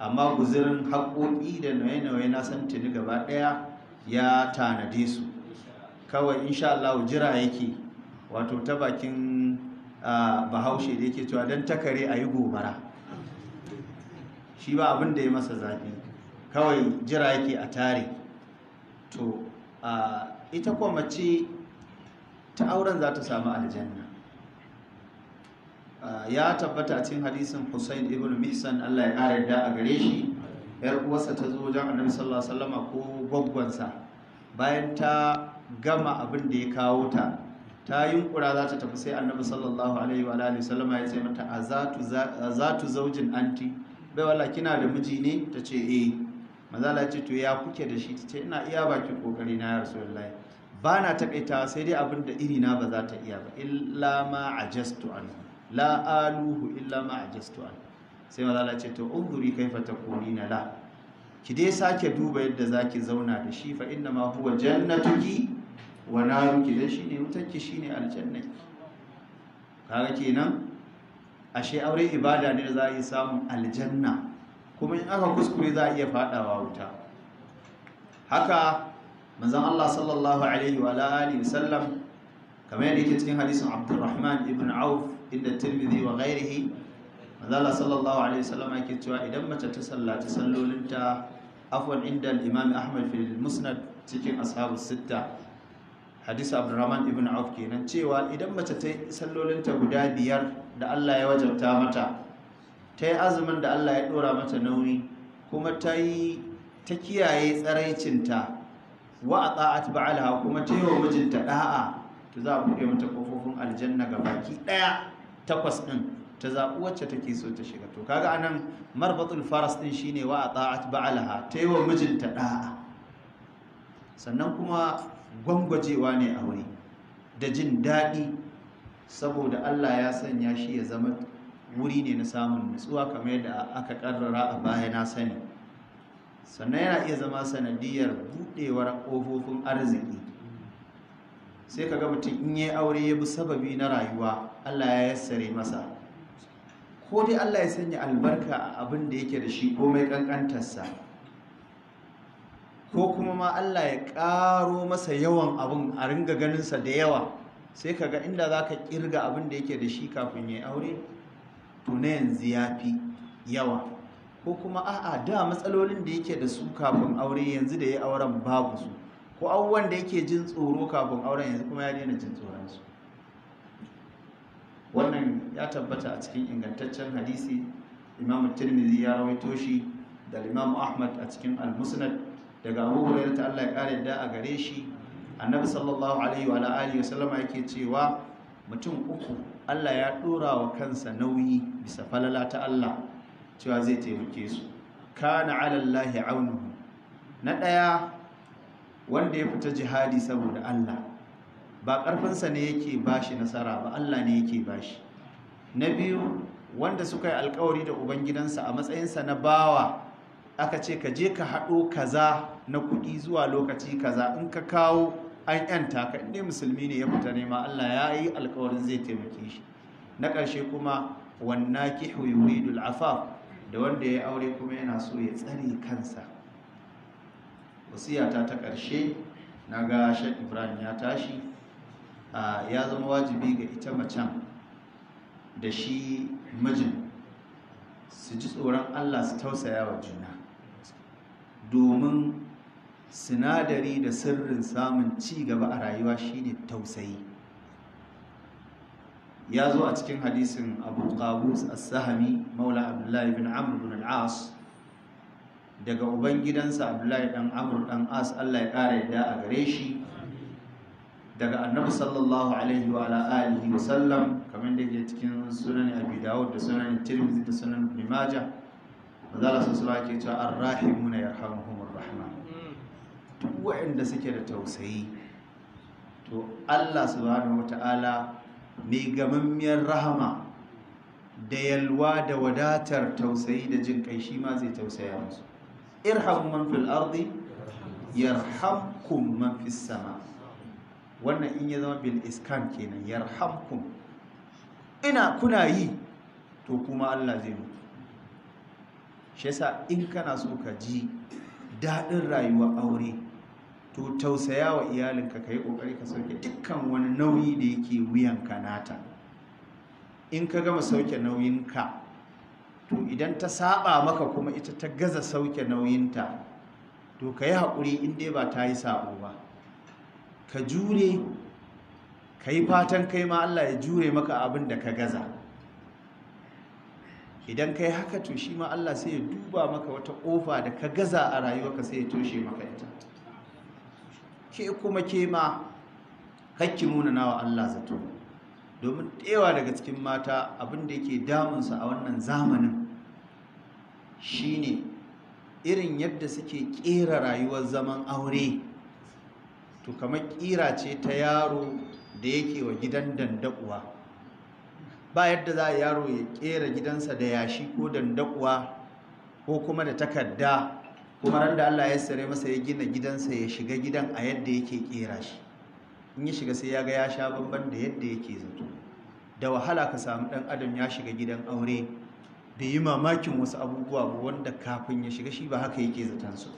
amma guzirin haƙoƙi da nauye-nauye na san tuni gaba ɗaya ya tanade su kawai insha Allah jira yake wato ta bakin bahaushe da yake cewa don takare a yi gobara shi ba abin da ya masa zafi kawai jira yake a tare to ita kuma mace ta auren za ta samu aljanna Ah, ya tabbata a cikin hadisin Hussein ibn Mihsan Allah ya kare yarda a gare shi yar uwarsa ta zo wajen Annabi sallallahu alaihi wasallam ko gwaggwansa bayan ta gama abin da ya kawo ta ta yunkura za ta tafi sai Annabi sallallahu alaihi wa alihi Sallama ya ce mata azatu azatu zaujin anti bai walla kina da miji ne tace ce eh. maza la ce to ya kuke da shi tace ina iya baki kokari na ya rasulullahi ba na taƙaitawa sai dai abin da irina ba za ta iya ba illa ma ajastu anhu la aluhu illa ma ajastu an sai mazala ce to unduri kaifa takunina la ki dai sake duba yadda zaki zauna da shi fa inna ma huwa jannatuki wa naruki dai shine mutakki shine aljanna kaga kenan ashe aure ibada ne da za a yi samun aljanna kuma in aka kuskure za a iya fadawa wuta haka manzon Allah sallallahu alaihi wa alihi wasallam kamar yake cikin hadisin Abdurrahman ibn Auf inda tirmidhi wa ghairihi manzala sallallahu alaihi wasallam yake cewa idan mace ta sallaci sallolinta afwan inda al-imam ahmad fil musnad cikin ashabu sitta hadisi abdurrahman ibn auf kenan cewa idan mace ta sallolinta guda biyar da Allah ya wajabta mata ta yi azumin da Allah ya dora mata nauyi kuma ta yi ta kiyaye tsaraicinta wa ata'at ba'alha kuma ta yi wa mijinta da'a to za a buɗe mata kofofin aljanna ga baki ɗaya takwas ɗin ta zaɓi wacce take so ta shiga to kaga anan marbatul faras ɗin shine wa a ta'at ba'alaha ta yi wa mijinta ɗa'a sannan kuma gwangwajewa ne a wuri da jin daɗi saboda Allah ya sanya shi ya zama wuri ne na samun nutsuwa kamar yadda aka ƙarrara a baya na sani sannan yana iya zama sanadiyar buɗewar ƙofofin arziki sai ka ga mutum in yi aure ya bi sababi na rayuwa Allah ya yassare masa ko dai Allah ya sanya albarka a abin da yake da shi ko mai kankantarsa ko kuma ma Allah ya ƙaro masa yawan abin a ringa ganinsa da yawa sai ka ga inda za ka ƙirga abin da yake da shi kafin ya yi aure to na yanzu ya fi yawa ko kuma a'a da matsalolin da yake da su kafin aure yanzu da ya auren babu su ko abubuwan da yake jin tsoro kafin auren yanzu kuma ya daina jin tsoron su wannan ya tabbata a cikin ingantaccen hadisi imam tirmidhi ya rawaito shi da imam ahmad a cikin al-musnad daga abu hurairah ta Allah ya kare da a gare shi annabi sallallahu alaihi wa alihi sallama yake cewa mutum uku Allah ya dora wa kansa nauyi bisa falala ta Allah cewa zai taimake su kana ala Allah aunuhu na daya wanda ya fita jihadi saboda Allah ba ƙarfinsa ne yake shi nasara ba Allah ne yake ba shi. na biyu wanda suka yi alkawari da ubangidansa a matsayinsa na bawa aka ce ka je ka haɗo kaza na kuɗi zuwa lokaci kaza in ka kawo an yanta ka inda musulmi ne ya fita nema Allah ya yi alkawarin zai taimake shi na ƙarshe kuma wanna ki yuridul afaf da wanda ya aure kuma yana so ya tsare kansa wasiyata ta ƙarshe na ga shan Ibrahim ya tashi ya zama wajibi ga ita macen da shi mijin su ji tsoron Allah su tausaya wa juna domin sinadari da sirrin samun ci gaba a rayuwa shine tausayi ya zo a cikin hadisin abu qabus as-sahami maula abdullahi bin amr bin al-as daga ubangidansa abdullahi dan amr dan as Allah ya kara yadda a gare shi daga annabi sallallahu alaihi wa ala alihi wa sallam kamar da yake cikin sunan abi dawud da sunan tirmidhi da sunan ibn majah manzala sallallahu alaihi wa ala arrahimuna yarhamuhumur rahman duk wanda suke da tausayi to Allah subhanahu wata'ala mai gamammiyar rahama da yalwa da wadatar tausayi da jin kai shi ma zai tausaya musu irhamu man fil ardi yarhamkum man fis sama' wannan in ya zama bil iskan kenan yarhamkum ina kuna yi to kuma Allah zai mutu shi yasa in kana so ka ji daɗin rayuwa aure to tausaya wa iyalinka ka yi ƙoƙari ka sauke dukkan wani nauyi da yake wuyanka nata in ka gama sauke nauyinka to idan ta saba maka kuma ita ta gaza sauke nauyinta to ka yi haƙuri in dai ba ta yi sabo ba ka jure ka yi fatan kai ma Allah ya jure maka abin da ka gaza idan ka yi haka to shi ma Allah sai ya duba maka wata ƙofa da ka gaza a rayuwarka sai ya toshe maka ita ke kuma ke ma hakki muna nawa Allah zato domin ɗewa daga cikin mata abin da yake damunsa a wannan zamanin shine irin yadda suke ƙera rayuwar zaman aure to kamar kira ce ta yaro da yake wa gidan dandakuwa ba yadda za a yaro ya kera gidansa da yashi ko dandakuwa ko kuma da takarda kuma randa Allah ya sare masa ya gina gidansa ya shiga gidan a yadda yake kera shi in ya shiga sai ya ga ya sha bamban da yadda yake zato da wahala ka samu dan adam ya shiga gidan aure bai yi mamakin wasu abubuwa wanda kafin ya shiga shi ba haka yake zaton su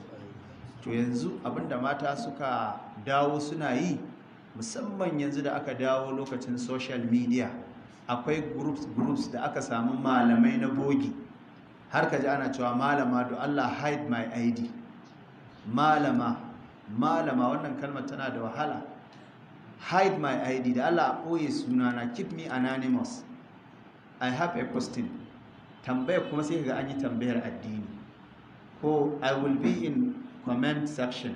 to yanzu abinda mata suka dawo suna yi musamman yanzu da aka dawo lokacin social media akwai groups groups da aka samu malamai na bogi har ka ji ana cewa malama do Allah hide my id malama malama wannan kalmar tana da wahala hide my id da Allah a ɓoye sunana keep me anonymous i have a question Tambaya kuma sai ga an yi tambayar addini ko i will be in comment section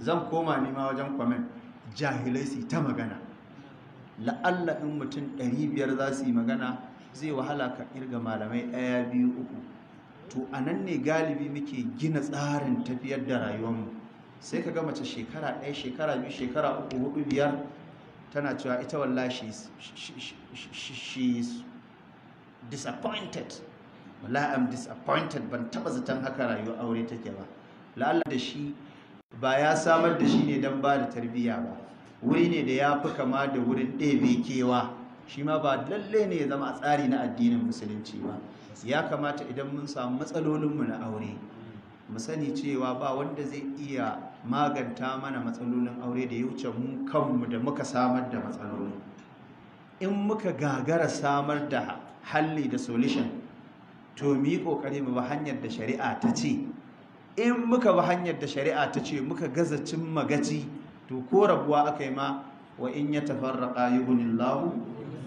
zan koma nima wajen comment jahilai su ta magana la'alla in mutum 500 za su yi magana zai wahala ka irga malamai ɗaya biyu uku to a nan ne galibi muke gina tsarin tafiyar da rayuwar mu sai ka ga mace shekara ɗaya shekara biyu shekara uku hudu biyar tana cewa ita walla she disappointed am disappointed ban taba zaton haka rayuwar aure take ba la'alla da shi ba ya samar da shi ne don ba da tarbiyya ba wuri ne da ya fi kama da wurin ɗebe kewa shi ma ba lalle ne ya zama a tsari na addinin musulunci ba ya kamata idan mun samu matsalolinmu na aure mu sani cewa ba wanda zai iya maganta mana matsalolin aure da ya wuce mu kanmu da muka samar da matsaloli in muka gagara samar da halli da solution to mu yi ƙoƙari mu ba hanyar da shari'a ta ce in muka ba hanyar da shari'a ta ce muka gaza cin Magaji, to ko rabuwa aka yi ma wa in ya tafarraqa lahu,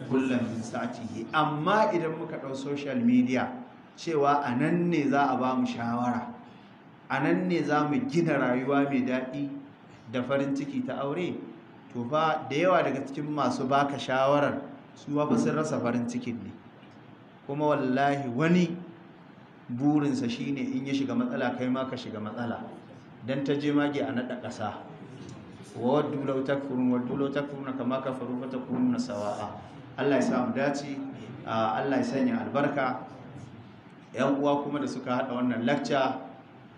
kullum min sa'atihi amma idan muka ɗau social media cewa a nan ne za a ba mu shawara a nan ne za mu gina rayuwa mai daɗi da farin ciki ta aure to fa da yawa daga cikin masu baka shawarar su ba sun rasa farin cikin ne kuma wallahi wani burinsa shi ne in ya shiga matsala kai ma ka shiga matsala don ta je mage a naɗa ƙasa wa waddu law takfurun waddu law takfuruna kama kafaru kurun na sawa'a Allah ya samu dace Allah ya sanya albarka yan uwa kuma da suka haɗa wannan lacca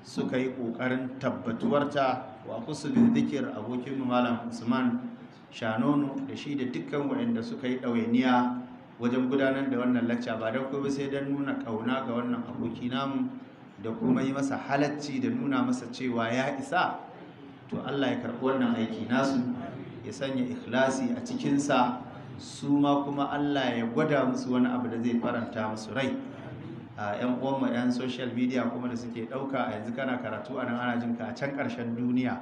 suka yi ƙoƙarin tabbatuwarta wa kusubi dukiyar abokin malam Usman Shanonu da shi da dukkan waɗanda suka yi ɗawainiya wajen gudanar da wannan lacca ba don kuma sai don nuna kauna ga wannan aboki namu da kuma yi masa halacci da nuna masa cewa ya isa to Allah ya karɓi wannan aiki nasu ya sanya ikhlasi a cikinsa su ma kuma Allah ya gwada musu wani abu da zai faranta musu rai a yan uwanmu yan social media kuma da suke ɗauka a yanzu kana karatu a nan ana jin ka a can ƙarshen duniya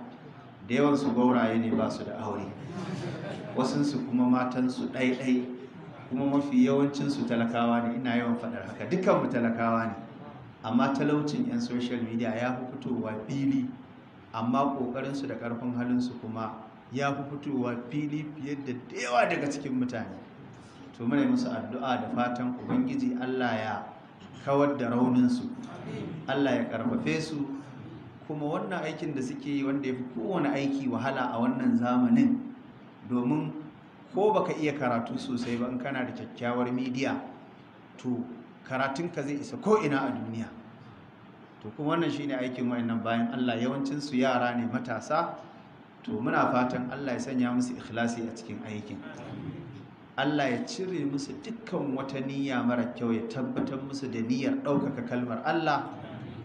da yawan su gauraye ne ba su da aure wasunsu kuma matansu ɗaiɗai kuma mafi yawancinsu talakawa ne ina yawan faɗar haka dukkanmu talakawa ne amma talaucin 'yan social media ya fi fitowa fili amma ƙoƙarinsu da ƙarfin halinsu kuma ya fi fitowa fili fiye da yawa daga cikin mutane to muna musu addu'a da fatan ubangiji allah ya kawar da rauninsu allah ya ƙarfafe su kuma wannan aikin da suke yi wanda ya fi kowane aiki wahala a wannan zamanin domin ko baka iya karatu sosai ba in kana da kyakkyawar midiya to karatunka zai isa ko'ina a duniya to kuma wannan shi ne aikin wayannan bayan Allah yawancinsu yara ne matasa to muna fatan Allah ya sanya musu ikhlasi a cikin aikin Allah ya cire musu dukkan wata niyya mara kyau ya tabbatar musu da niyyar ɗaukaka kalmar Allah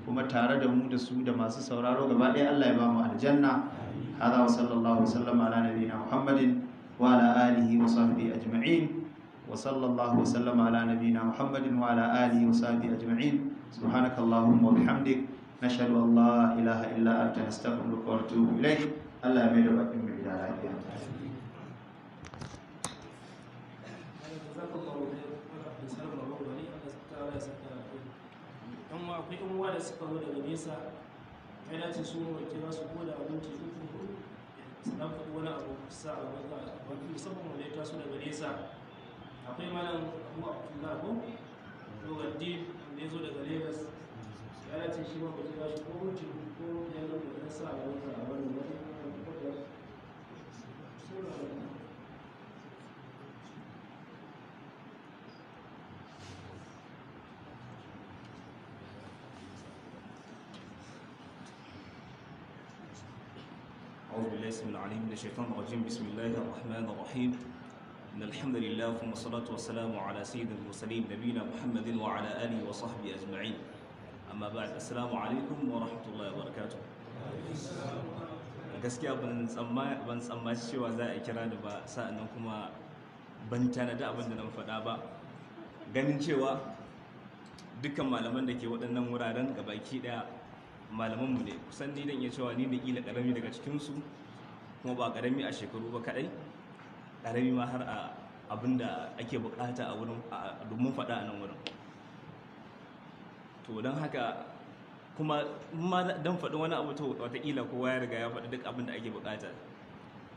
kuma tare da mu da su da masu sauraro gaba ɗaya Allah ya ba mu aljanna hada wa sallallahu wa وعلى آله وصحبه أجمعين وصلى الله وسلم على نبينا محمد وعلى آله وصحبه أجمعين سبحانك اللهم وبحمدك نشهد أن لا إله إلا أنت نستغفرك ونتوب إليك الله يميل وأتم إلى akwai yan uwa da suka zo daga nesa ya dace su mu kira su ko da abinci su su dan faɗi wani abu sa a wani musamman wani ya taso daga nesa akwai malam abu abdullahi abu dogaddin da ne zo daga lagos ya ce shi ma ba ta ko mutu ko ya zama da sa a wani a wani wani wani wani أعوذ بالله السميع العليم من الشيطان الرجيم بسم الله الرحمن الرحيم إن الحمد لله ثم الصلاة والسلام على سيد المرسلين نبينا محمد وعلى آله وصحبه أجمعين أما بعد السلام عليكم ورحمة الله وبركاته gaskiya ban tsammaci cewa za a kira ni ba sa'annan kuma ban tanada abin da na faɗa ba ganin cewa dukkan malaman da ke waɗannan wuraren gabaki ɗaya malamanmu ne kusan ni dan iya cewa ni ne kila karami daga cikinsu kuma ba karami a shekaru ba kadai karami ma har a abin da ake bukata a wurin domin faɗa a nan wurin to don haka kuma ma don faɗi wani abu to watakila kowa ya riga ya faɗi duk abin da ake bukata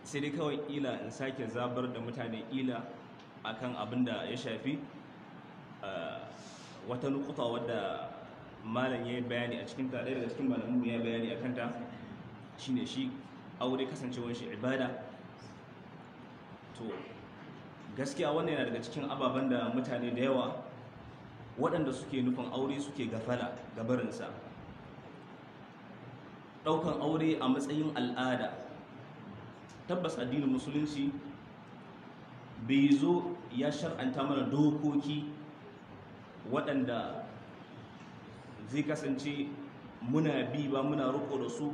sai dai kawai ila in sake zabar da mutane ila akan abin da ya shafi eh, wata nukuta wadda malam ya yi bayani a cikin ɗaya daga cikin malamin ya bayani a kanta shi ne shi aure kasancewar shi ibada to gaskiya wannan yana daga cikin ababen da mutane da yawa waɗanda suke nufin aure suke gafala gabarinsa ɗaukan aure a matsayin al'ada tabbas addinin musulunci bai zo ya shar'anta mana dokoki waɗanda zai kasance muna bi ba muna roƙo da su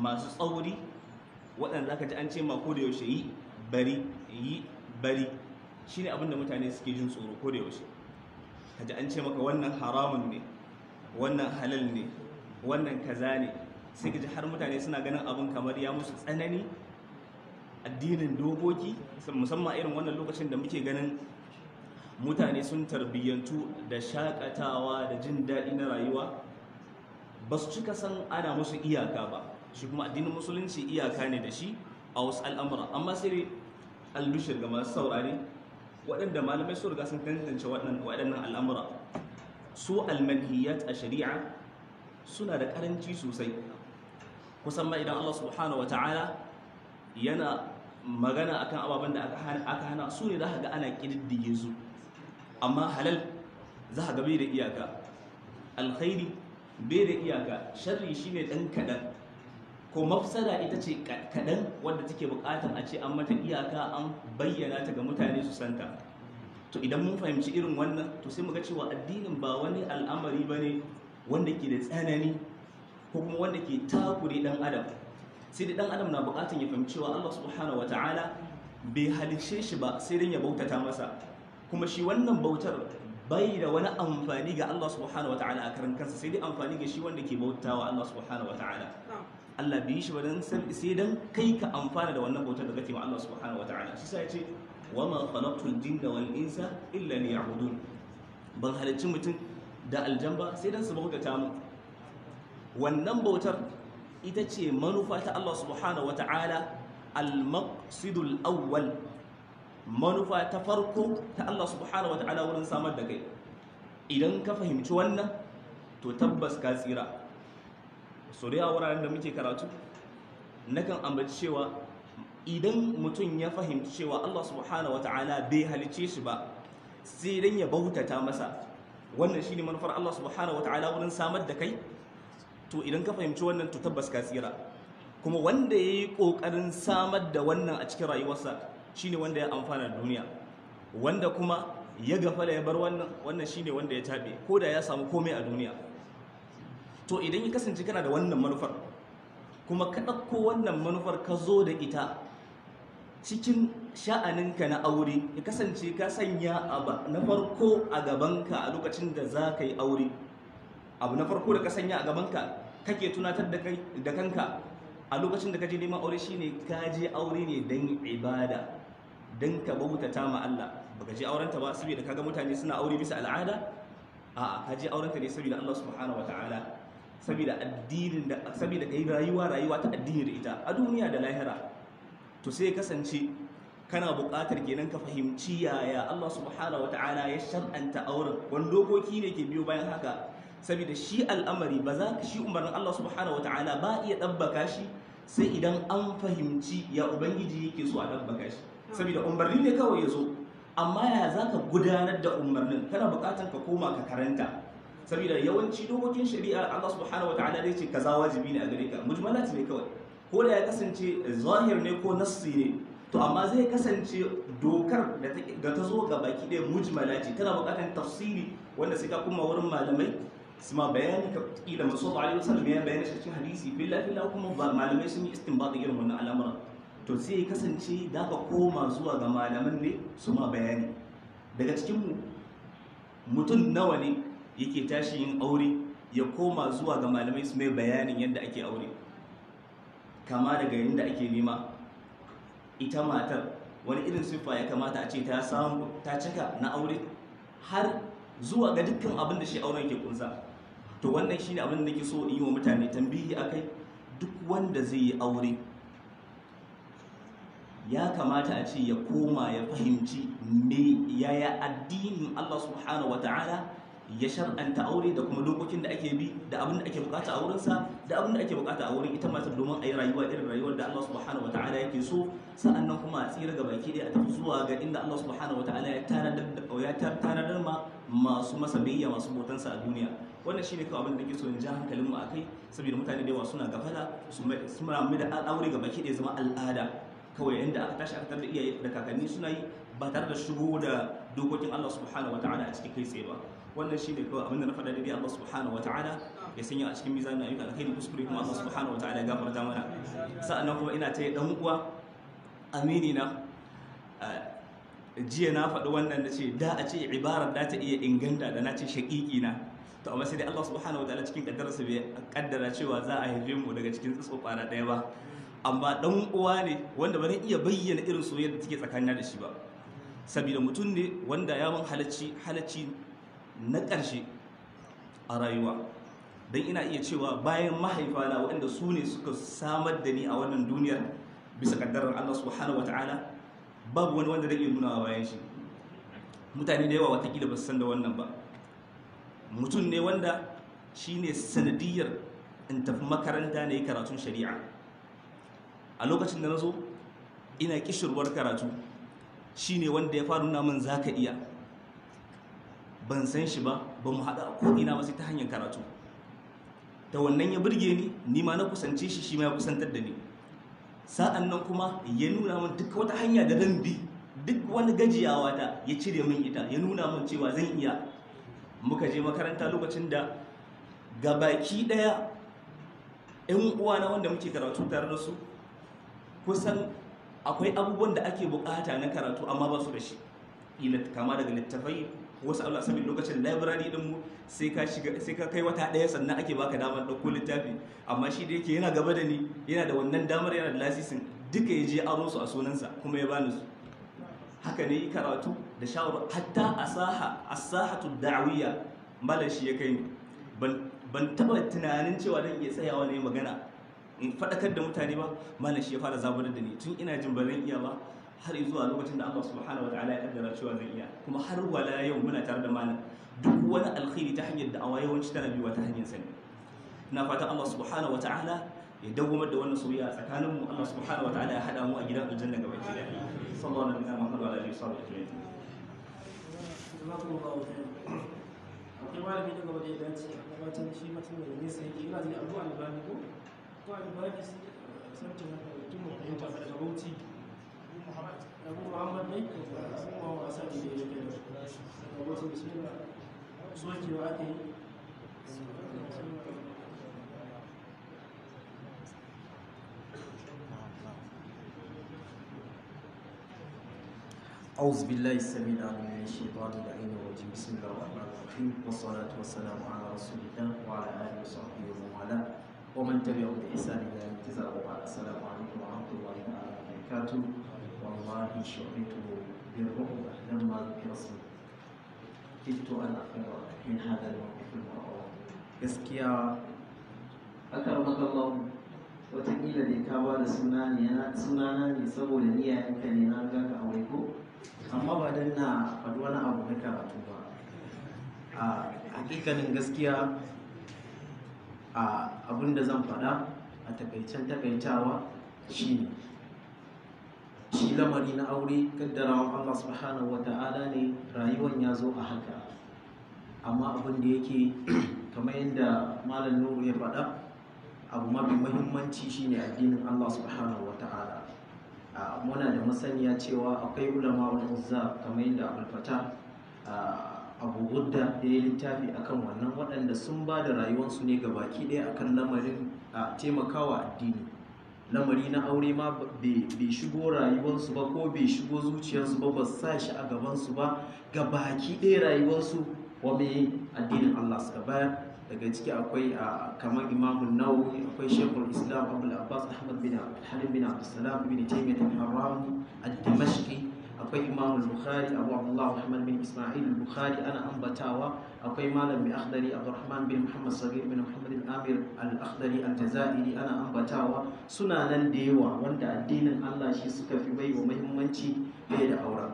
masu tsauri waɗanda ka ji an ce ma ko da yaushe yi bari yi bari Shi ne abinda mutane suke jin tsoro ko da yaushe kaji an ce maka wannan haramun ne wannan halal ne wannan kaza ne sai ka ji har mutane suna ganin abin kamar ya musu tsanani addinin dokoki musamman irin wannan lokacin da muke ganin mutane sun tarbiyyantu da shakatawa da jin daɗi na rayuwa ba su cika san ana musu iyaka ba shi kuma addinin musulunci iyaka ne da shi a wasu al'amura amma sai albishir ga masu saurari waɗanda malamai su riga sun tantance waɗannan al'amura su almanhiyat a shari'a suna da ƙaranci sosai kusan ma idan Allah subhanahu wa ta'ala yana magana akan ababen da aka hana su ne za ga ana ƙididdige su amma halal za ka bai da iyaka alkhairi bai da iyaka sharri shine dan kadan ko mafsada ita ce kaɗan wanda take bukatar a ce an mata iyaka an bayyana ta ga mutane su santa to idan mun fahimci irin wannan to sai mu ga cewa addinin ba wani al'amari ba ne wanda ke da tsanani ko kuma wanda ke takure dan adam sai da dan adam na bukatar ya fahimci cewa Allah subhanahu ta'ala bai halicce shi ba sai dan ya bautata masa kuma shi wannan bautar bai da wani amfani ga Allah subhanahu wataala a karan kansa sai dai amfani ga shi wanda ke wa Allah subhanahu wataala Allah bi shi wadan sai dan kai ka amfana da wannan bautar da kake ma Allah subhanahu wataala shi sai ya ce wama khalaqtul jinna wal insa illa liya'budun ban halicci mutum da aljamba sai dan su bautata mu wannan bautar ita ce manufa ta Allah subhanahu wataala al-maqsidul awwal manufa ta farko ta Allah subhanahu wata'ala wurin samar da kai idan ka fahimci wannan to tabbas ka tsira so da yawa wuraren da muke karatu nakan ambaci cewa idan mutum ya fahimci cewa Allah subhanahu wata'ala bai halice shi ba sai dan ya bautata masa wannan shine manufar Allah subhanahu wata'ala wurin samar da kai to idan ka fahimci wannan to tabbas ka tsira kuma wanda yayi kokarin samar da wannan a cikin rayuwarsa Shi ne wanda ya amfana da duniya wanda kuma ya gafala ya bar wannan wannan ne wanda ya tabe ko da ya samu komai a duniya to idan ya kasance kana da wannan manufar kuma ka ɗauko wannan manufar ka zo da ita cikin sha'aninka na aure ya kasance ka sanya abu na farko a gabanka a lokacin da za ka yi aure abu na farko da ka sanya a gabanka kake tunatar da kanka a lokacin da ka je neman aure ne ka je aure ne don ibada don ka bautata ma Allah baka je aurenta ba saboda kaga mutane suna aure bisa al'ada a ka je aurenta ne saboda Allah subhanahu wataala saboda addinin da saboda kai rayuwa rayuwa ta addini da ita a duniya da lahira to sai kasance kana buƙatar kenan ka fahimci yaya Allah subhanahu wataala ya shar'anta auren wani dokoki ne ke biyo bayan haka saboda shi al'amari ba za ka shi umarnin Allah subhanahu wataala ba iya dabbaka shi sai idan an fahimci ya ubangiji yake so a dabbaka shi saboda umarni ne kawai ya zo amma ya za ka gudanar da umarnin kana bukatar ka koma ka karanta saboda yawanci dokokin shari'a Allah subhanahu wataala ce kaza wajibi ne a gare ka mujmalat ne kawai ko da ya kasance zahir ne ko nassi ne to amma zai kasance dokar da ta zo ga baki ɗaya mujmala ce tana bukatar tafsiri wanda sai ka kuma wurin malamai su ma bayani ka kila masu alaihi wasu ya bayani shi hadisi billahi billahi kuma malamai sun yi istinbat irin na al'amuran to sai ya kasance da ka koma zuwa ga malaman ne su ma bayani daga cikin mutum nawa ne yake tashi yin aure ya koma zuwa ga malamai su mai bayanin yadda ake aure kama daga yadda ake nema ita matar wani irin siffa ya kamata a ce ta samu ta cika na aure har zuwa ga dukkan abin da shi auren ke kunsa to wannan shi shine abin da nake so in yi wa mutane tambihi akai duk wanda zai yi aure ya kamata a ce ya koma ya fahimci me yaya addinin Allah subhanahu wata'ala ya shar'anta aure da kuma lokacin da ake bi da abin da ake bukata a wurinsa da abin da ake bukata a wurin ita matar domin a yi rayuwa irin rayuwar da Allah subhanahu wata'ala yake so nan kuma a tsira ga baki ɗaya a tafi zuwa ga inda Allah subhanahu wata'ala ya tanadar ma masu biyya masu botansa a duniya wannan shine kawai abin da ke so in ja hankalin mu akai saboda mutane da yawa suna gafala su mai da aure ga baki ɗaya zama al'ada kawai yadda aka tashi aka tarda iyaye da kakanni suna yi ba tare da shigo da dokokin Allah subhanahu wataala a cikin kai tsaye ba wannan shine kawai abin da na faɗa da daidai Allah subhanahu wataala ya sanya a cikin mizanin ayyuka alkhairi kuskure kuma Allah subhanahu wataala ya gafarta mana sa'annan kuma ina ta dan uwa amini na jiya na faɗi wannan da ce da a ce ibarar da ta iya inganta da na ce shaƙiƙi na to amma sai dai Allah subhanahu wataala cikin kaddarsa bai kaddara cewa za a haife mu daga cikin tsotso kwana ɗaya ba amma dan uwa ne wanda ba zan iya bayyana irin soyayya da take tsakanina da shi ba saboda mutum ne wanda ya mun halacci halacci na ƙarshe a rayuwa don ina iya cewa bayan mahaifana waɗanda su ne suka samar da ni a wannan duniyar bisa kaddarar Allah subhanahu wata'ala babu wani wanda zai iya nuna bayan shi mutane da yawa watakila ba su san da wannan ba mutum ne wanda shine ne sanadiyar in tafi makaranta na yi karatun shari'a a lokacin da na zo ina kishirwar karatu shi ne wanda ya faru namun za ka iya ban san shi ba ba mu haɗa ko'ina ba sai ta hanyar karatu ta wannan ya birge ni ni ma na kusance shi shi ma ya kusantar da ni sa'an nan kuma ya nuna min duk wata hanya da zan bi duk wani gajiyawa ta ya cire min ita ya nuna min cewa zan iya muka je makaranta lokacin da ga baki ɗaya 'yan na wanda muke karatu tare da su kusan akwai abubuwan da ake bukata na karatu amma ba su da shi kama daga littafai wasu abu asabin lokacin library din mu sai ka kai wata daya sannan ake baka damar ɗauko littafi amma shi da yake yana gaba da ni yana da wannan damar yana da lasisin duka ya je aro su a sunansa kuma ya bani su haka ne yi karatu da shawar hatta asaha asahatu da'awiyya malam shi ya kai ni ban ban taba tunanin cewa zan iya tsayawa ne magana in faɗakar da mutane ba malam shi ya fara zaburar da ni tun ina jin ba zan iya ba har zuwa lokacin da Allah subhanahu wataala ya kaddara cewa zan iya kuma har wala yau muna tare da malam duk wani alkhairi ta hanyar da'awa yawanci tana biyuwa ta hanyar sani na fata Allah subhanahu wataala ya dawwamar da wannan soyayya a tsakanin mu Allah subhanahu wataala ya hada mu a gidan aljanna gaba ki da sallallahu alaihi wa sallam wa alihi wa sahbihi akwai malami da gaba da ya dace a gabatar shi mutum ne nesa yake ina zai abu albani ko to albani sarki mutum mu fahimta daga bauchi abu muhammad ne sun ma wasa ne da yake da wasu bismillah sokewa ake yi أعوذ بالله السميع العليم من الشيطان اللعين الرجيم بسم الله الرحمن الرحيم والصلاة والسلام على رسول الله وعلى آله وصحبه ومن والاه ومن تبعهم بإحسان إلى يوم الجزاء وبعد السلام عليكم ورحمة الله تعالى وبركاته والله شعرت بالرعب لما ذكر اسمي أن أفر من هذا الموقف المرعوب gaskiya aka maka Allah watakila da ka ba da suna ne sunana ne saboda ni yayanka ne na ga ka aure amma ba dan na wani abu na karatu ba a hakikanin gaskiya a abin da zan faɗa a takaicen takaitawa shine shi lamari na aure kaddarawan Allah subhanahu Ta'ala ne rayuwan ya zo a haka amma abin da yake kamar yadda malam nuru ya faɗa abu mafi mahimmanci shine addinin Allah subhanahu ta'ala muna da masaniya cewa akwai ulama wani uzza kamar yadda abulfata abu gudda ya yi littafi akan wannan waɗanda sun ba da rayuwarsu ne ga baki ɗaya akan lamarin a taimakawa addini lamari na aure ma bai shigo rayuwarsu ba ko bai shigo zuciyarsu ba ba sa shi a gabansu ba ga baki ɗaya rayuwarsu wa mai addinin allah suka bayar daga ciki akwai a kamar imamun nawawi akwai shekul islam abul abbas ahmad bin abu bin abdulsalam bin taimakon haram al dimashki akwai imam al bukhari abu abdullah muhammad bin isma'il bukhari ana ambatawa akwai malam mai akhdari abdurrahman bin muhammad sagir bin muhammad bin amir al-akhdari al-jazairi ana ambatawa suna nan da yawa wanda addinin allah shi suka fi bai wa muhimmanci fiye da aura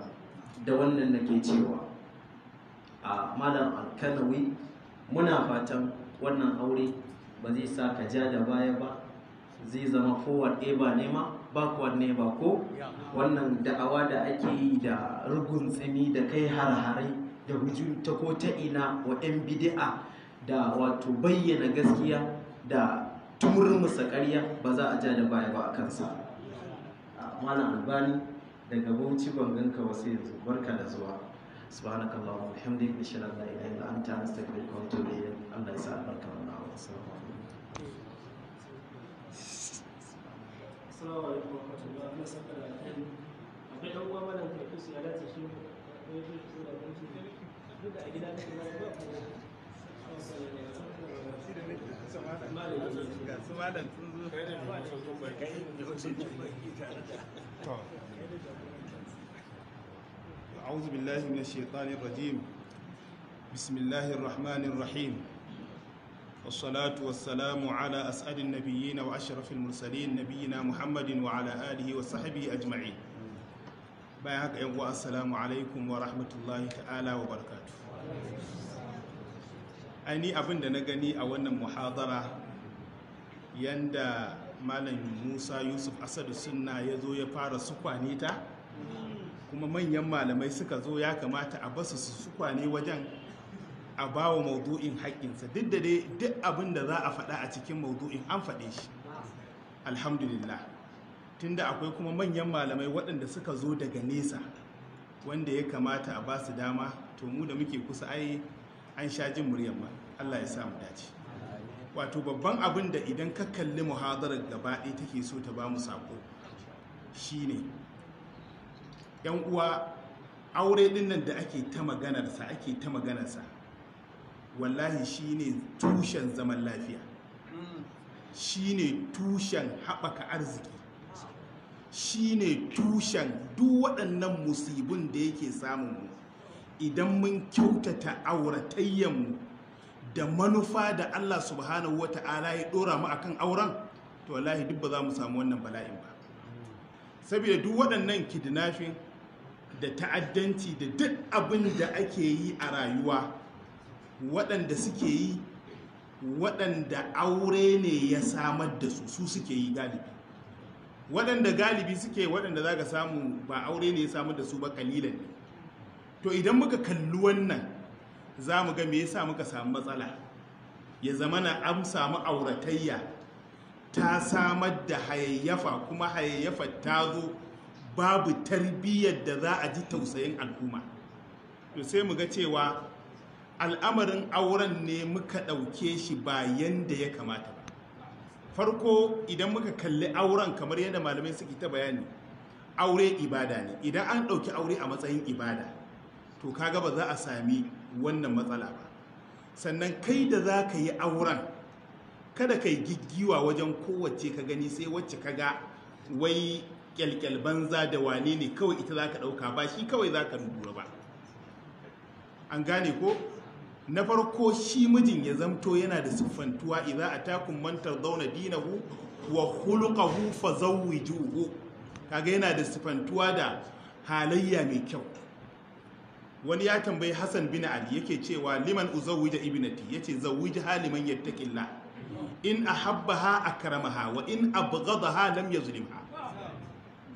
da wannan nake cewa a malam al al-kanawi muna fatan wannan aure ba zai sa ka ja da baya ba zai zama forward eba ne ba wanne ba ko wannan da'awa da ake yi da rugun tsimi da kai har harhare da ta ko ta ina wa 'yan bidi'a da wato bayyana gaskiya da turmusa ƙarya ba za a ja da baya ba a kansa Malam albani daga bauchi banganka wasu yanzu barka da zuwa subhanakallahu alhamdulillahi inshallah la ilaha illa anta astaghfiruka wa atubu ilayk Allah ya sa albarka wa na'am Assalamu alaikum wa rahmatullahi Akwai uwa ya shi su da a gida ba ku. أعوذ بالله من الشيطان الرجيم بسم الله الرحمن الرحيم والصلاة والسلام على أسعد النبيين وأشرف المرسلين نبينا محمد وعلى آله وصحبه أجمعين bayan haka yan uwa assalamu alaikum wa rahmatullahi ta'ala wa barakatu aini abin da na gani a wannan muhadara yanda malam musa yusuf asadu sunna yazo ya fara sukwane kuma manyan malamai suka zo ya kamata a basu su sukwane wajen a ba wa maudu'in haƙƙinsa duk da dai duk abin da za a faɗa a cikin maudu'in an faɗe shi alhamdulillah tunda akwai kuma manyan malamai waɗanda suka zo daga nesa wanda ya kamata a ba su dama to mu da muke kusa ai an sha jin muryar ma Allah ya samu dace wato babban abin da idan ka kalli muhadarar gaba ɗaya take so ta ba mu sako shine yan uwa aure ɗin nan da ake ta maganarsa ake ta maganarsa wallahi shine tushen zaman lafiya shine tushen haɓaka arziki shine tushen duk waɗannan musibin da yake mu idan mun kyautata auratayyanmu da manufa da Allah subhanahu wa ta'ala ya ɗora mu akan auren to wallahi duk ba za mu samu wannan bala'in ba saboda duk waɗannan kidnafin da ta'addanci da duk abin da ake yi a rayuwa waɗanda suke yi waɗanda aure ne ya samar da su su suke yi galibi waɗanda galibi suke waɗanda za ka samu ba aure ne ya samar da su ba kalilan ne to idan muka kalli wannan za mu ga me yasa muka samu matsala ya zama na an samu auratayya ta samar da hayayyafa kuma hayayyafa ta zo babu tarbiyyar da za a ji tausayin al'umma to sai mu ga cewa al'amarin auren ne muka ɗauke shi ba da ya kamata ba farko idan muka kalli auren kamar yadda malamai suke ta bayani aure ibada ne idan an ɗauki aure a matsayin ibada to kaga ba za a sami wannan matsala ba sannan kai da za ka yi auren kada ka yi giggiwa wajen kowace ka gani sai wacce ka ga wai kyalkyal banza da wane ne kawai ita za ka ɗauka ba shi kawai za ka lura ba an gane ko na farko shi mijin ya zamto yana da siffantuwa idza mantar zauna dina dinahu wa khuluquhu fazawwijuhu kaga yana da siffantuwa da halayya mai kyau wani ya tambayi Hassan bin Ali yake cewa liman uzawwija ibnati yace zawwijha liman yattaqilla in ahabbaha akramaha wa in abghadaha lam Ya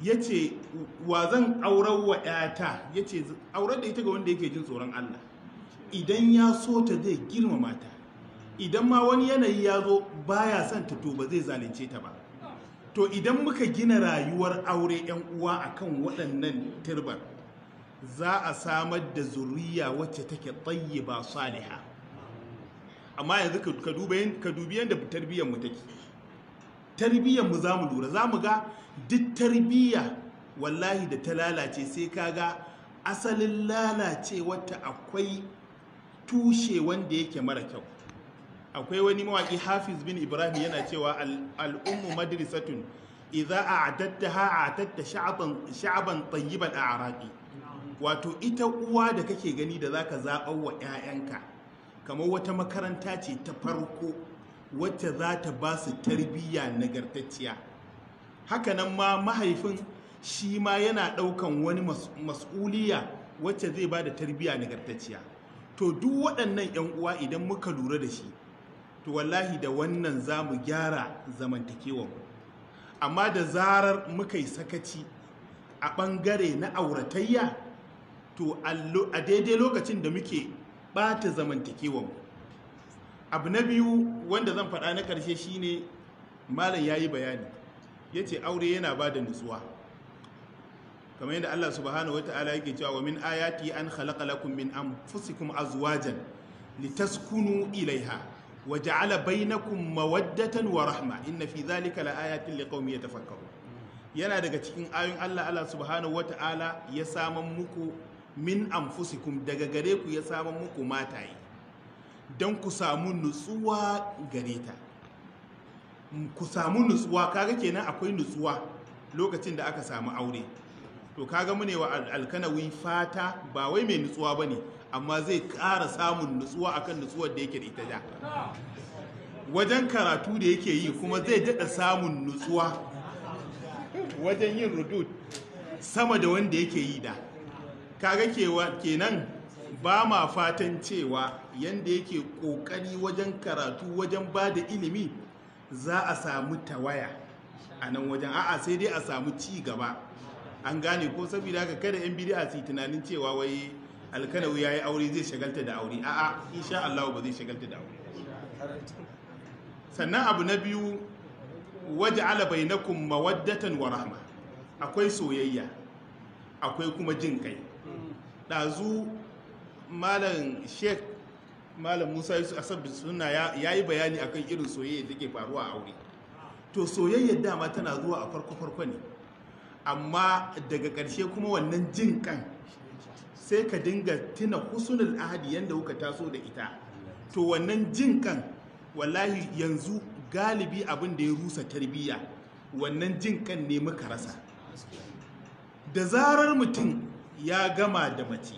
yace wa zan aurar wa yata yace aurar da ita ga wanda yake jin tsoron Allah idan ya so ta zai girmama ta idan ma wani yanayi ya zo ba ya son ta to ba zai zalunce ta ba to idan muka gina rayuwar aure yan uwa akan waɗannan turbar za a samar da zuriya wacce take ba saliha amma yanzu ka dubi yadda tarbiyyar mu take tarbiyyar mu zamu lura mu ga duk tarbiyya wallahi da ta lalace sai ka ga asalin lalace wata akwai tushe wanda yake mara kyau akwai wani mawaki hafiz bin ibrahim yana cewa al'ummu madrisatun idza ha a'adatta sha'ban sha'ban tayyiban a'rabi wato ita uwa da kake gani da zaka zaba wa 'ya'yanka kamar wata makaranta ce ta farko wacce za ta ba su tarbiyya nagartacciya hakanan ma mahaifin shi ma yana daukan wani mas'uliya wacce zai ba da tarbiyya nagartacciya to duk waɗannan 'yan uwa idan muka lura da shi to wallahi da wannan za mu gyara zamantakewa amma da zarar muka yi sakaci a ɓangare na auratayya to a daidai lokacin da muke ɓata zamantakewa abu na biyu wanda zan faɗa na ƙarshe shine malam ya yi bayani ya ce aure yana ba da nutsuwa kamar yadda Allah subhanahu wata'ala yake cewa wa min ayati an khalaqa lakum min anfusikum azwajan litaskunu ilaiha wa ja'ala bainakum mawaddatan wa rahma inna fi dhalika laayatin liqaumin yatafakkarun yana daga cikin ayoyin Allah Allah subhanahu wata'ala ya saman muku min anfusikum daga gare ku ya saman muku mataye don ku samu nutsuwa gare ta ku samu nutsuwa kaga kenan akwai nutsuwa lokacin da aka samu aure to kaga mu ne wa alkanawi fata ba wai mai nutsuwa ba ne, amma zai ƙara samun nutsuwa akan nutsuwar da yake da ita da wajen karatu da yake yi kuma zai daɗa samun nutsuwa wajen yin rudud sama da wanda yake yi da kaga kenan ba ma fatan cewa yanda yake ƙoƙari wajen karatu wajen ba da ilimi za a samu tawaya a nan wajen a'a sai dai a samu ci gaba an gane ko saboda haka kada yan bid'a su tunanin cewa wai ya yi aure zai shagalta da aure a'a insha Allah ba zai shagalta da aure sannan abu na biyu waje ala bainakum mawaddatan wa rahma akwai soyayya akwai kuma jin kai dazu malam sheikh malam Musa Yusuf Asad sunna yayi bayani akan irin soyayya da take faruwa a aure to soyayyar dama tana zuwa a farko farko ne amma daga ƙarshe kuma wannan jin kan sai ka dinga tuna husnul ahadi yadda kuka taso da ita to wannan jin kan wallahi yanzu galibi abin da ya rusa tarbiyya wannan jin kan ne muka rasa da zarar mutum ya gama da mace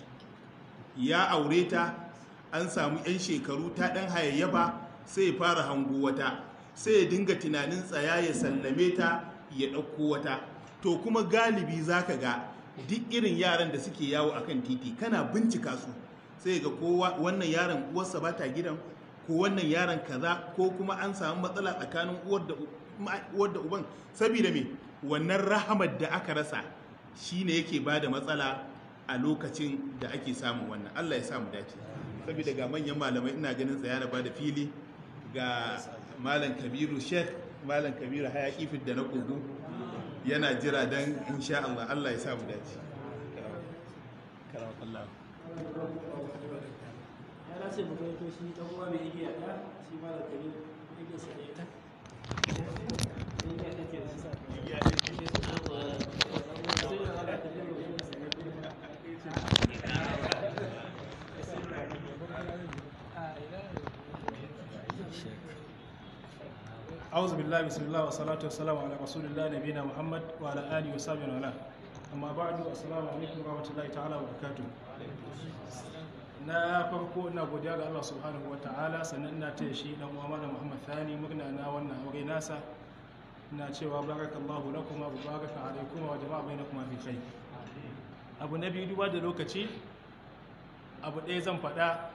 ya aure ta an samu 'yan shekaru ta ɗan hayayyaba sai ya fara hango wata sai ya dinga tunanin tsaya ya sallame ta ya ɗauko wata to kuma galibi zaka ga duk irin yaran da suke yawo a kan titi kana bincika su sai ga kowa wannan yaron uwarsa ba ta gidan ko wannan yaron kaza ko kuma an samu matsala tsakanin uwar da uban saboda me wannan rahamar da aka rasa shine yake ba da matsala a lokacin da ake samun wannan Allah ya samu dace saboda ga manyan malamai ina ganin tsaya na bada fili ga malam kabiru sheikh malam kabiru hayaki da na kogo yana jira don insha Allah Allah ya sa mu dace a'udhu billahi bismillah wa salatu wa salam ala rasulillah muhammad wa ala alihi wa sahbihi wa amma ba'du assalamu alaikum wa rahmatullahi ta'ala wa barakatuh na farko ina godiya ga Allah subhanahu wa ta'ala sannan ina taya shi dan uwa malam muhammad thani murna na wannan aure nasa ina cewa barakallahu lakum wa baraka alaikum wa jama'a bainakum fi khair abu na biyu duba da lokaci abu ɗaya zan faɗa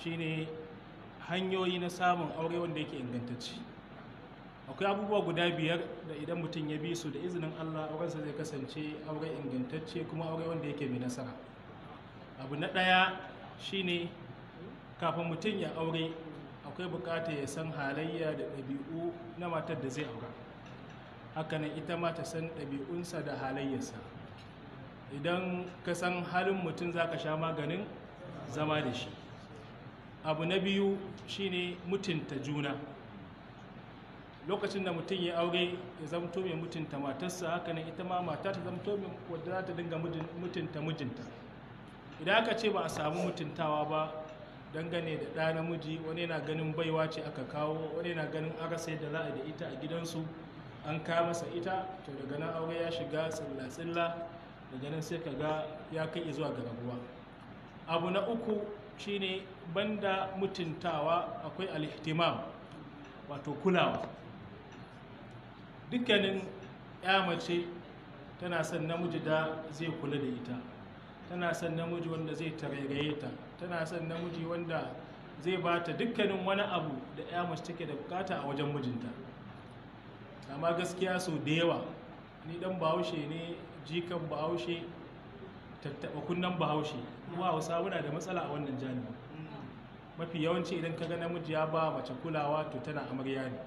shine hanyoyi na samun aure wanda yake ingantacce akwai abubuwa guda biyar da idan mutum ya bi su da izinin allah aurensa zai kasance aure ingantacce kuma aure wanda yake mai nasara abu na ɗaya shine kafin mutum ya aure akwai bukata ya san halayya da ɗabi'u na matar da zai aura hakanan ita ma ta san ɗabi'unsa da halayyarsa idan ka san halin mutum za ka sha maganin zama da shi abu na biyu shine mutunta juna lokacin da mutum ya aure ya zamto mai mutunta matarsa haka nan ita ma mata ta zamto mai wadda za ta dinga mutunta mijinta idan aka ce ba a samu mutuntawa ba dangane da ɗa namiji wani yana ganin baiwa ce aka kawo wani yana ganin arasa da za da ita a gidansu an kawo masa ita to daga nan aure ya shiga tsilla-tsilla daga nan sai ka ga ya kai zuwa ga rabuwa abu na uku shine banda mutuntawa akwai alihtimam wato kulawa dukkanin ya mace tana son namiji da zai kula da ita tana son namiji wanda zai tarairaye ta tana son namiji wanda zai ba ta dukkanin wani abu da ya mace take da bukata a wajen mijinta amma gaskiya sau da yawa ni dan bahaushe ne jikan bahaushe tattaɓa kunnen bahaushe kuma hausa muna da matsala a wannan janibi mafi yawanci idan ka ga namiji ya ba mace kulawa to tana amarya ne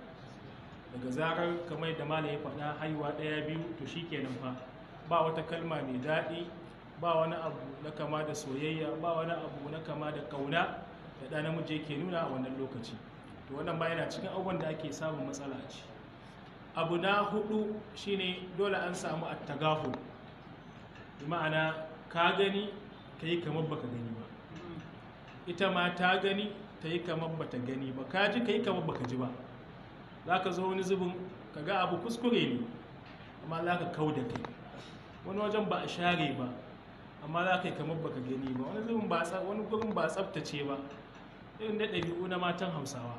daga zarar kamar da malam ya faɗa haihuwa ɗaya biyu to shi kenan fa ba wata kalma mai daɗi ba wani abu na kama da soyayya ba wani abu na kama da kauna da ɗa namiji yake nuna a wannan lokaci to wannan ba yana cikin abubuwan da ake samun matsala a ci abu na hudu shine dole an samu attagafu ma'ana ka gani ka yi kamar baka gani ba ita ma ta gani ta yi kamar bata gani ba ka ji ka yi kamar baka ji ba za ka zo wani zubin ka ga abu kuskure ne amma za ka kau da kai wani wajen ba a share ba amma za ka yi kamar baka gani ba wani zubin ba wani gurin ba tsaftace ba irin da ɗabi'u na matan hausawa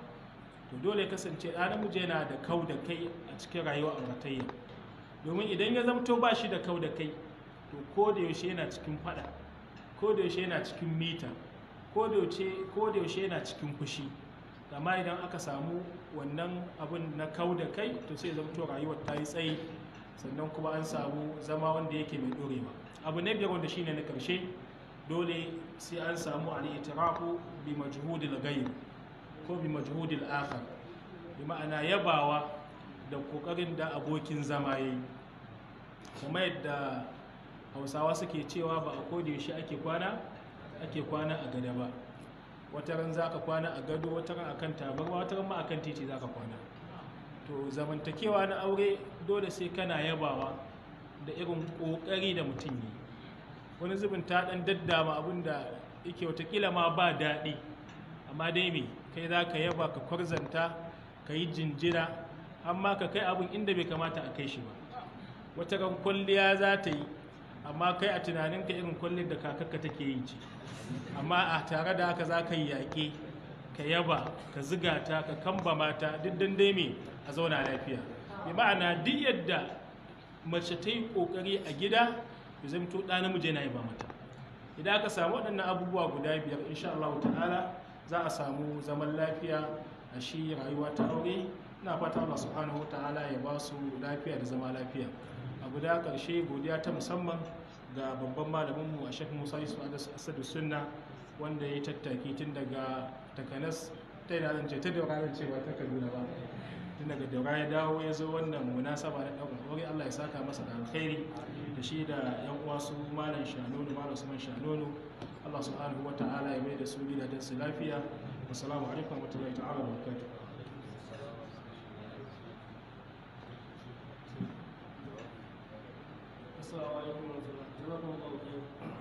to dole kasance ɗan namiji yana da kau da kai a cikin rayuwa a matayya domin idan ya zamto ba shi da kau da kai to ko da yaushe yana cikin faɗa kodayaushe na yana cikin mita kodayaushe yana cikin fushi amma idan aka samu wannan abin na kau da kai to sai to rayuwar ta yi tsayi sannan kuma an samu zama wanda yake mai ɗorewa abu na biyar wanda shine na karshe dole sai an samu al'itirafu bi majhudil ghayr ko bi majhudil akhar bi ma'ana yabawa da kokarin da abokin zama yayi kamar yadda hausawa suke cewa ba a shi ake kwana ake kwana a gada ba wata ran za ka kwana a gado wata ran akan tabarwa wata ran ma akan titi za ka kwana to zamantakewa na aure dole sai kana yabawa da irin kokari da mutum yi wani zubin ta dan daddama abin da yake watakila ma ba daɗi amma dai me kai za ka yaba ka kwarzanta ka yi jinjira amma ka kai abin inda bai kamata a kai shi ba wata ran kwalliya za ta yi amma kai a tunanin ka irin kullum da kakakka take yi ce amma a tare da haka za ka yi yaƙe ka yaba ka ziga ta ka kamba mata duk dai me a zauna lafiya bi ma'ana duk yadda mace ta yi ƙoƙari a gida ya ɗana muje na yi ba mata idan aka samu waɗannan abubuwa guda biyar insha Allah ta'ala za a samu zaman lafiya a shi rayuwa ta aure ina fata Allah subhanahu wa ta'ala ya ba su lafiya da zama lafiya a guda ƙarshe godiya ta musamman ga babban malaminmu a shek musa yusuf asadu sunna wanda ya yi tattaki tun daga takanas ta yi zance ta daura zan cewa ta kaduna ba tun daga daura ya dawo ya zo wannan saba na ɗaukar Wani allah ya saka masa da alkhairi da shi da yan uwa su malam Shanonu malam usman Shanonu. allah subhanahu wa ta'ala ya mai da su gida don su lafiya wasalamu alaikum wa rahmatullahi ta wa barakatuh Assalamu alaikum wa rahmatullahi jazakum Allah khairan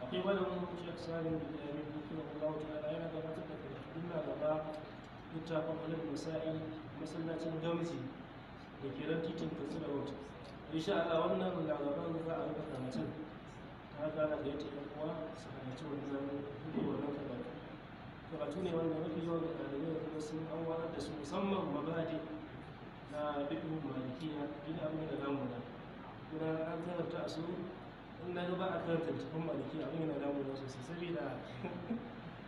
akwai wani mun shek salim bin yamin kuma Allah ta'ala yana gabatar da dinna wata insha Allah za a rubuta mutum karatu ne wanda mafi yawan da su musamman na bikin malikiya gina amma da an in na ba a karanta littafin maliki abin yana damu na sosai saboda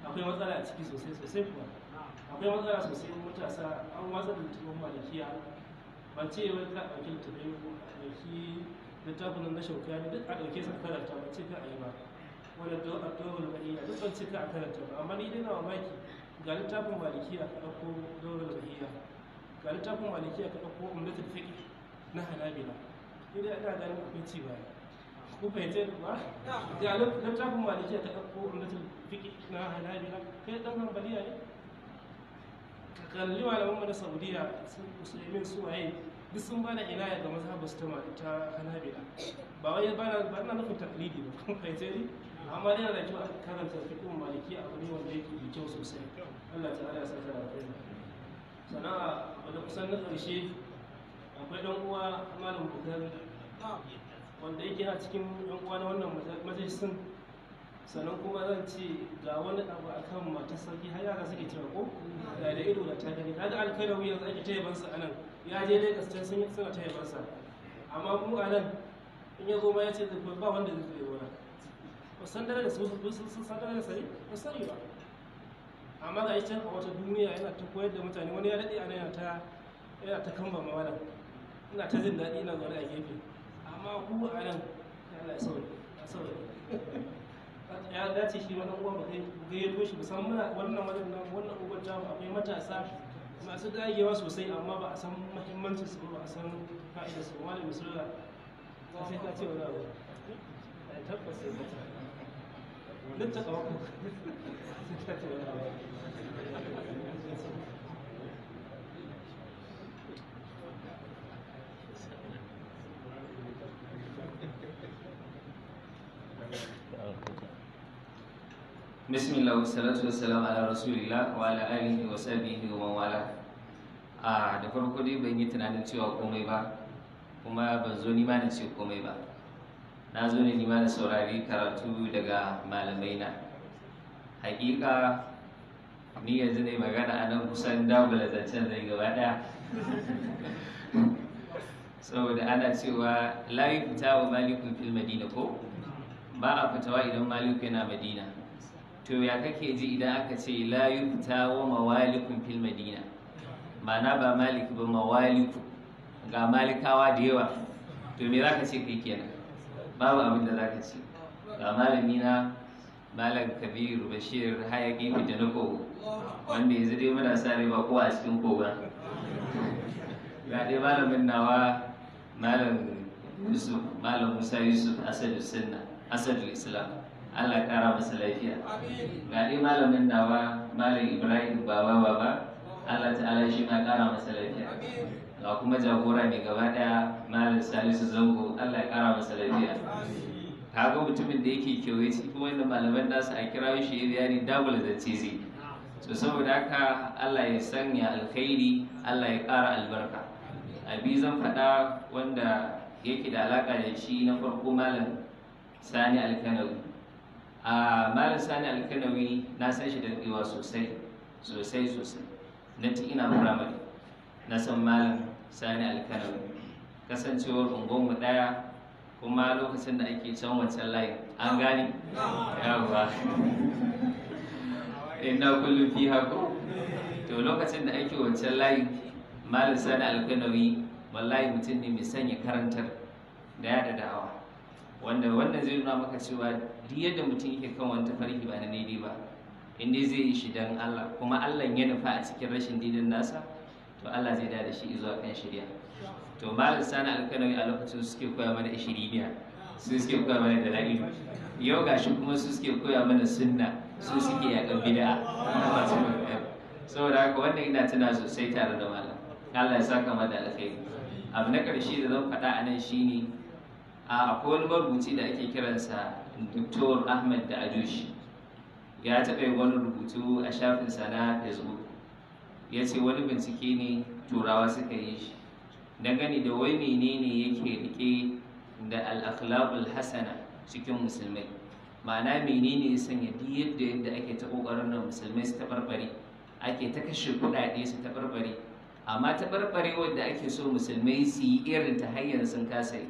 akwai matsala a ciki sosai sosai kuma akwai matsala sosai matasa an watsa da littafin malikiya ba ce wai ka ɗauki littafin maliki littafin na shauka ne duk a ɗauke su a karanta ba ce ka a yi ba wani dogon bahiya duk ban ce ka a karanta ba amma ni dai na mamaki ga littafin malikiya a ɗauko dogon bahiya ga littafin malikiya ka ɗauko umdatul fiqh na hanabila ni dai ina ganin abinci baya ko fahimce ba ya littafin malikiya ta ɗauko umdatul fiqi na hanabila kai ɗan hanbaliya ne ka kalli malaman mu saudiya sun musulmin su waye duk sun bada ilaya ga mazhabar su ta hanabila ba wai ba na ba na nufin taklidi ba kun fahimce ni amma dai da kyau a karanta fiqin maliki a wani wanda yake da kyau sosai Allah ta'ala ya saka da kai sana'a wanda kusan na ƙarshe akwai dan uwa malam bukari wanda yake yana cikin yan uwa na wannan majalisun sannan kuma zan ce ga wani abu akan mata sarki har yara suke cewa ko da da ido da ta gani wuyan za yanzu ake ta a anan ya je dai can sun suna ta yabansa amma mu nan in ya zo ma ya ce ba wanda zai zai ya wani san dare da su sun san dare da sani ba sani ba amma ga ita a wata duniya yana ta koyar da mutane wani ya daɗe ana yana ta yana ta kamba mawalan ina ta jin daɗi ina zaune a gefe amma ku a nan Allah ya saurari ya dace shi wannan uwan ba gayyato shi musamman wannan wajen nan wannan uwan jamu akwai matasa masu dagewa sosai amma ba a san muhimmancin su ba a san fa'idar su wani musulla ta sai ka ce wani abu tabbas sai ka ce duk ta kawo ka ce wani abu bismillah wa salatu wa salam ala rasulillah wa ala alihi wa sahbihi wa wala a ah, da farko dai ban yi tunanin cewa komai ba kuma ban zo nima na ce komai ba na zo ne nima da saurari karatu daga malamai na hakika ni yanzu ne magana a nan kusan dagula zancen zai gaba daya saboda ana cewa layi fita wa malikun fil madina ko ba a fitawa idan maliku yana madina to ya kake ji idan aka ce la yufta wa mawalikun fil madina ma'ana ba malik ba mawaliku ga malikawa da yawa to me zaka ce kai kenan babu abin da zaka ce ga malami na malam kabiru bashir hayaki da na wanda yanzu dai muna sare ba kowa a cikin kogon ga dai malamin nawa malam yusuf malam musa yusuf asadul sunna asadul islam Allah kara masa lafiya ga dai malamin nawa malam Ibrahim baba baba Allah ta'ala shi ma kara masa lafiya ga kuma jagora mai gaba daya malam Salisu Zango Allah ya kara masa lafiya ga mutumin da yake kewaye kuma wanda malaman nasu a kira shi ya double da tizi so saboda haka Allah ya sanya alkhairi Allah ya kara albarka abi zan faɗa wanda yake da alaka da shi na farko malam Sani Alkanawi a malam sani alkanawi na san shi da daɗewa sosai sosai sosai na ci ina firamare na san malam sani alkanawi kasancewar mu ɗaya kuma lokacin da ake can wancan layi, an gane yawa ina kullum fi hako. to lokacin da ake wancan layi, malam sani alkanawi wallahi mutum ne mai sanya karantar da da da'awa wanda wannan zai nuna maka cewa duk yadda mutum yake kan wani tafarki ba na daidai ba in dai zai yi shi don Allah kuma Allah ya nufa a cikin rashin didin nasa to Allah zai dada shi zuwa kan shirya to malam sani alkanawi a lokacin suke koya mana ishiriniya su suke koya mana dala'ilu yau gashi kuma su suke koya mana sunna su suke yakan bid'a saboda haka wannan ina tuna sosai tare da malam Allah ya saka mada da alkhairi abu na ƙarshe da zan faɗa a nan shine a akwai wani marubuci da ake kiransa Dr. Ahmed da Ajushi ya taɓa yin wani rubutu a shafin na Facebook ya ce wani bincike ne turawa suka yi shi gani da wai menene yake rike da al hasana cikin musulmai ma'ana menene ya sanya duk yadda yadda ake ta kokarin da musulmai su tabarbare ake ta kashe kuɗaɗe su tabarbare amma tabarbare wanda ake so musulmai su yi irin ta hanyar sun kasa yi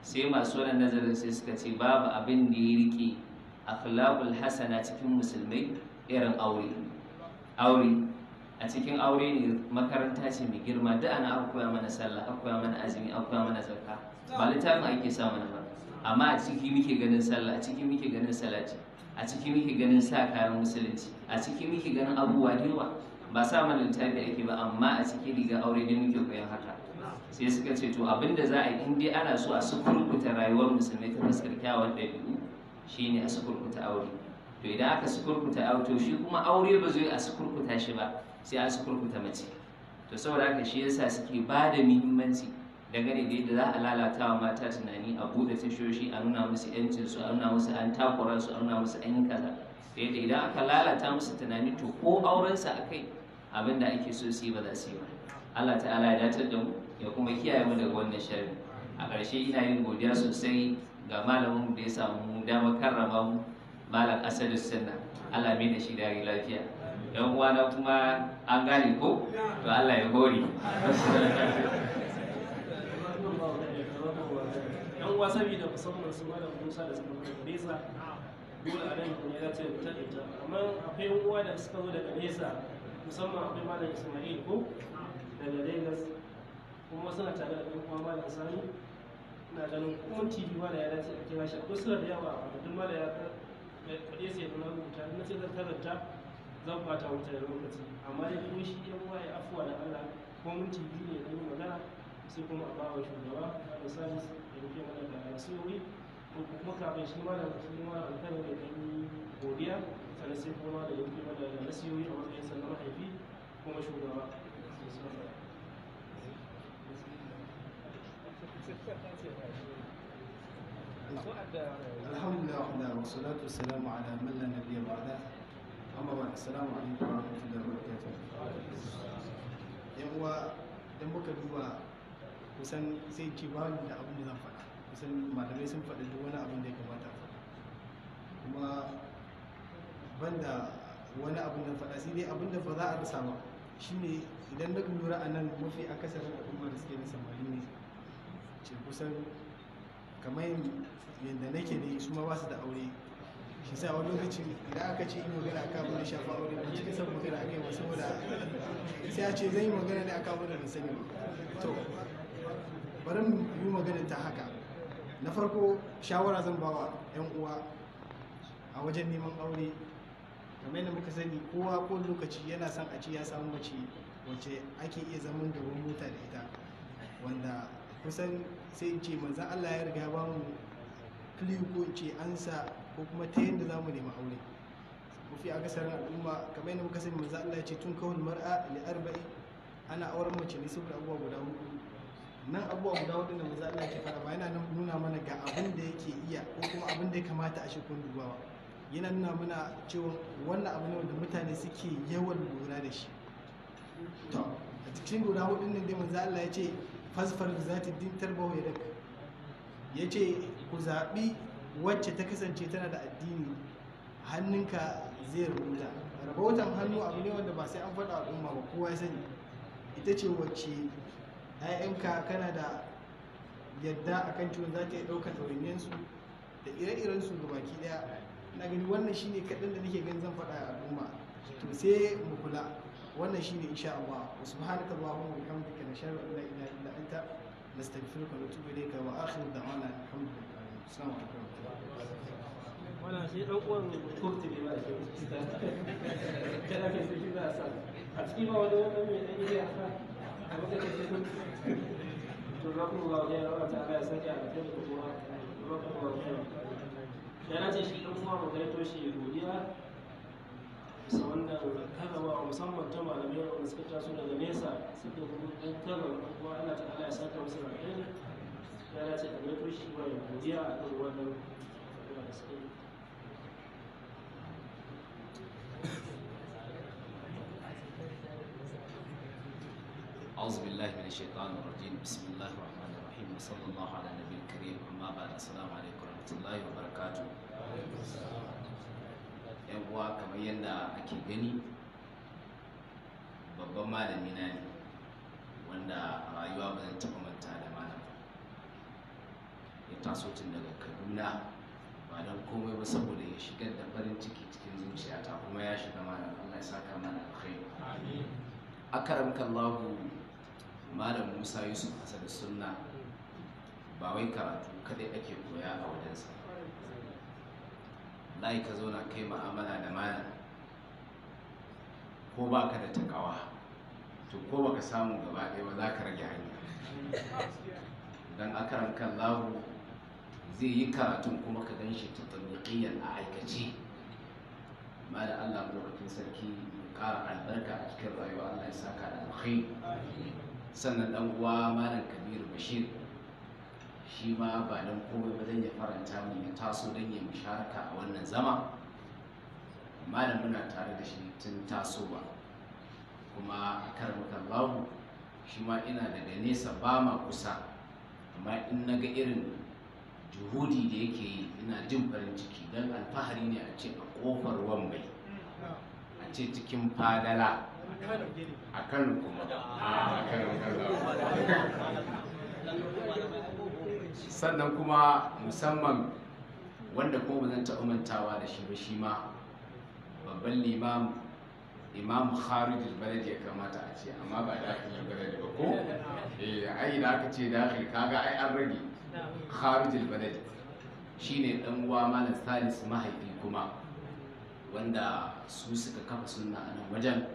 sai masu wannan nazarin sai suka ce babu abin da ya rike akhlaqul hasana cikin musulmai irin aure aure a cikin aure ne makaranta ce mai girma da ana aka koya mana sallah aka koya mana azumi aka koya mana zakka ba littafin ake sa mana ba amma a ciki muke ganin sallah a ciki muke ganin salati a ciki muke ganin sa kayan musulunci a ciki muke ganin abubuwa da yawa ba sa mana littafi ake ba amma a ciki riga aure ne muke koyan haka sai suka ce to abin da za a yi in dai ana so a sukurkuta rayuwar musulmai ta fuskar kyawar ɗabi'u shine a sukurkuta aure to idan aka sukurkuta aure to shi kuma aure ba zai a sukurkuta shi ba sai a sukurkuta mace to saboda haka shi yasa suke ba da muhimmanci dangane da yadda za a lalata wa mata tunani a buɗe tashoshi a nuna musu yancin su a nuna musu an takura su a nuna musu an yi kaza da yadda idan aka lalata musu tunani to ko aurensa akai abin da ake so su yi ba za su yi ba Allah ta'ala ya datar da mu ya kuma kiyaye mu daga wannan sharri a ƙarshe ina yin godiya sosai ga malamin da ya samu damar karrama mu malam asadu sunna Allah mai da shi dare lafiya yan uwana kuma an gane ko to Allah ya hori yan uwa saboda musamman su malam Musa da suka fara nesa dole a nan kuma ya ce ta ita amma akwai yan uwa da suka zo daga nesa musamman akwai malam Ismail ko daga Lagos kuma suna tare da ɗan kuma malam sani na ganin kuma tv ma ya dace a kira shi akwai suna da yawa a duk ma ya kwaɗe sai na rubuta na ce zan karanta zan bata wuta da lokaci amma ya kuma shi kuma ya afuwa da allah ko minti TV ne ya yi magana sai kuma a bawa shugaba da sani da rufe mana da rasuwoyi ko kuma kafin shi ma da shi ma da kan da kan yi godiya sannan sai kuma da yanke mana da nasiyoyi a matsayin sannan mahaifi kuma shugaba sai suna alhamdulillah wa salatu wassalamu ala man la nabiyya ba'da amma ba assalamu alaikum wa rahmatullahi wa barakatuh yan uwa idan muka duba kusan sai kibarin da abin da zan faɗa kusan malamai sun faɗa duk wani abin da ya kamata a faɗa kuma wani abin da faɗa sai dai abin da ba za a rasa ba shine idan na a nan mafi akasarin al'ummar da na samari ne ce kusan kamar yadda nake ne su ma ba su da aure shi sa wani lokacin idan aka ce yi magana aka abin da shafa aure da cikin sabon magana aka yi wasu da sai a ce zan yi magana ne aka abin da sani ba to bari mu yi magana ta haka na farko shawara zan ba wa 'yan uwa a wajen neman aure kamar yadda muka sani kowa ko lokaci yana son a ce ya samu mace wacce ake iya zaman gaban mota da ita wanda kusan sai ce manzan Allah ya riga ba mu kliyu ko ce ansa ko kuma ta yadda za mu nemi aure mafi kasar al'umma kamar yadda muka sani manzan Allah ya ce tun kawul mar'a li arba'i ana auren mace ne saboda abubuwa guda hudu nan abubuwa guda hudu da manzan Allah ke fara ba yana nan nuna mana ga abin da yake iya ko kuma abin da ya kamata a shi kun dubawa yana nuna mana cewa wannan abu ne wanda mutane suke yawan lura da shi to a cikin guda hudun nan dai manzo Allah ya ce fasfar zata din tarbawa ya daga ya ce ku zaɓi wacce ta kasance tana da addini hannunka zai rubuta rahoton hannu abu ne wanda ba sai an faɗa al'umma ba kowa ya sani ita ce wacce 'ya'yanka kana da yadda a kan ciwon za ta yi ɗaukar ɗawainiyarsu da ire-irensu ga baki ɗaya na gani wannan shine kaɗan da nake gani zan faɗa al'umma to sai mu kula wannan shine insha Allah subhanaka allahumma wa bihamdika nashhadu an la ilaha illa anta nastaghfiruka wa natubu ilayka wa akhiru da'wana alhamdulillah أعوذ بالله من الشيطان الرجيم بسم الله الرحمن الرحيم وصلى الله على النبي الكريم وما بعد السلام عليكم ورحمة الله وبركاته yan uwa kamar yadda ake gani babban malami na ne wanda a rayuwa ba zan taɓa manta da malam ya taso tun daga kaduna ba don komai ba saboda ya shiga da farin ciki cikin ta kuma ya shiga malam allah ya saka mana alkhairi akaram kallahu malam musa yusuf hassan sunna ba wai karatu kadai ake koya a wajensa wallahi ka zauna kai ma'amala da malam ko ba ka da takawa to ko ba ka samu gaba ɗaya ba za ka rage hanya don akaran kan lahu zai yi karatun kuma ka ganshi shi ta tsamiƙiyyar a aikace ma da allah maɗaukakin sarki kara albarka a cikin rayuwa allah ya saka da alkhairi sannan ɗan uwa malam kabiru bashir shi ma ba don komai ba zan ya faranta mu ya taso dan ya musharaka a wannan zama malam muna tare da shi tun tasowa kuma a karmukan babu shi ma ina daga nesa ba ma kusa amma in na ga irin juhudi da yake yi ina jin farin ciki don alfahari ne a ce a kofar wambai a ce cikin fadala a kano kuma a sannan kuma musamman wanda kuma zan taɓa mantawa da shi ba shi ma babban limam imam kharij balad ya kamata a ce amma ba dakhil balad ba ko eh ai da aka ce da kai kaga ai an rage kharij balad shine dan uwa malam salis mahaifi kuma wanda su suka kafa sunna a nan wajen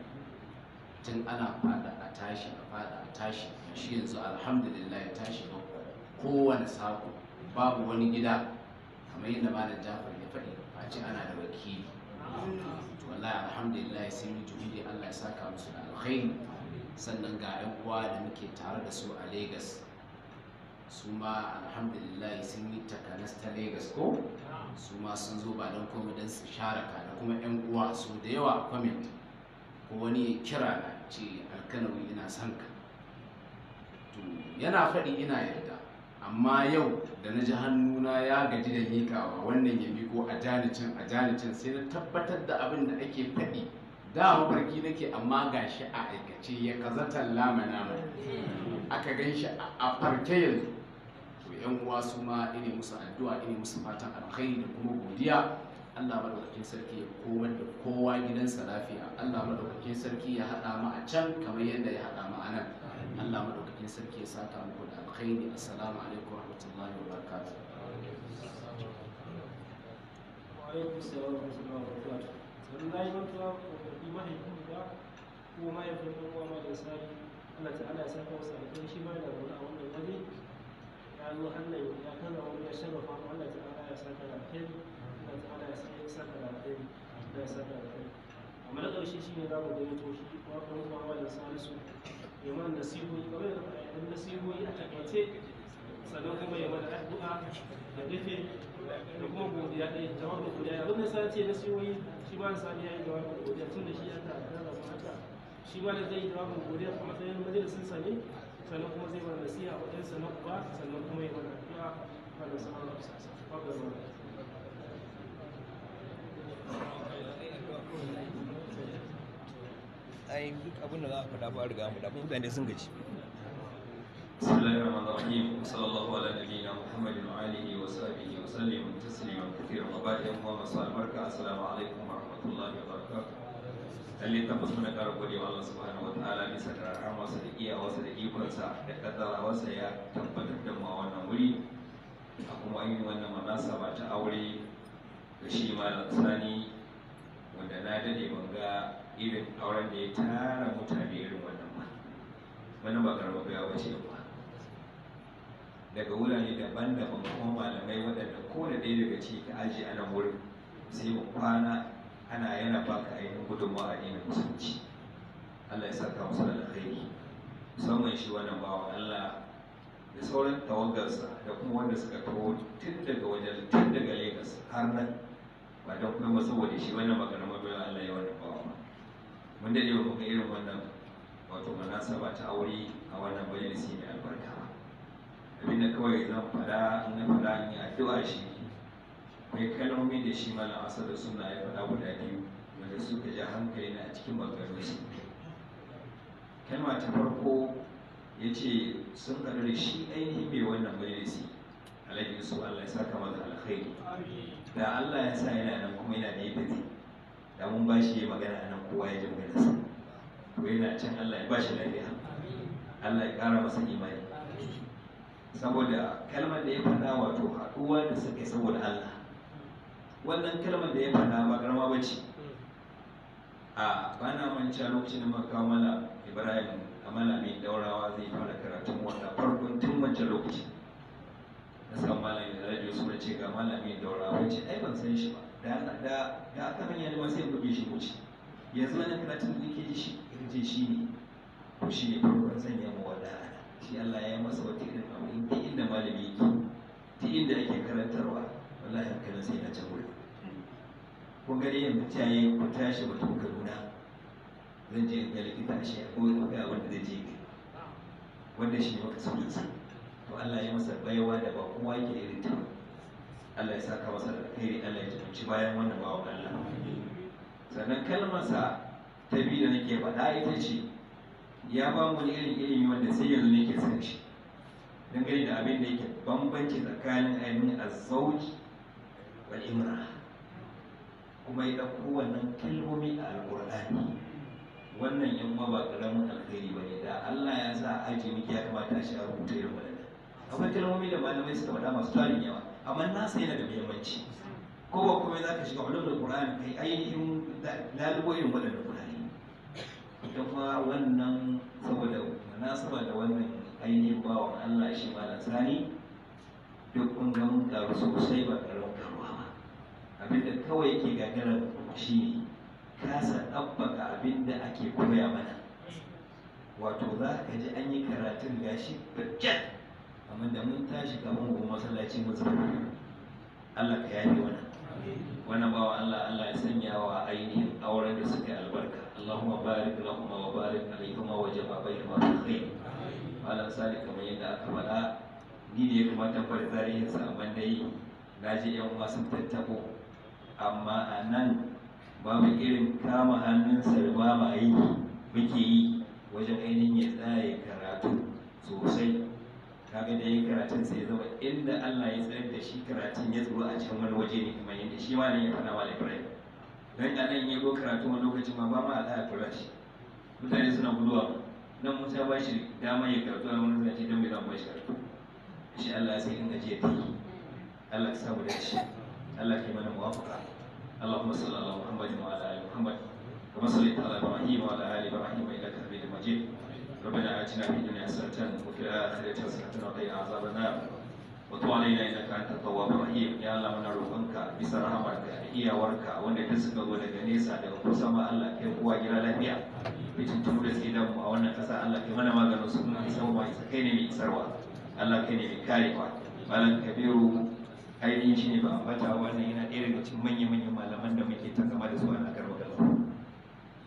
tun ana fada a tashi a fada a tashi shi yanzu alhamdulillah tashi ba kowane sako babu wani gida kamar yadda malam jafar ya faɗi ce ana da wakili wallahi alhamdulillah sai mu da Allah ya saka musu da alkhairi sannan ga yan uwa da muke tare da su a Lagos su ma alhamdulillah sun yi takanas ta Lagos ko su ma sun zo ba don komai don su share da kuma yan uwa su da yawa comment ko wani ya kira na ce alkanawi ina son ka yana faɗi ina yarda amma yau da na ji hannuna ya gaji da miƙawa wannan ya miko a janicin a janicin sai na tabbatar da abin da ake faɗi da mafarki nake amma gashi a aikace ya kazatan lamana aka gan shi a farke yanzu to yan uwa su ma ina musu addu'a ina musu fatan alkhairi da kuma godiya Allah madaukakin sarki ya komar da kowa gidansa lafiya Allah madaukakin sarki ya haɗa mu a can kamar yadda ya haɗa mu a nan Allah madaukakin sarki ya sata muku da خير السلام عليكم ورحمة الله وبركاته وعليكم السلام ورحمة الله وبركاته فمن لا يمتلا وفي ما يكون ذا هو ما يفرق هو ما يسال الله تعالى سبحانه وتعالى كل شيء ما يدعو له من ذلك قال له أن يكون من الشرف أن الله تعالى يسال على الخير الله تعالى يسال على الخير لا يسال على الخير وما لغى شيء شيء ذا ودمته شيء وأقوم ما يسال سوء ya mana nasihohi kamar da ɗan nasihohi a takaice sannan kuma ya mana addu'a da dafe da kuma godiya ɗaya jawabin godiya abin da sai ce nasihohi shi ma sami ya yi jawabin godiya tun da shi ya ta rarraba haka shi ma da zai yi jawabin godiya a matsayin majalisin sa ne sannan kuma zai mana nasiha a wajen sannan uba sannan kuma ya mana addu'a ba da sama ba da sama Thank you. ai duk abin da za a faɗa ba a riga mu da mutane sun gaji بسم الله الرحمن الرحيم وصلى الله wa نبينا محمد وآله وصحبه وسلم تسليما كثيرا وبعد يوم ومساء البركة السلام عليكم ورحمة الله وبركاته ta tabbas muna ƙara gode wa Allah subhanahu wa ta'ala bisa da rahamarsa da iyawarsa da ikonsa da kaddarawarsa ya tabbatar da mu a wannan wuri a kuma yin wannan munasaba ta aure da shi malam sani wanda na dade ban ga irin auren da ya tara mutane irin wannan ba wannan ba karamar baya ba ce ba daga wurare daban-daban kuma malamai waɗanda kowane ɗaya daga ciki ka aji a nan wurin sai mu kwana ana yana baka ainihin gudunmawa a ainihin musulunci Allah ya saka musu da alkhairi musamman shi wannan bawan Allah da sauran tawagarsa da kuma wanda suka kawo tun daga wajen tun daga Lagos har nan ba don kuma saboda shi wannan magana mabiya Allah ya wannan bawan. mun ne wa kuma irin wannan wato munasaba ta aure a wannan majalisi mai albarka abin da kawai zan fada in na fada in yi addu'a shi mai kalmomi da shi malam asadu suna ya fada guda biyu wanda suka ja hankali na a cikin maganar su kalma ta farko ya ce sun haɗu shi ainihin mai wannan majalisi alhaji yusuf allah ya saka masa alkhairi da allah ya sa yana nan kuma yana da yadda da mun ba shi magana a nan kowa ya ji magana sa to yana can Allah ya ba shi lafiya Allah ya ƙara masa imani saboda kalmar da ya faɗa wato haɗuwa da suka yi saboda Allah wannan kalmar da ya faɗa ba ƙarama ba ce a bana manca lokacin da muka mala Ibrahim amala mai daurawa zai fara karatun wannan farkon tun wancan lokaci na suka malam da radio su ce ga malami daura wace ai ban san shi ba da da da aka manya ne sai buge shi wuce yanzu wani karatun da yake ji shi in ji shi ne ko shi ne farkon sanya mu wada shi Allah ya masa wata irin abu in ta inda malami yake ta inda ake karantarwa wallahi hankalin sai na can wuri kun gani yanzu ta yi ku tashi ba ta Kaduna zan je ga likita shi akwai akwai abin da zai je wanda shi ne maka sauransa Allah ya masa baiwa da ba kowa yake da irin ta Allah ya saka masa da alheri Allah ya tunci bayan wannan bawan Allah sannan kalmarsa ta biyu da nake faɗa ita ce ya ba mu irin ilimi wanda sai yanzu nake san shi dangane da abin da yake bambanci tsakanin ainihin azzauji wal imra kuma ya ɗauko wannan kalmomi a alƙur'ani wannan yan ba ƙaramin alheri ba ne da Allah ya sa aji muke ya kamata a rubuta irin wannan akwai kalmomi da malamai suka faɗa masu tarin yawa amma sai yana da muhimmanci ko ba kuma za ka shiga da ƙura'an kai ainihin lalubo irin waɗanda kurare ita kuma wannan saboda na saba da wannan ainihin wa Allah shi malam sani duk kun ga mun karu sosai ba da karuwa ba abinda kawai yake gagarar shi ne kasa ɗabbaka abinda ake koya mana wato za ka ji an yi karatun gashi bajet kamar da mun tashi kafin gobe masallaci mu zama Allah ka yafe wannan wannan bawa Allah Allah ya sanya wa ainihin auren da suka yi albarka Allahumma barik lahum wa barik alaihim wa jama bainahum bi khair malam sali kamar yadda aka faɗa ni ne ya kamata fara tarihin sa amma dai na ji yan uwa sun tattabo amma a nan babu irin kama sa da ba mu yi muke yi wajen ainihin ya tsaya karatu sosai kaga da yin karatun sai zama inda Allah ya tsayar da shi karatun ya tsoro a cikin wani waje ne kamar yadda shi ma ya fada wa Ibrahim dan da nan ya go karatu wani lokacin ma ba ma Allah fura shi mutane suna guduwa Nan Musa ba shi dama ya karatu a wani zance don bai zama shi karatu shi Allah sai in gaje ta yi. Allah ya samu da shi. Allah ya mana muwafaqa اللهم صل على محمد وعلى ال محمد كما صليت على ابراهيم وعلى ال wa انك حميد مجيد ربنا آتنا a الدنيا حسنة وفي الآخرة حسنة وقنا عذاب النار وتب علينا إنك أنت التواب الرحيم يا الله من روحك بس رحمك إيا ورك وأن تسكى ولا جنيسة لو سما الله كيف هو جل لك fitintu da suke damu a wannan ƙasa Allah kai mana maganin su kuma isa ba isa kai ne mai isarwa Allah kai ne mai karewa malam kabiru ainihin shi ne ba ambata wannan yana ɗaya daga cikin manya-manyan malaman da muke ta da zuwa a nakar magana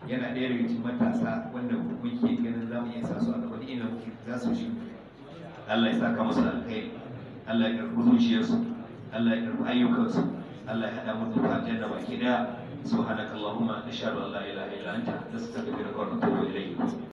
yana ɗaya daga cikin matasa wanda muke ganin za mu iya sa su a gaban ina za su shi Allah ya saka musu alkhairi Allah ya karɓi zuciyarsu Allah ya karɓi ayyukansu Allah ya haɗa mu duka da baki ɗaya subhanakallahumma ashhadu an la ilaha illa anta nastaghfiruka wa natubu ilayk